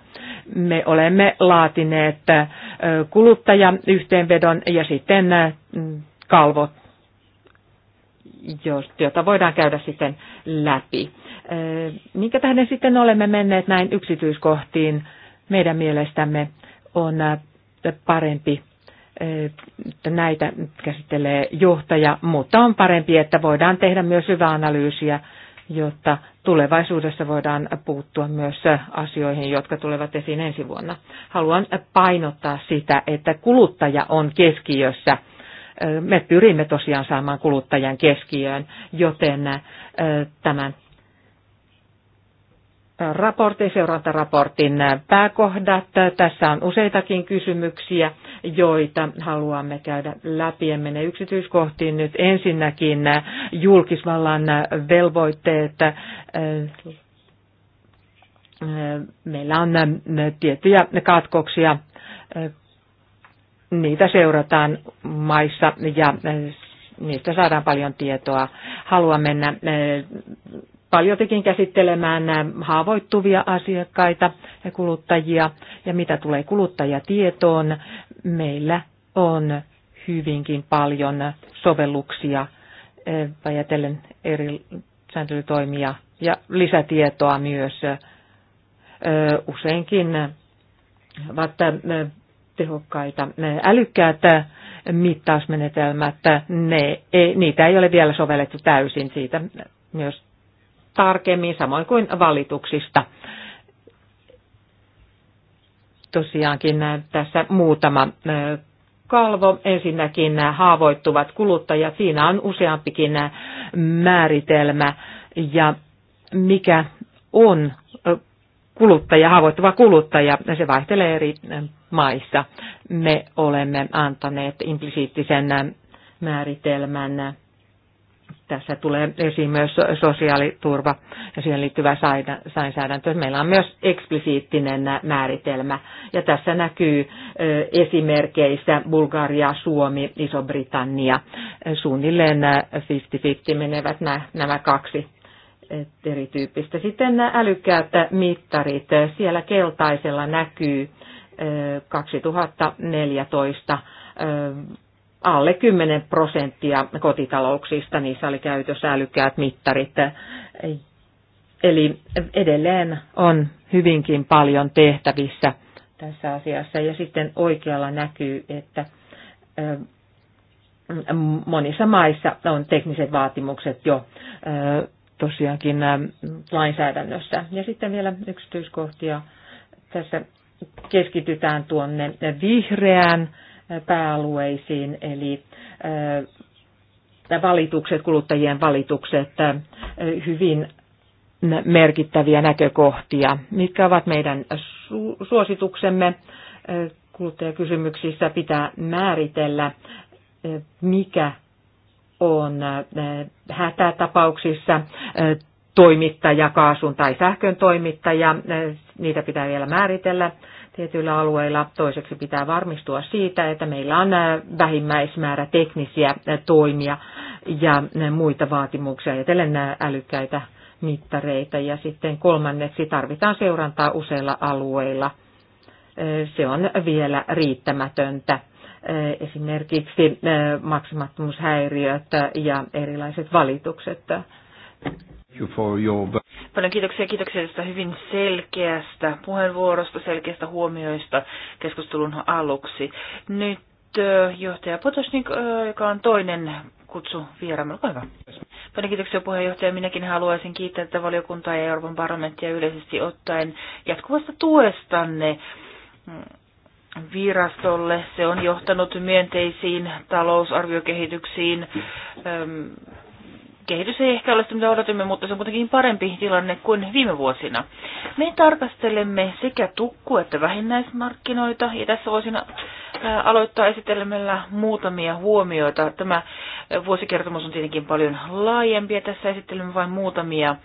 me olemme laatineet kuluttajayhteenvedon ja sitten kalvot, jota voidaan käydä sitten läpi. Minkä tähden sitten olemme menneet näin yksityiskohtiin? Meidän mielestämme on parempi että näitä käsittelee johtaja, mutta on parempi, että voidaan tehdä myös hyvää analyysiä jotta tulevaisuudessa voidaan puuttua myös asioihin, jotka tulevat esiin ensi vuonna. Haluan painottaa sitä, että kuluttaja on keskiössä. Me pyrimme tosiaan saamaan kuluttajan keskiöön, joten tämän raportin, seurantaraportin pääkohdat. Tässä on useitakin kysymyksiä, joita haluamme käydä läpi. En mene yksityiskohtiin nyt ensinnäkin julkisvallan velvoitteet. Meillä on tiettyjä katkoksia. Niitä seurataan maissa ja niistä saadaan paljon tietoa. Haluan mennä paljotikin käsittelemään haavoittuvia asiakkaita ja kuluttajia. Ja mitä tulee kuluttajatietoon, meillä on hyvinkin paljon sovelluksia eh, ajatellen eri sääntelytoimia ja lisätietoa myös eh, useinkin vaikka eh, tehokkaita älykkäät mittausmenetelmät, ne, niitä ei ole vielä sovellettu täysin, siitä myös tarkemmin, samoin kuin valituksista. Tosiaankin äh, tässä muutama äh, kalvo. Ensinnäkin äh, haavoittuvat kuluttajat. Siinä on useampikin määritelmä ja mikä on kuluttaja, haavoittuva kuluttaja, se vaihtelee eri maissa. Me olemme antaneet implisiittisen määritelmän tässä tulee esiin myös sosiaaliturva ja siihen liittyvä sainsäädäntö. Meillä on myös eksplisiittinen määritelmä ja tässä näkyy esimerkkeissä Bulgaria, Suomi, Iso-Britannia. Suunnilleen 50-50 menevät nämä kaksi erityyppistä. Sitten älykkäät mittarit. Siellä keltaisella näkyy 2014 alle 10 prosenttia kotitalouksista, niissä oli käytössä älykkäät mittarit. Eli edelleen on hyvinkin paljon tehtävissä tässä asiassa. Ja sitten oikealla näkyy, että monissa maissa on tekniset vaatimukset jo tosiaankin lainsäädännössä. Ja sitten vielä yksityiskohtia. Tässä keskitytään tuonne vihreään pääalueisiin, eli valitukset, kuluttajien valitukset, hyvin merkittäviä näkökohtia. Mitkä ovat meidän suosituksemme kuluttajakysymyksissä? Pitää määritellä, mikä on hätätapauksissa toimittaja, kaasun tai sähkön toimittaja niitä pitää vielä määritellä tietyillä alueilla. Toiseksi pitää varmistua siitä, että meillä on vähimmäismäärä teknisiä toimia ja muita vaatimuksia, ajatellen nämä älykkäitä mittareita. Ja sitten kolmanneksi tarvitaan seurantaa useilla alueilla. Se on vielä riittämätöntä esimerkiksi maksimattomuushäiriöt ja erilaiset valitukset. Paljon kiitoksia, kiitoksia tästä hyvin selkeästä puheenvuorosta, selkeästä huomioista keskustelun aluksi. Nyt johtaja Potosnik, joka on toinen kutsu vieraamme. Olkaa hyvä. Paljon kiitoksia puheenjohtaja. Minäkin haluaisin kiittää tätä valiokuntaa ja Euroopan parlamenttia yleisesti ottaen jatkuvasta tuestanne virastolle. Se on johtanut myönteisiin talousarviokehityksiin kehitys ei ehkä ole sitä, mitä odotimme, mutta se on kuitenkin parempi tilanne kuin viime vuosina. Me tarkastelemme sekä tukku- että vähinnäismarkkinoita, ja tässä voisin äh, aloittaa esitelmällä muutamia huomioita. Tämä äh, vuosikertomus on tietenkin paljon laajempi, ja tässä esittelemme vain muutamia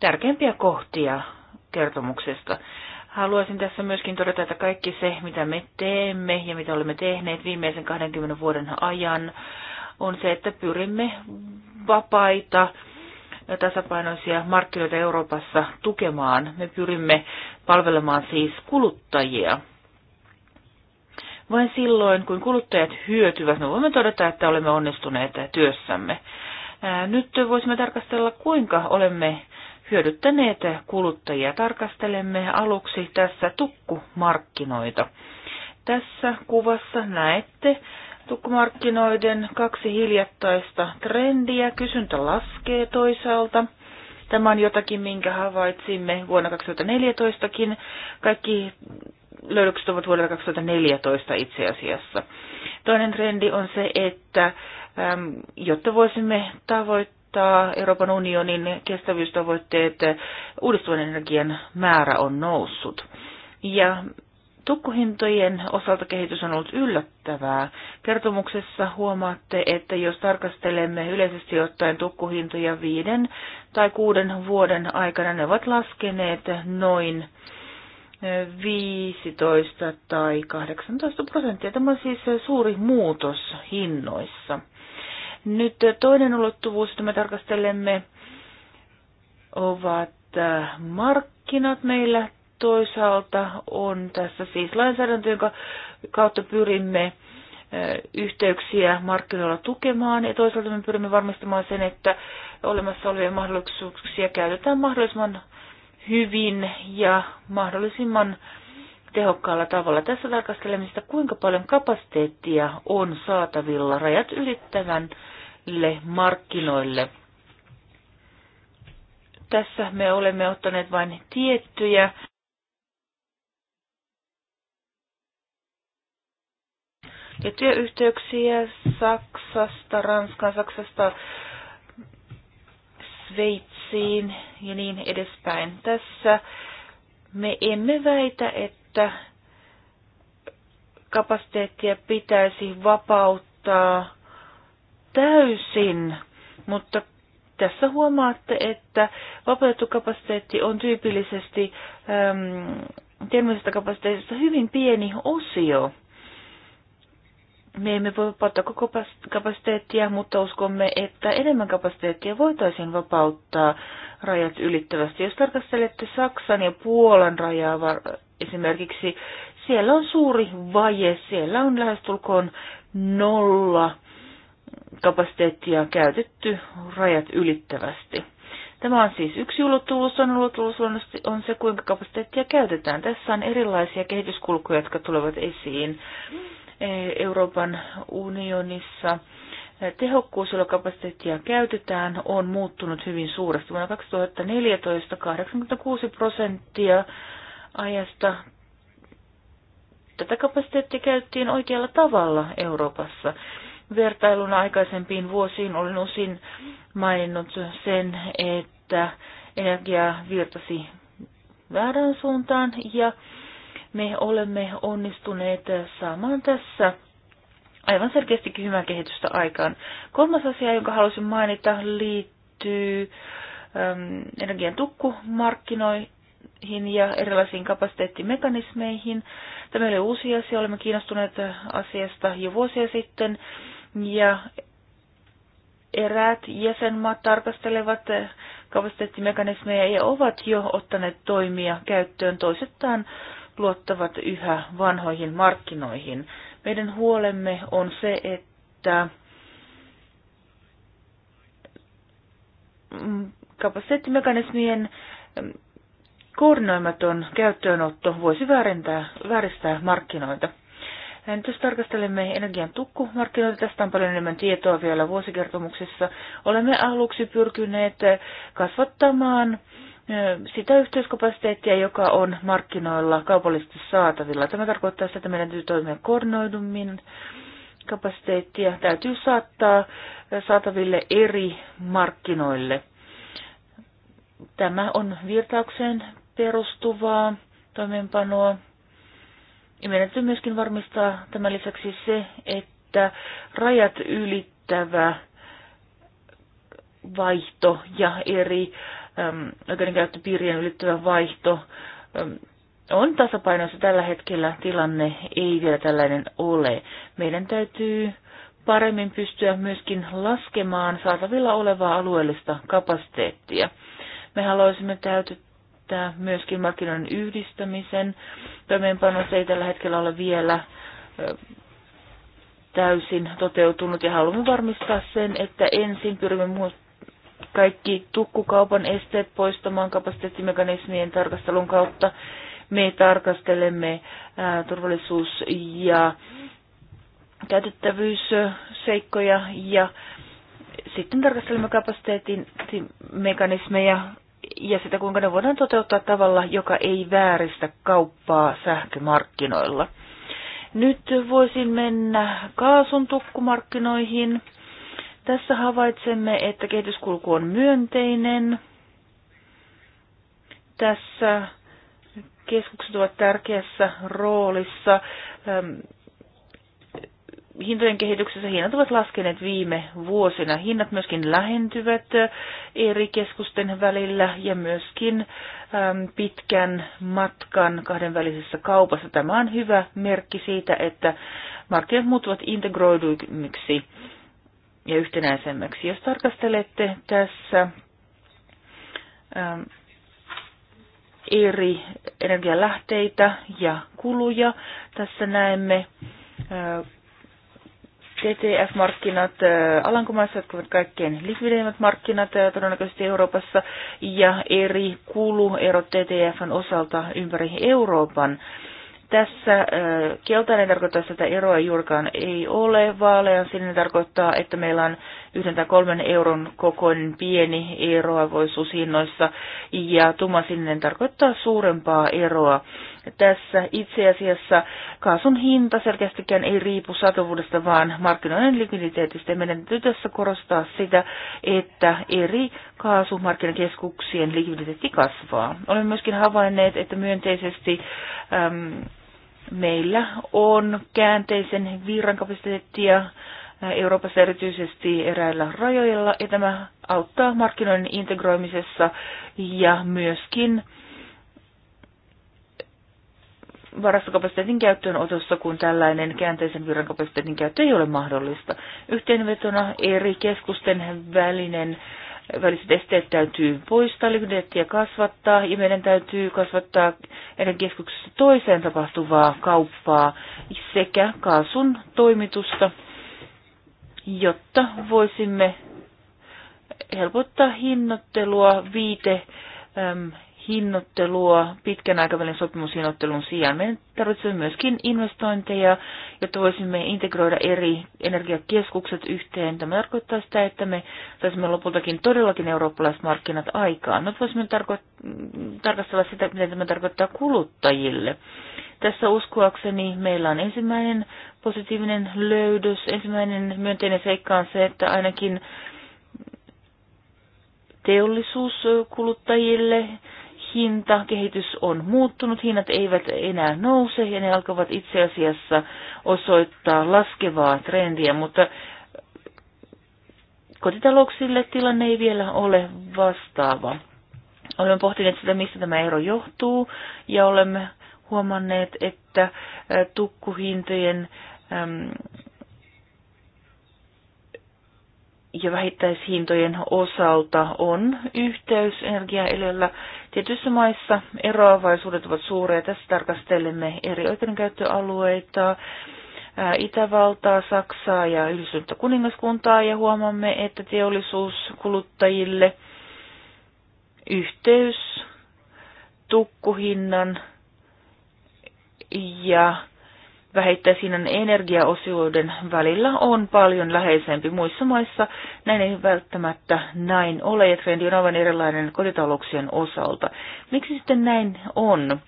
tärkeimpiä kohtia kertomuksesta. Haluaisin tässä myöskin todeta, että kaikki se, mitä me teemme ja mitä olemme tehneet viimeisen 20 vuoden ajan, on se, että pyrimme vapaita tasapainoisia markkinoita Euroopassa tukemaan. Me pyrimme palvelemaan siis kuluttajia. Vain silloin, kun kuluttajat hyötyvät, me voimme todeta, että olemme onnistuneet työssämme. Nyt voisimme tarkastella, kuinka olemme hyödyttäneet kuluttajia. Tarkastelemme aluksi tässä tukkumarkkinoita. Tässä kuvassa näette tukkumarkkinoiden kaksi hiljattaista trendiä. Kysyntä laskee toisaalta. Tämä on jotakin, minkä havaitsimme vuonna 2014kin. Kaikki löydökset ovat vuodelta 2014 itse asiassa. Toinen trendi on se, että jotta voisimme tavoittaa Euroopan unionin kestävyystavoitteet, uudistuvan energian määrä on noussut. Ja Tukkuhintojen osalta kehitys on ollut yllättävää. Kertomuksessa huomaatte, että jos tarkastelemme yleisesti ottaen tukkuhintoja viiden tai kuuden vuoden aikana, ne ovat laskeneet noin 15 tai 18 prosenttia. Tämä on siis suuri muutos hinnoissa. Nyt toinen ulottuvuus, jota me tarkastelemme, ovat markkinat. Meillä toisaalta on tässä siis lainsäädäntö, jonka kautta pyrimme yhteyksiä markkinoilla tukemaan ja toisaalta me pyrimme varmistamaan sen, että olemassa olevia mahdollisuuksia käytetään mahdollisimman hyvin ja mahdollisimman tehokkaalla tavalla. Tässä tarkastelemme sitä, kuinka paljon kapasiteettia on saatavilla rajat ylittävälle markkinoille. Tässä me olemme ottaneet vain tiettyjä tiettyjä yhteyksiä Saksasta, Ranskaan, Saksasta Sveitsiin ja niin edespäin. Tässä me emme väitä, että kapasiteettia pitäisi vapauttaa täysin, mutta tässä huomaatte, että vapautettu kapasiteetti on tyypillisesti ähm, termisestä kapasiteetista hyvin pieni osio. Me emme voi vapauttaa koko kapasiteettia, mutta uskomme, että enemmän kapasiteettia voitaisiin vapauttaa rajat ylittävästi. Jos tarkastelette Saksan ja Puolan rajaa esimerkiksi, siellä on suuri vaje, siellä on lähestulkoon nolla kapasiteettia käytetty rajat ylittävästi. Tämä on siis yksi ulottuvuus, on ulottuvuus luonnollisesti on se, kuinka kapasiteettia käytetään. Tässä on erilaisia kehityskulkuja, jotka tulevat esiin. Mm Euroopan unionissa tehokkuus, jolla kapasiteettia käytetään, on muuttunut hyvin suuresti. Vuonna 2014 86 prosenttia ajasta tätä kapasiteettia käyttiin oikealla tavalla Euroopassa. Vertailuna aikaisempiin vuosiin olen osin maininnut sen, että energia virtasi väärään suuntaan ja me olemme onnistuneet saamaan tässä aivan selkeästi hyvää kehitystä aikaan. Kolmas asia, jonka halusin mainita, liittyy äm, energian tukkumarkkinoihin ja erilaisiin kapasiteettimekanismeihin. Tämä oli uusi asia, olemme kiinnostuneet asiasta jo vuosia sitten ja eräät jäsenmaat tarkastelevat kapasiteettimekanismeja ja ovat jo ottaneet toimia käyttöön, toisettaan luottavat yhä vanhoihin markkinoihin. Meidän huolemme on se, että mm, kapasiteettimekanismien mm, koordinoimaton käyttöönotto voisi väärentää, vääristää markkinoita. Nyt jos tarkastelemme energian tukkumarkkinoita, tästä on paljon enemmän tietoa vielä vuosikertomuksessa. Olemme aluksi pyrkineet kasvattamaan sitä yhteiskapasiteettia, joka on markkinoilla kaupallisesti saatavilla. Tämä tarkoittaa sitä, että meidän täytyy toimia koordinoidummin. Kapasiteettia täytyy saattaa saataville eri markkinoille. Tämä on virtaukseen perustuvaa toimeenpanoa. Ja meidän täytyy myöskin varmistaa tämän lisäksi se, että rajat ylittävä vaihto ja eri oikeudenkäyttöpiirien ylittyvä vaihto on tasapainossa tällä hetkellä. Tilanne ei vielä tällainen ole. Meidän täytyy paremmin pystyä myöskin laskemaan saatavilla olevaa alueellista kapasiteettia. Me haluaisimme täytyttää myöskin markkinoiden yhdistämisen. Toimeenpanossa ei tällä hetkellä ole vielä täysin toteutunut ja haluamme varmistaa sen, että ensin pyrimme kaikki tukkukaupan esteet poistamaan kapasiteettimekanismien tarkastelun kautta. Me tarkastelemme turvallisuus- ja käytettävyysseikkoja ja sitten tarkastelemme kapasiteetin mekanismeja ja sitä, kuinka ne voidaan toteuttaa tavalla, joka ei vääristä kauppaa sähkömarkkinoilla. Nyt voisin mennä kaasun tukkumarkkinoihin. Tässä havaitsemme, että kehityskulku on myönteinen. Tässä keskukset ovat tärkeässä roolissa. Hintojen kehityksessä hinnat ovat laskeneet viime vuosina. Hinnat myöskin lähentyvät eri keskusten välillä ja myöskin pitkän matkan kahdenvälisessä kaupassa. Tämä on hyvä merkki siitä, että markkinat muuttuvat integroiduiksi ja yhtenäisemmäksi. Jos tarkastelette tässä ähm, eri energialähteitä ja kuluja, tässä näemme äh, TTF-markkinat äh, Alankomaissa, jotka ovat kaikkein likvideimmät markkinat äh, todennäköisesti Euroopassa, ja eri kuluerot TTFn osalta ympäri Euroopan. Tässä äh, keltainen tarkoittaa sitä, että eroa juurikaan ei ole. Vaalean sininen tarkoittaa, että meillä on yhden tai kolmen euron kokoinen pieni eroavoisuushinnoissa. Ja tumma sininen tarkoittaa suurempaa eroa. Tässä itse asiassa kaasun hinta selkeästikään ei riipu satovuudesta, vaan markkinoiden likviditeetistä. Meidän täytyy tässä korostaa sitä, että eri kaasumarkkinakeskuksien likviditeetti kasvaa. Olemme myöskin havainneet, että myönteisesti äm, meillä on käänteisen virran kapasiteettia Euroopassa erityisesti eräillä rajoilla, ja tämä auttaa markkinoiden integroimisessa ja myöskin varastokapasiteetin käyttöönotossa, kun tällainen käänteisen virran kapasiteetin käyttö ei ole mahdollista. Yhteenvetona eri keskusten välinen äh, väliset esteet täytyy poistaa, likviditeettiä kasvattaa ja meidän täytyy kasvattaa eri keskuksessa toiseen tapahtuvaa kauppaa sekä kaasun toimitusta, jotta voisimme helpottaa hinnoittelua viite hinnoittelua pitkän aikavälin sopimushinnoittelun sijaan. Me tarvitsemme myöskin investointeja, jotta voisimme integroida eri energiakeskukset yhteen. Tämä tarkoittaa sitä, että me saisimme lopultakin todellakin eurooppalaiset markkinat aikaan. Nyt voisimme tarko- tarkastella sitä, miten tämä tarkoittaa kuluttajille. Tässä uskoakseni meillä on ensimmäinen positiivinen löydös. Ensimmäinen myönteinen seikka on se, että ainakin teollisuuskuluttajille hinta, kehitys on muuttunut, hinnat eivät enää nouse ja ne alkavat itse asiassa osoittaa laskevaa trendiä, mutta kotitalouksille tilanne ei vielä ole vastaava. Olemme pohtineet sitä, mistä tämä ero johtuu ja olemme huomanneet, että äh, tukkuhintojen ja vähittäishintojen osalta on yhteys energiaelellä. Tietyissä maissa eroavaisuudet ovat suuria. Tässä tarkastelemme eri oikeudenkäyttöalueita, Itävaltaa, Saksaa ja Yhdysvaltain kuningaskuntaa ja huomaamme, että teollisuuskuluttajille yhteys tukkuhinnan ja vähittäishinnan energiaosioiden välillä on paljon läheisempi. Muissa maissa näin ei välttämättä näin ole ja trendi on aivan erilainen kotitalouksien osalta. Miksi sitten näin on?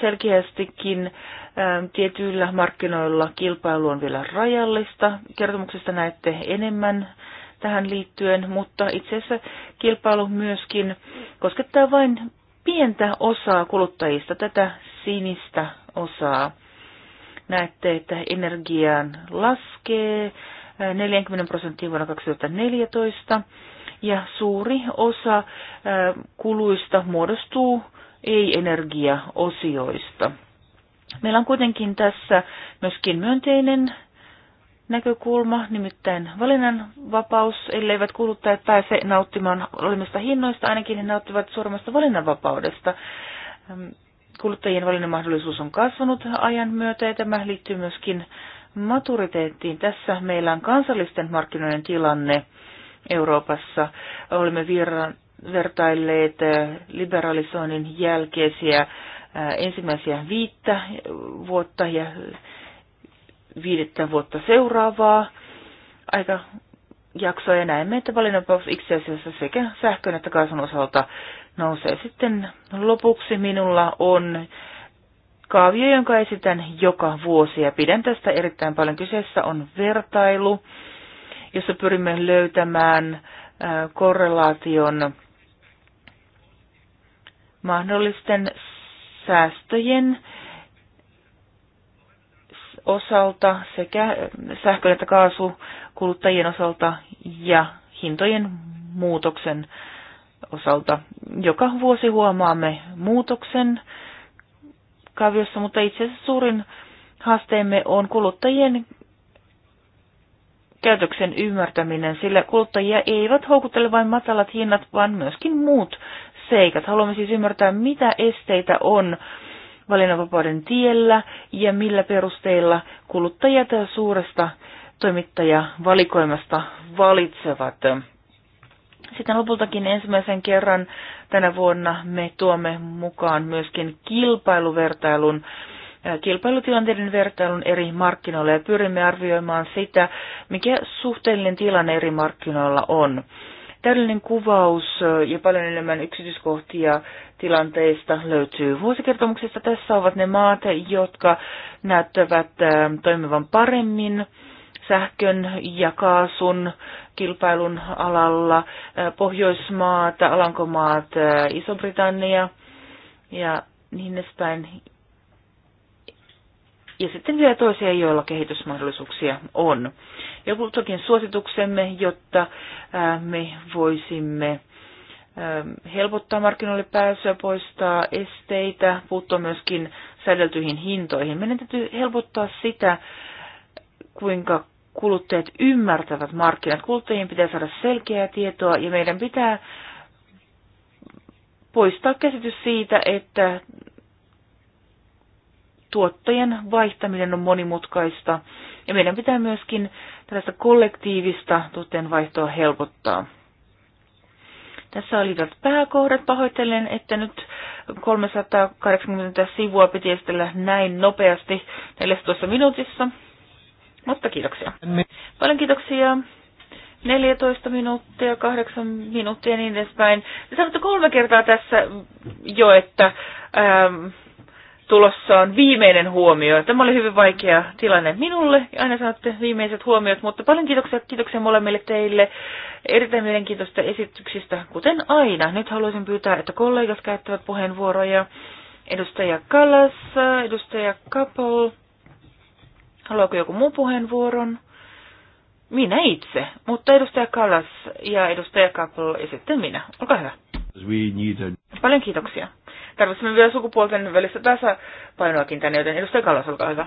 Selkeästikin ä, ähm, tietyillä markkinoilla kilpailu on vielä rajallista. Kertomuksesta näette enemmän tähän liittyen, mutta itse asiassa kilpailu myöskin koskettaa vain pientä osaa kuluttajista, tätä sinistä osaa näette, että energiaan laskee 40 prosenttia vuonna 2014 ja suuri osa kuluista muodostuu ei-energiaosioista. Meillä on kuitenkin tässä myöskin myönteinen näkökulma, nimittäin valinnanvapaus, elleivät kuluttajat pääse nauttimaan olemista hinnoista, ainakin he nauttivat suuremmasta valinnanvapaudesta kuluttajien välinen mahdollisuus on kasvanut ajan myötä ja tämä liittyy myöskin maturiteettiin. Tässä meillä on kansallisten markkinoiden tilanne Euroopassa. Olemme virran, vertailleet äh, liberalisoinnin jälkeisiä äh, ensimmäisiä viittä vuotta ja viidettä vuotta seuraavaa aika jaksoa ja näemme, että valinnanvapaus itse asiassa sekä sähkön että kaasun osalta nousee. Sitten lopuksi minulla on kaavio, jonka esitän joka vuosi ja pidän tästä erittäin paljon. Kyseessä on vertailu, jossa pyrimme löytämään äh, korrelaation mahdollisten säästöjen osalta sekä sähkö- että kaasukuluttajien kuluttajien osalta ja hintojen muutoksen osalta. Joka vuosi huomaamme muutoksen kaviossa, mutta itse asiassa suurin haasteemme on kuluttajien käytöksen ymmärtäminen, sillä kuluttajia eivät houkuttele vain matalat hinnat, vaan myöskin muut seikat. Haluamme siis ymmärtää, mitä esteitä on valinnanvapauden tiellä ja millä perusteilla kuluttajat suuresta toimittajavalikoimasta valitsevat. Sitten lopultakin ensimmäisen kerran tänä vuonna me tuomme mukaan myöskin kilpailuvertailun kilpailutilanteiden vertailun eri markkinoilla ja pyrimme arvioimaan sitä, mikä suhteellinen tilanne eri markkinoilla on. Täydellinen kuvaus ja paljon enemmän yksityiskohtia tilanteista löytyy vuosikertomuksesta. Tässä ovat ne maat, jotka näyttävät toimivan paremmin sähkön ja kaasun kilpailun alalla, Pohjoismaat, Alankomaat, Iso-Britannia ja niin edespäin. Ja sitten vielä toisia, joilla kehitysmahdollisuuksia on. Joku toki suosituksemme, jotta me voisimme helpottaa markkinoille pääsyä, poistaa esteitä, puuttua myöskin säädeltyihin hintoihin. Meidän täytyy helpottaa sitä, kuinka kuluttajat ymmärtävät markkinat. Kuluttajien pitää saada selkeää tietoa ja meidän pitää poistaa käsitys siitä, että tuottajien vaihtaminen on monimutkaista ja meidän pitää myöskin tällaista kollektiivista tuotteen vaihtoa helpottaa. Tässä oli olivat pääkohdat. Pahoittelen, että nyt 380 sivua piti estellä näin nopeasti 14 minuutissa. Mutta kiitoksia. Paljon kiitoksia. 14 minuuttia, 8 minuuttia ja niin edespäin. Te sanotte kolme kertaa tässä jo, että äm, tulossa on viimeinen huomio. Tämä oli hyvin vaikea tilanne minulle. Aina sanotte viimeiset huomiot, mutta paljon kiitoksia, kiitoksia molemmille teille erittäin mielenkiintoista esityksistä, kuten aina. Nyt haluaisin pyytää, että kollegat käyttävät puheenvuoroja. Edustaja Kalas, edustaja Kapol. Haluaako joku muu puheenvuoron? Minä itse, mutta edustaja Kallas ja edustaja Kappel ja sitten minä. Olkaa hyvä. Paljon kiitoksia. Tarvitsemme vielä sukupuolten välistä tasapainoakin tänne, joten edustaja Kallas, olkaa hyvä.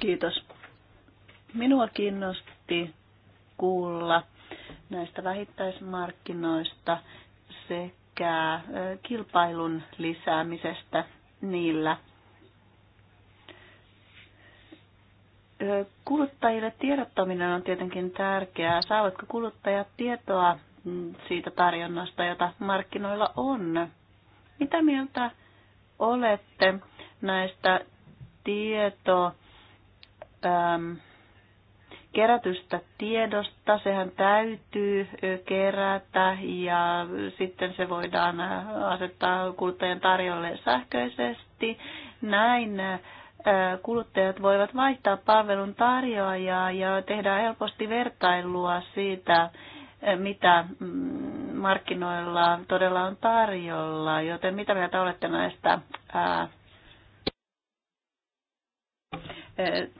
Kiitos. Minua kiinnosti kuulla näistä vähittäismarkkinoista sekä kilpailun lisäämisestä niillä Kuluttajille tiedottaminen on tietenkin tärkeää. Saavatko kuluttajat tietoa mm, siitä tarjonnasta, jota markkinoilla on? Mitä mieltä olette näistä tieto, ähm, kerätystä tiedosta? Sehän täytyy kerätä ja sitten se voidaan asettaa kuluttajan tarjolle sähköisesti. Näin kuluttajat voivat vaihtaa palvelun tarjoajaa ja tehdä helposti vertailua siitä, mitä mm, markkinoilla todella on tarjolla. Joten mitä mieltä olette näistä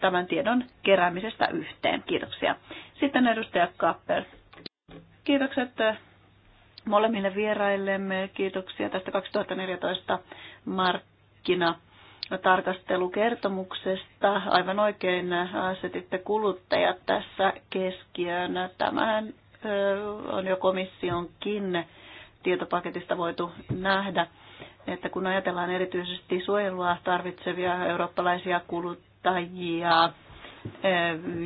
tämän tiedon keräämisestä yhteen? Kiitoksia. Sitten edustaja Kappel. Kiitokset molemmille vieraillemme. Kiitoksia tästä 2014 markkina tarkastelukertomuksesta. Aivan oikein asetitte kuluttajat tässä keskiöön. Tämähän on jo komissionkin tietopaketista voitu nähdä, että kun ajatellaan erityisesti suojelua tarvitsevia eurooppalaisia kuluttajia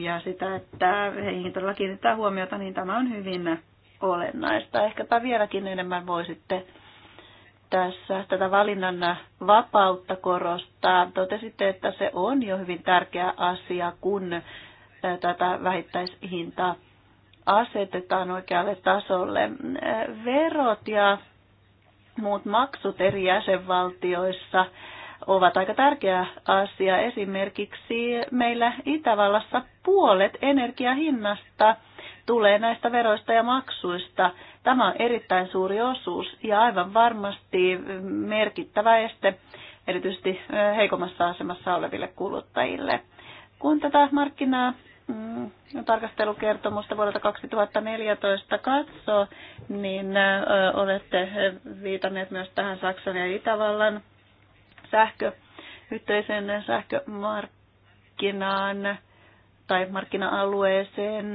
ja sitä, että heihin todella kiinnittää huomiota, niin tämä on hyvin olennaista. Ehkäpä vieläkin enemmän voisitte tässä tätä valinnan vapautta korostaa. Totesitte, että se on jo hyvin tärkeä asia, kun tätä vähittäishintaa asetetaan oikealle tasolle. Verot ja muut maksut eri jäsenvaltioissa ovat aika tärkeä asia. Esimerkiksi meillä Itävallassa puolet energiahinnasta – tulee näistä veroista ja maksuista. Tämä on erittäin suuri osuus ja aivan varmasti merkittävä este erityisesti heikommassa asemassa oleville kuluttajille. Kun tätä markkinaa mm, tarkastelukertomusta vuodelta 2014 katsoo, niin olette viitanneet myös tähän Saksan ja Itävallan sähkö, yhteisen sähkömarkkinaan tai markkina-alueeseen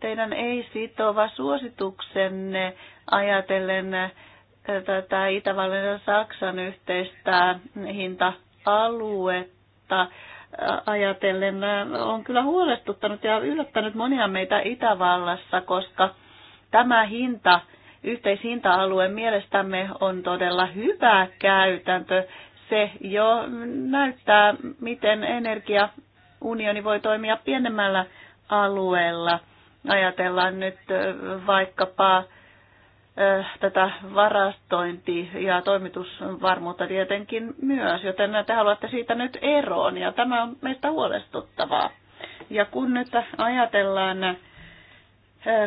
teidän ei sitova suosituksenne ajatellen tätä Itävallan ja Saksan yhteistä hinta-aluetta ajatellen on kyllä huolestuttanut ja yllättänyt monia meitä Itävallassa, koska tämä hinta, yhteishinta-alue mielestämme on todella hyvä käytäntö. Se jo näyttää, miten energia unioni voi toimia pienemmällä alueella. Ajatellaan nyt vaikkapa tätä varastointi- ja toimitusvarmuutta tietenkin myös, joten te haluatte siitä nyt eroon ja tämä on meistä huolestuttavaa. Ja kun nyt ajatellaan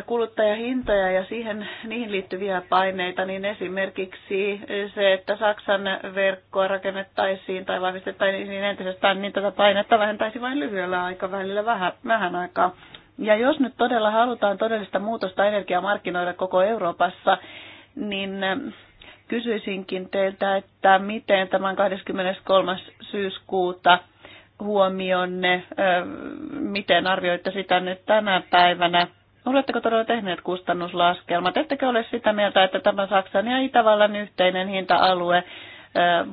kuluttajahintoja ja siihen, niihin liittyviä paineita, niin esimerkiksi se, että Saksan verkkoa rakennettaisiin tai vahvistettaisiin niin entisestään, niin tätä painetta vähentäisi vain lyhyellä aikavälillä vähän, vähän aikaa. Ja jos nyt todella halutaan todellista muutosta energiamarkkinoille koko Euroopassa, niin kysyisinkin teiltä, että miten tämän 23. syyskuuta huomionne, miten arvioitte sitä nyt tänä päivänä, Oletteko todella tehneet kustannuslaskelmat? Ettekö ole sitä mieltä, että tämä Saksan ja Itävallan yhteinen hinta-alue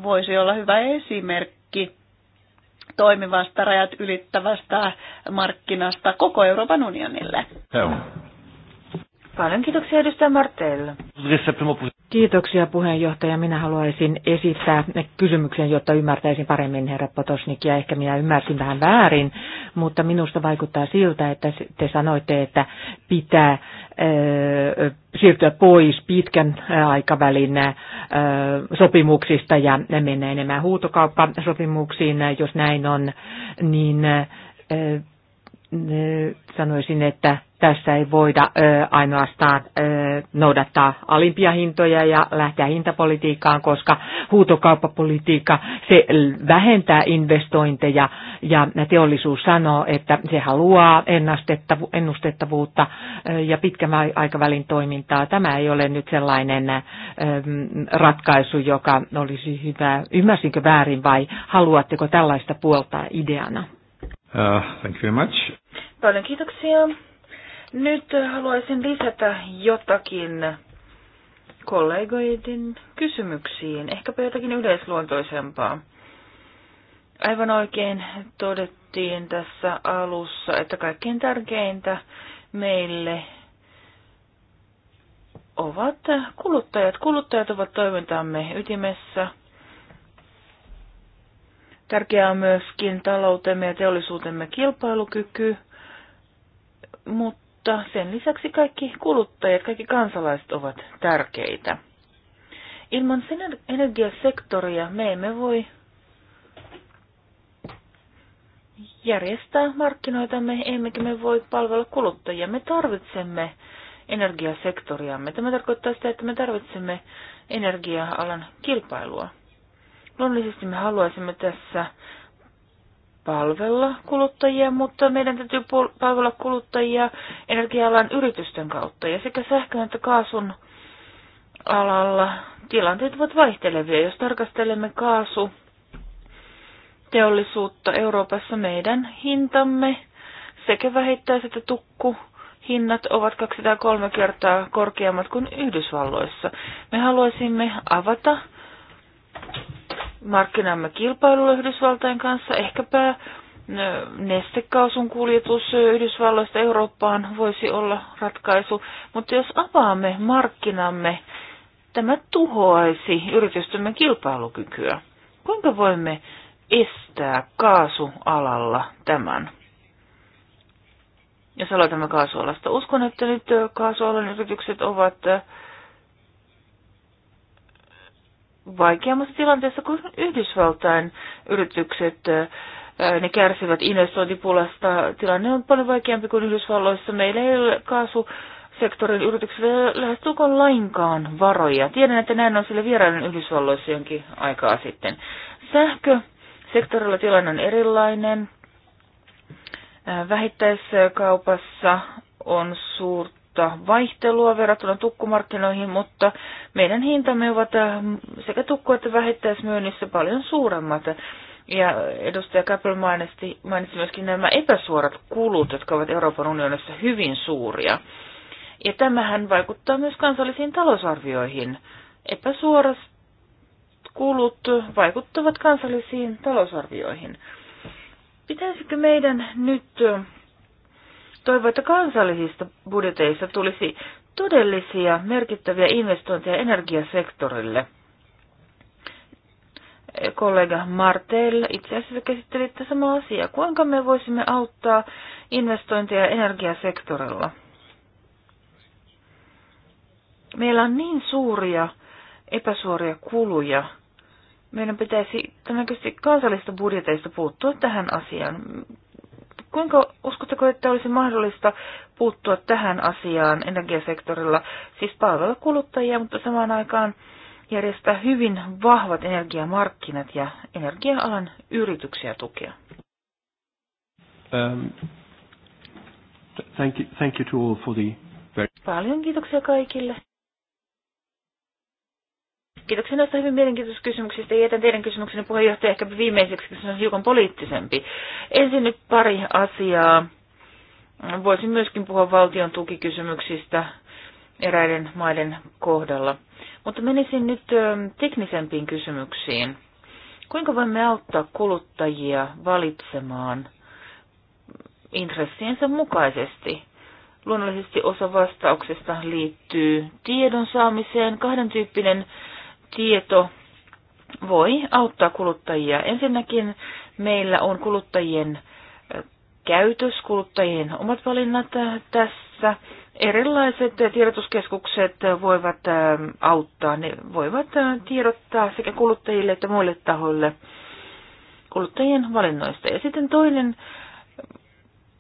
voisi olla hyvä esimerkki toimivasta rajat ylittävästä markkinasta koko Euroopan unionille? Joo. Paljon kiitoksia edustaja Martell. Kiitoksia puheenjohtaja. Minä haluaisin esittää kysymyksen, jotta ymmärtäisin paremmin herra Potosnik, ja ehkä minä ymmärsin vähän väärin, mutta minusta vaikuttaa siltä, että te sanoitte, että pitää äh, siirtyä pois pitkän aikavälin äh, sopimuksista ja mennä enemmän huutokauppasopimuksiin, jos näin on, niin äh, sanoisin, että tässä ei voida ainoastaan noudattaa alimpia hintoja ja lähteä hintapolitiikkaan, koska huutokauppapolitiikka se vähentää investointeja ja teollisuus sanoo, että se haluaa ennustettavuutta ja pitkän aikavälin toimintaa. Tämä ei ole nyt sellainen ratkaisu, joka olisi hyvä. Ymmärsinkö väärin vai haluatteko tällaista puolta ideana? Uh, thank you very much. Paljon kiitoksia. Nyt haluaisin lisätä jotakin kollegoiden kysymyksiin, ehkäpä jotakin yleisluontoisempaa. Aivan oikein todettiin tässä alussa, että kaikkein tärkeintä meille ovat kuluttajat. Kuluttajat ovat toimintamme ytimessä. Tärkeää on myöskin taloutemme ja teollisuutemme kilpailukyky, mutta mutta sen lisäksi kaikki kuluttajat, kaikki kansalaiset ovat tärkeitä. Ilman sen energiasektoria me emme voi järjestää markkinoitamme, emmekä me voi palvella kuluttajia. Me tarvitsemme energiasektoriamme. Tämä tarkoittaa sitä, että me tarvitsemme energia-alan kilpailua. Luonnollisesti me haluaisimme tässä palvella kuluttajia, mutta meidän täytyy palvella kuluttajia energia-alan yritysten kautta. Ja sekä sähkön että kaasun alalla tilanteet ovat vaihtelevia. Jos tarkastelemme kaasu teollisuutta Euroopassa, meidän hintamme sekä vähittäiset että tukku hinnat ovat 203 kertaa korkeammat kuin Yhdysvalloissa. Me haluaisimme avata markkinamme kilpailulla Yhdysvaltain kanssa. Ehkäpä nestekaasun kuljetus Yhdysvalloista Eurooppaan voisi olla ratkaisu, mutta jos avaamme markkinamme, tämä tuhoaisi yritystemme kilpailukykyä. Kuinka voimme estää kaasualalla tämän? Jos aloitamme kaasualasta, uskon, että nyt kaasualan yritykset ovat vaikeammassa tilanteessa kuin Yhdysvaltain yritykset. Ne kärsivät investointipulasta. Tilanne on paljon vaikeampi kuin Yhdysvalloissa. Meillä ei ole kaasu sektorin yrityksille lähestulkoon lainkaan varoja. Tiedän, että näin on sille vierailun Yhdysvalloissa jonkin aikaa sitten. Sähkösektorilla tilanne on erilainen. Vähittäiskaupassa on suurta suurta vaihtelua verrattuna tukkumarkkinoihin, mutta meidän hintamme ovat äh, sekä tukku- että vähittäismyynnissä paljon suuremmat. Ja edustaja Käppel mainitsi, mainitsi myöskin nämä epäsuorat kulut, jotka ovat Euroopan unionissa hyvin suuria. Ja tämähän vaikuttaa myös kansallisiin talousarvioihin. Epäsuorat kulut vaikuttavat kansallisiin talousarvioihin. Pitäisikö meidän nyt toivoi, että kansallisista budjeteista tulisi todellisia merkittäviä investointeja energiasektorille. Kollega Martel itse asiassa käsitteli tätä samaa asiaa. Kuinka me voisimme auttaa investointeja energiasektorilla? Meillä on niin suuria epäsuoria kuluja. Meidän pitäisi todennäköisesti kansallista budjeteista puuttua tähän asiaan. Kuinka uskotteko, että olisi mahdollista puuttua tähän asiaan energiasektorilla, siis palvella kuluttajia, mutta samaan aikaan järjestää hyvin vahvat energiamarkkinat ja energia-alan yrityksiä tukea? Um, thank you, thank you to all for the... Paljon kiitoksia kaikille. Kiitoksia näistä hyvin mielenkiintoisista kysymyksistä. Jätän teidän kysymyksenne puheenjohtaja ehkä viimeiseksi, koska se on hiukan poliittisempi. Ensin nyt pari asiaa. Voisin myöskin puhua valtion tukikysymyksistä eräiden maiden kohdalla. Mutta menisin nyt ähm, teknisempiin kysymyksiin. Kuinka voimme auttaa kuluttajia valitsemaan intressiensä mukaisesti? Luonnollisesti osa vastauksesta liittyy tiedon saamiseen. Kahden tyyppinen tieto voi auttaa kuluttajia. Ensinnäkin meillä on kuluttajien käytös, kuluttajien omat valinnat tässä. Erilaiset tiedotuskeskukset voivat auttaa, ne voivat tiedottaa sekä kuluttajille että muille tahoille kuluttajien valinnoista. Ja sitten toinen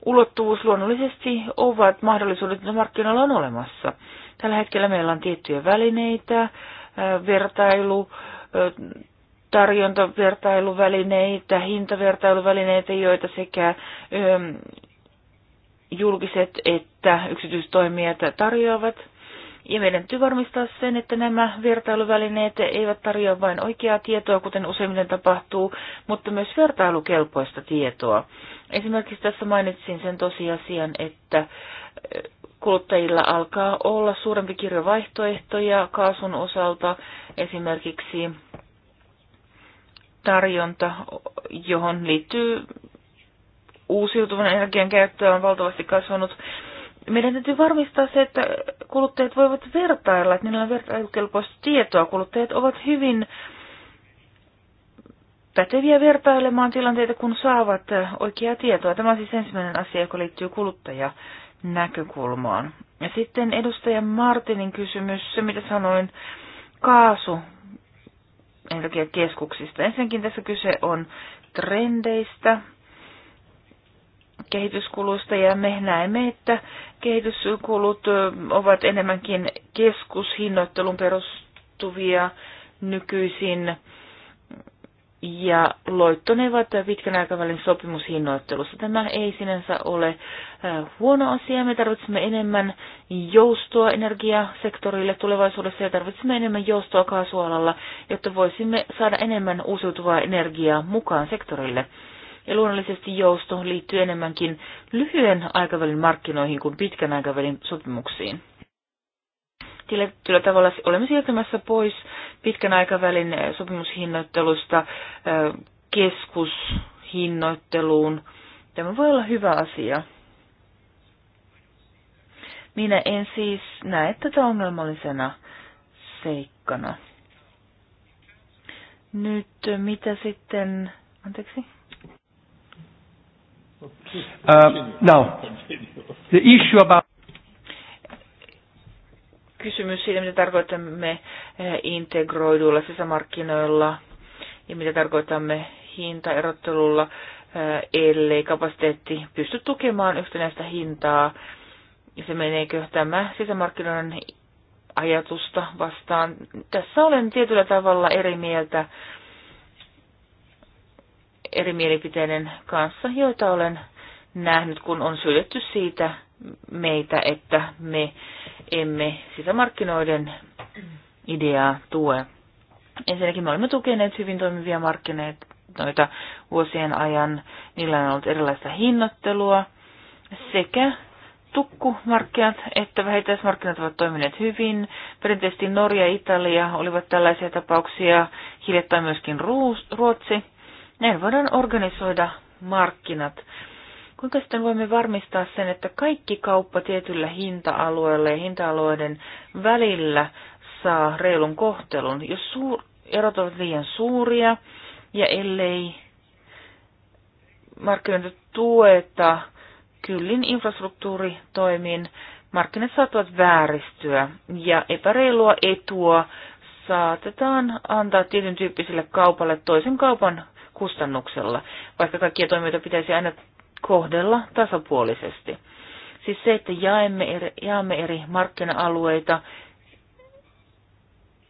ulottuvuus luonnollisesti ovat mahdollisuudet, joita markkinoilla on olemassa. Tällä hetkellä meillä on tiettyjä välineitä, vertailu, tarjontavertailuvälineitä, hintavertailuvälineitä, joita sekä julkiset että yksityistoimijat tarjoavat. Ja meidän täytyy varmistaa sen, että nämä vertailuvälineet eivät tarjoa vain oikeaa tietoa, kuten useimmiten tapahtuu, mutta myös vertailukelpoista tietoa. Esimerkiksi tässä mainitsin sen tosiasian, että äh, kuluttajilla alkaa olla suurempi kirjo vaihtoehtoja kaasun osalta, esimerkiksi tarjonta, johon liittyy uusiutuvan energian käyttöä on valtavasti kasvanut meidän täytyy varmistaa se, että kuluttajat voivat vertailla, että niillä on vertailukelpoista tietoa. Kuluttajat ovat hyvin päteviä vertailemaan tilanteita, kun saavat oikeaa tietoa. Tämä on siis ensimmäinen asia, joka liittyy kuluttajanäkökulmaan. Ja sitten edustaja Martinin kysymys, se mitä sanoin, kaasu energiakeskuksista. Ensinnäkin tässä kyse on trendeistä, kehityskuluista ja me näemme, että kehityskulut ovat enemmänkin keskushinnoittelun perustuvia nykyisin ja loittonevat pitkän aikavälin sopimushinnoittelussa. Tämä ei sinänsä ole huono asia. Me tarvitsemme enemmän joustoa energiasektorille tulevaisuudessa ja tarvitsemme enemmän joustoa kaasualalla, jotta voisimme saada enemmän uusiutuvaa energiaa mukaan sektorille ja luonnollisesti jousto liittyy enemmänkin lyhyen aikavälin markkinoihin kuin pitkän aikavälin sopimuksiin. Tietyllä tavalla olemme siirtymässä pois pitkän aikavälin eh, sopimushinnoittelusta eh, keskushinnoitteluun. Tämä voi olla hyvä asia. Minä en siis näe tätä ongelmallisena seikkana. Nyt mitä sitten, anteeksi? Uh, now, the issue about kysymys siitä, mitä tarkoitamme eh, integroidulla sisämarkkinoilla ja mitä tarkoitamme hintaerottelulla, eh, ellei kapasiteetti pysty tukemaan yhtenäistä hintaa. Se meneekö tämä sisämarkkinoiden ajatusta vastaan? Tässä olen tietyllä tavalla eri mieltä eri mielipiteiden kanssa, joita olen nähnyt, kun on syytetty siitä meitä, että me emme sisämarkkinoiden ideaa tue. Ensinnäkin me olemme tukeneet hyvin toimivia markkinoita vuosien ajan. Niillä on ollut erilaista hinnoittelua sekä tukkumarkkinat että vähittäismarkkinat ovat toimineet hyvin. Perinteisesti Norja ja Italia olivat tällaisia tapauksia, hiljattain myöskin Ruotsi. Näin voidaan organisoida markkinat. Kuinka sitten voimme varmistaa sen, että kaikki kauppa tietyllä hinta-alueella ja hinta-alueiden välillä saa reilun kohtelun, jos suur, erot ovat liian suuria ja ellei markkinoita tueta kyllin toimin, markkinat saattavat vääristyä ja epäreilua etua saatetaan antaa tietyn tyyppiselle kaupalle toisen kaupan kustannuksella, vaikka kaikkia toimijoita pitäisi aina kohdella tasapuolisesti. Siis se, että jaemme eri, jaamme eri markkina-alueita,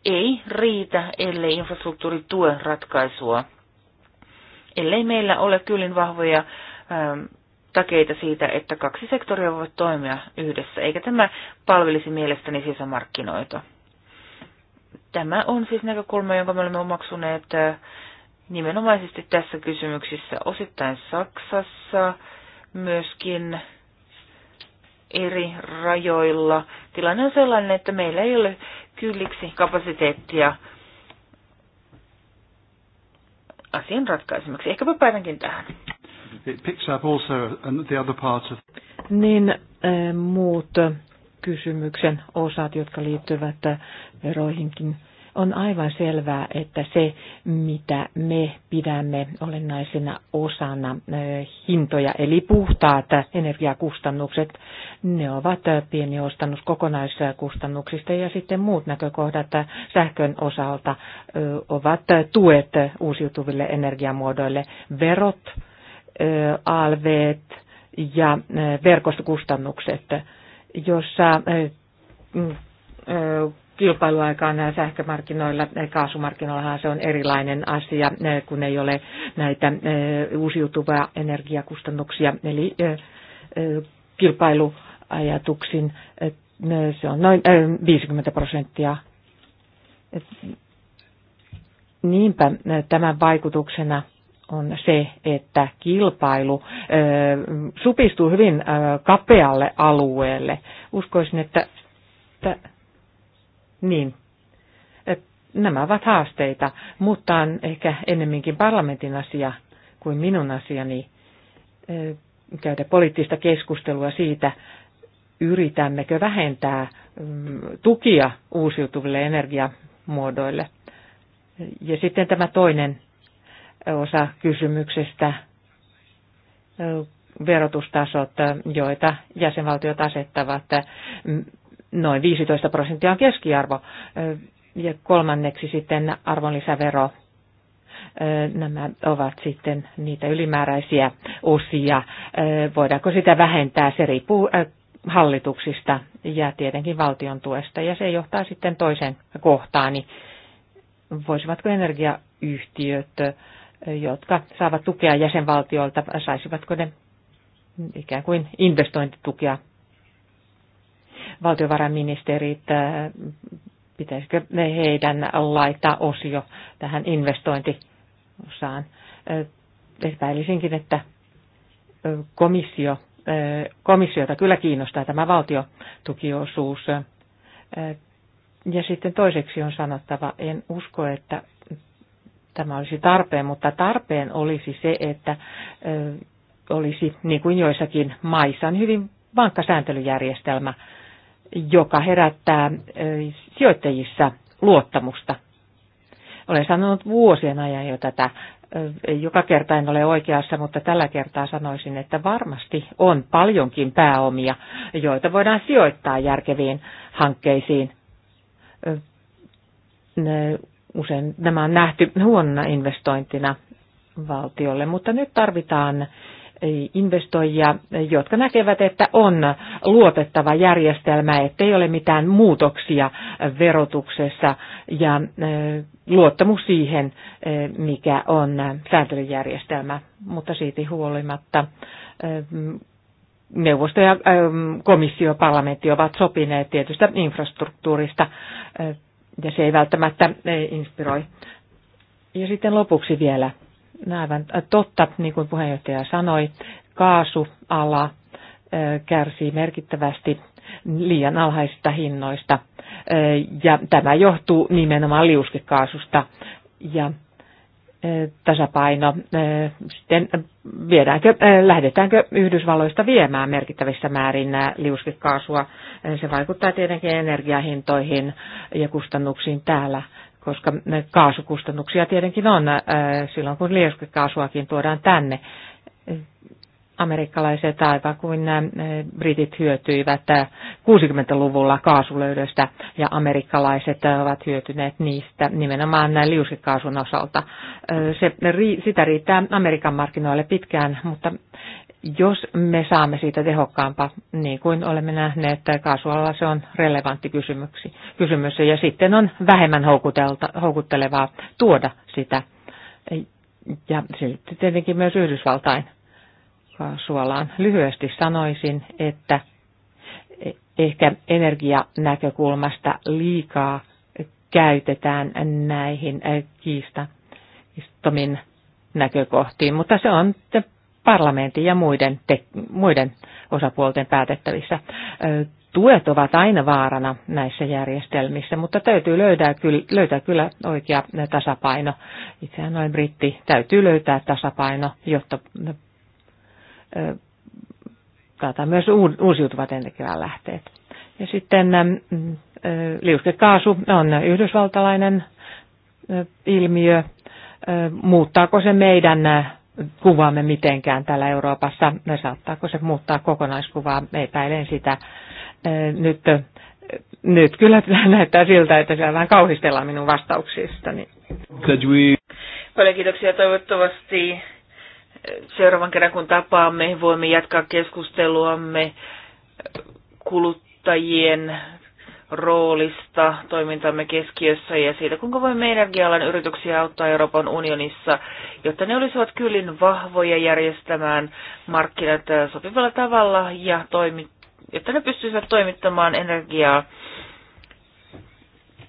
ei riitä, ellei infrastruktuuri tue ratkaisua. Ellei meillä ole kyllin vahvoja ähm, takeita siitä, että kaksi sektoria voivat toimia yhdessä, eikä tämä palvelisi mielestäni sisämarkkinoita. Tämä on siis näkökulma, jonka me olemme omaksuneet äh, nimenomaisesti tässä kysymyksessä osittain Saksassa, myöskin eri rajoilla. Tilanne on sellainen, että meillä ei ole kylliksi kapasiteettia asian ratkaisemaksi. Ehkäpä päivänkin tähän. It picks up also um, the other parts of... Niin äh, muut kysymyksen osat, jotka liittyvät eh, veroihinkin on aivan selvää, että se, mitä me pidämme olennaisena osana hintoja, eli puhtaat energiakustannukset, ne ovat pieni ostannus kokonaiskustannuksista ja sitten muut näkökohdat sähkön osalta ovat tuet uusiutuville energiamuodoille, verot, alv ja verkostokustannukset, jossa mm, kilpailuaikaan sähkömarkkinoilla, kaasumarkkinoillahan se on erilainen asia, kun ei ole näitä uusiutuvia energiakustannuksia, eli kilpailuajatuksin se on noin 50 prosenttia. Niinpä tämän vaikutuksena on se, että kilpailu supistuu hyvin kapealle alueelle. Uskoisin, että, että niin nämä ovat haasteita, mutta on ehkä ennemminkin parlamentin asia kuin minun asiani e, käydä poliittista keskustelua siitä, yritämmekö vähentää mm, tukia uusiutuville energiamuodoille. Ja sitten tämä toinen osa kysymyksestä, e, verotustasot, joita jäsenvaltiot asettavat noin 15 prosenttia on keskiarvo. Ja kolmanneksi sitten arvonlisävero. Nämä ovat sitten niitä ylimääräisiä osia. Voidaanko sitä vähentää? Se riippuu hallituksista ja tietenkin valtion tuesta. Ja se johtaa sitten toisen kohtaan. voisivatko energiayhtiöt, jotka saavat tukea jäsenvaltioilta, saisivatko ne ikään kuin investointitukea valtiovarainministerit, äh, pitäisikö heidän laittaa osio tähän investointiosaan. Äh, epäilisinkin, että äh, komissio, komissiota kyllä kiinnostaa tämä valtiotukiosuus. Ja sitten toiseksi on sanottava, en usko, että tämä olisi tarpeen, mutta tarpeen olisi se, että olisi, niin kuin joissakin maissa, on niin hyvin vankka sääntelyjärjestelmä joka herättää sijoittajissa luottamusta. Olen sanonut vuosien ajan jo tätä. Joka kerta en ole oikeassa, mutta tällä kertaa sanoisin, että varmasti on paljonkin pääomia, joita voidaan sijoittaa järkeviin hankkeisiin. Usein nämä on nähty huonona investointina valtiolle, mutta nyt tarvitaan investoijia, jotka näkevät, että on luotettava järjestelmä, ettei ole mitään muutoksia verotuksessa ja äh, luottamus siihen, äh, mikä on sääntelyjärjestelmä. Mutta siitä huolimatta äh, neuvosto ja komissio, parlamentti ovat sopineet tietystä infrastruktuurista ja se ei välttämättä inspiroi. Ja sitten lopuksi vielä aivan äh, totta, niin kuin puheenjohtaja sanoi, kaasuala äh, kärsii merkittävästi liian alhaisista hinnoista. Äh, ja tämä johtuu nimenomaan liuskekaasusta. Ja tasapaino, sitten viedäänkö, lähdetäänkö Yhdysvalloista viemään merkittävissä määrin liuskekaasua. Se vaikuttaa tietenkin energiahintoihin ja kustannuksiin täällä koska kaasukustannuksia tietenkin on äh, silloin, kun liuskekaasuakin tuodaan tänne. Amerikkalaiset aivan kuin äh, britit hyötyivät 60-luvulla äh, kaasulöydöstä ja amerikkalaiset ovat hyötyneet niistä nimenomaan liuskekaasun osalta. Se, sitä riittää Amerikan markkinoille pitkään, mutta jos me saamme siitä tehokkaampaa, niin kuin olemme nähneet, että kaasualalla se on relevantti kysymyksi, kysymys, ja sitten on vähemmän houkuttelevaa tuoda sitä, ja sitten tietenkin myös Yhdysvaltain kaasualaan. Lyhyesti sanoisin, että ehkä energianäkökulmasta liikaa käytetään näihin kiistattomin näkökohtiin, mutta se on parlamentin ja muiden, te, muiden osapuolten päätettävissä. Tuet ovat aina vaarana näissä järjestelmissä, mutta täytyy löytää kyllä, löytää kyllä oikea tasapaino. Itsehän olen britti. Täytyy löytää tasapaino, jotta taataan myös uusiutuvat energian lähteet. Ja sitten liuskekaasu on yhdysvaltalainen ilmiö. Muuttaako se meidän kuvaamme mitenkään täällä Euroopassa. Saattaako se muuttaa kokonaiskuvaa? Epäilen sitä. Nyt, nyt kyllä [laughs] näyttää siltä, että siellä vähän kauhistellaan minun vastauksistani. Paljon kiitoksia toivottavasti. Seuraavan kerran kun tapaamme, voimme jatkaa keskusteluamme kuluttajien roolista toimintamme keskiössä ja siitä, kuinka voimme energialan yrityksiä auttaa Euroopan unionissa, jotta ne olisivat kyllin vahvoja järjestämään markkinat sopivalla tavalla ja toimi, jotta ne pystyisivät toimittamaan energiaa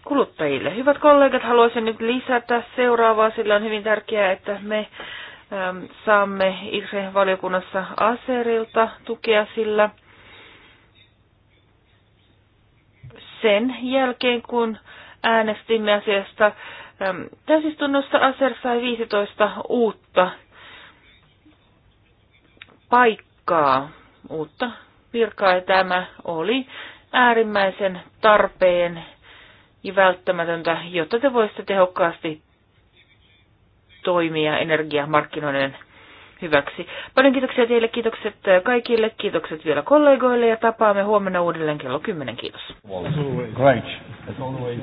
kuluttajille. Hyvät kollegat, haluaisin nyt lisätä seuraavaa, sillä on hyvin tärkeää, että me ähm, saamme irse valiokunnassa Aserilta tukea, sillä – sen jälkeen, kun äänestimme asiasta täysistunnossa, ASER sai 15 uutta paikkaa, uutta virkaa, ja tämä oli äärimmäisen tarpeen ja välttämätöntä, jotta te voisitte tehokkaasti toimia energiamarkkinoiden hyväksi. Paljon kiitoksia teille, kiitokset äh, kaikille, kiitokset vielä kollegoille ja tapaamme huomenna uudelleen kello 10. Kiitos. Great. As always,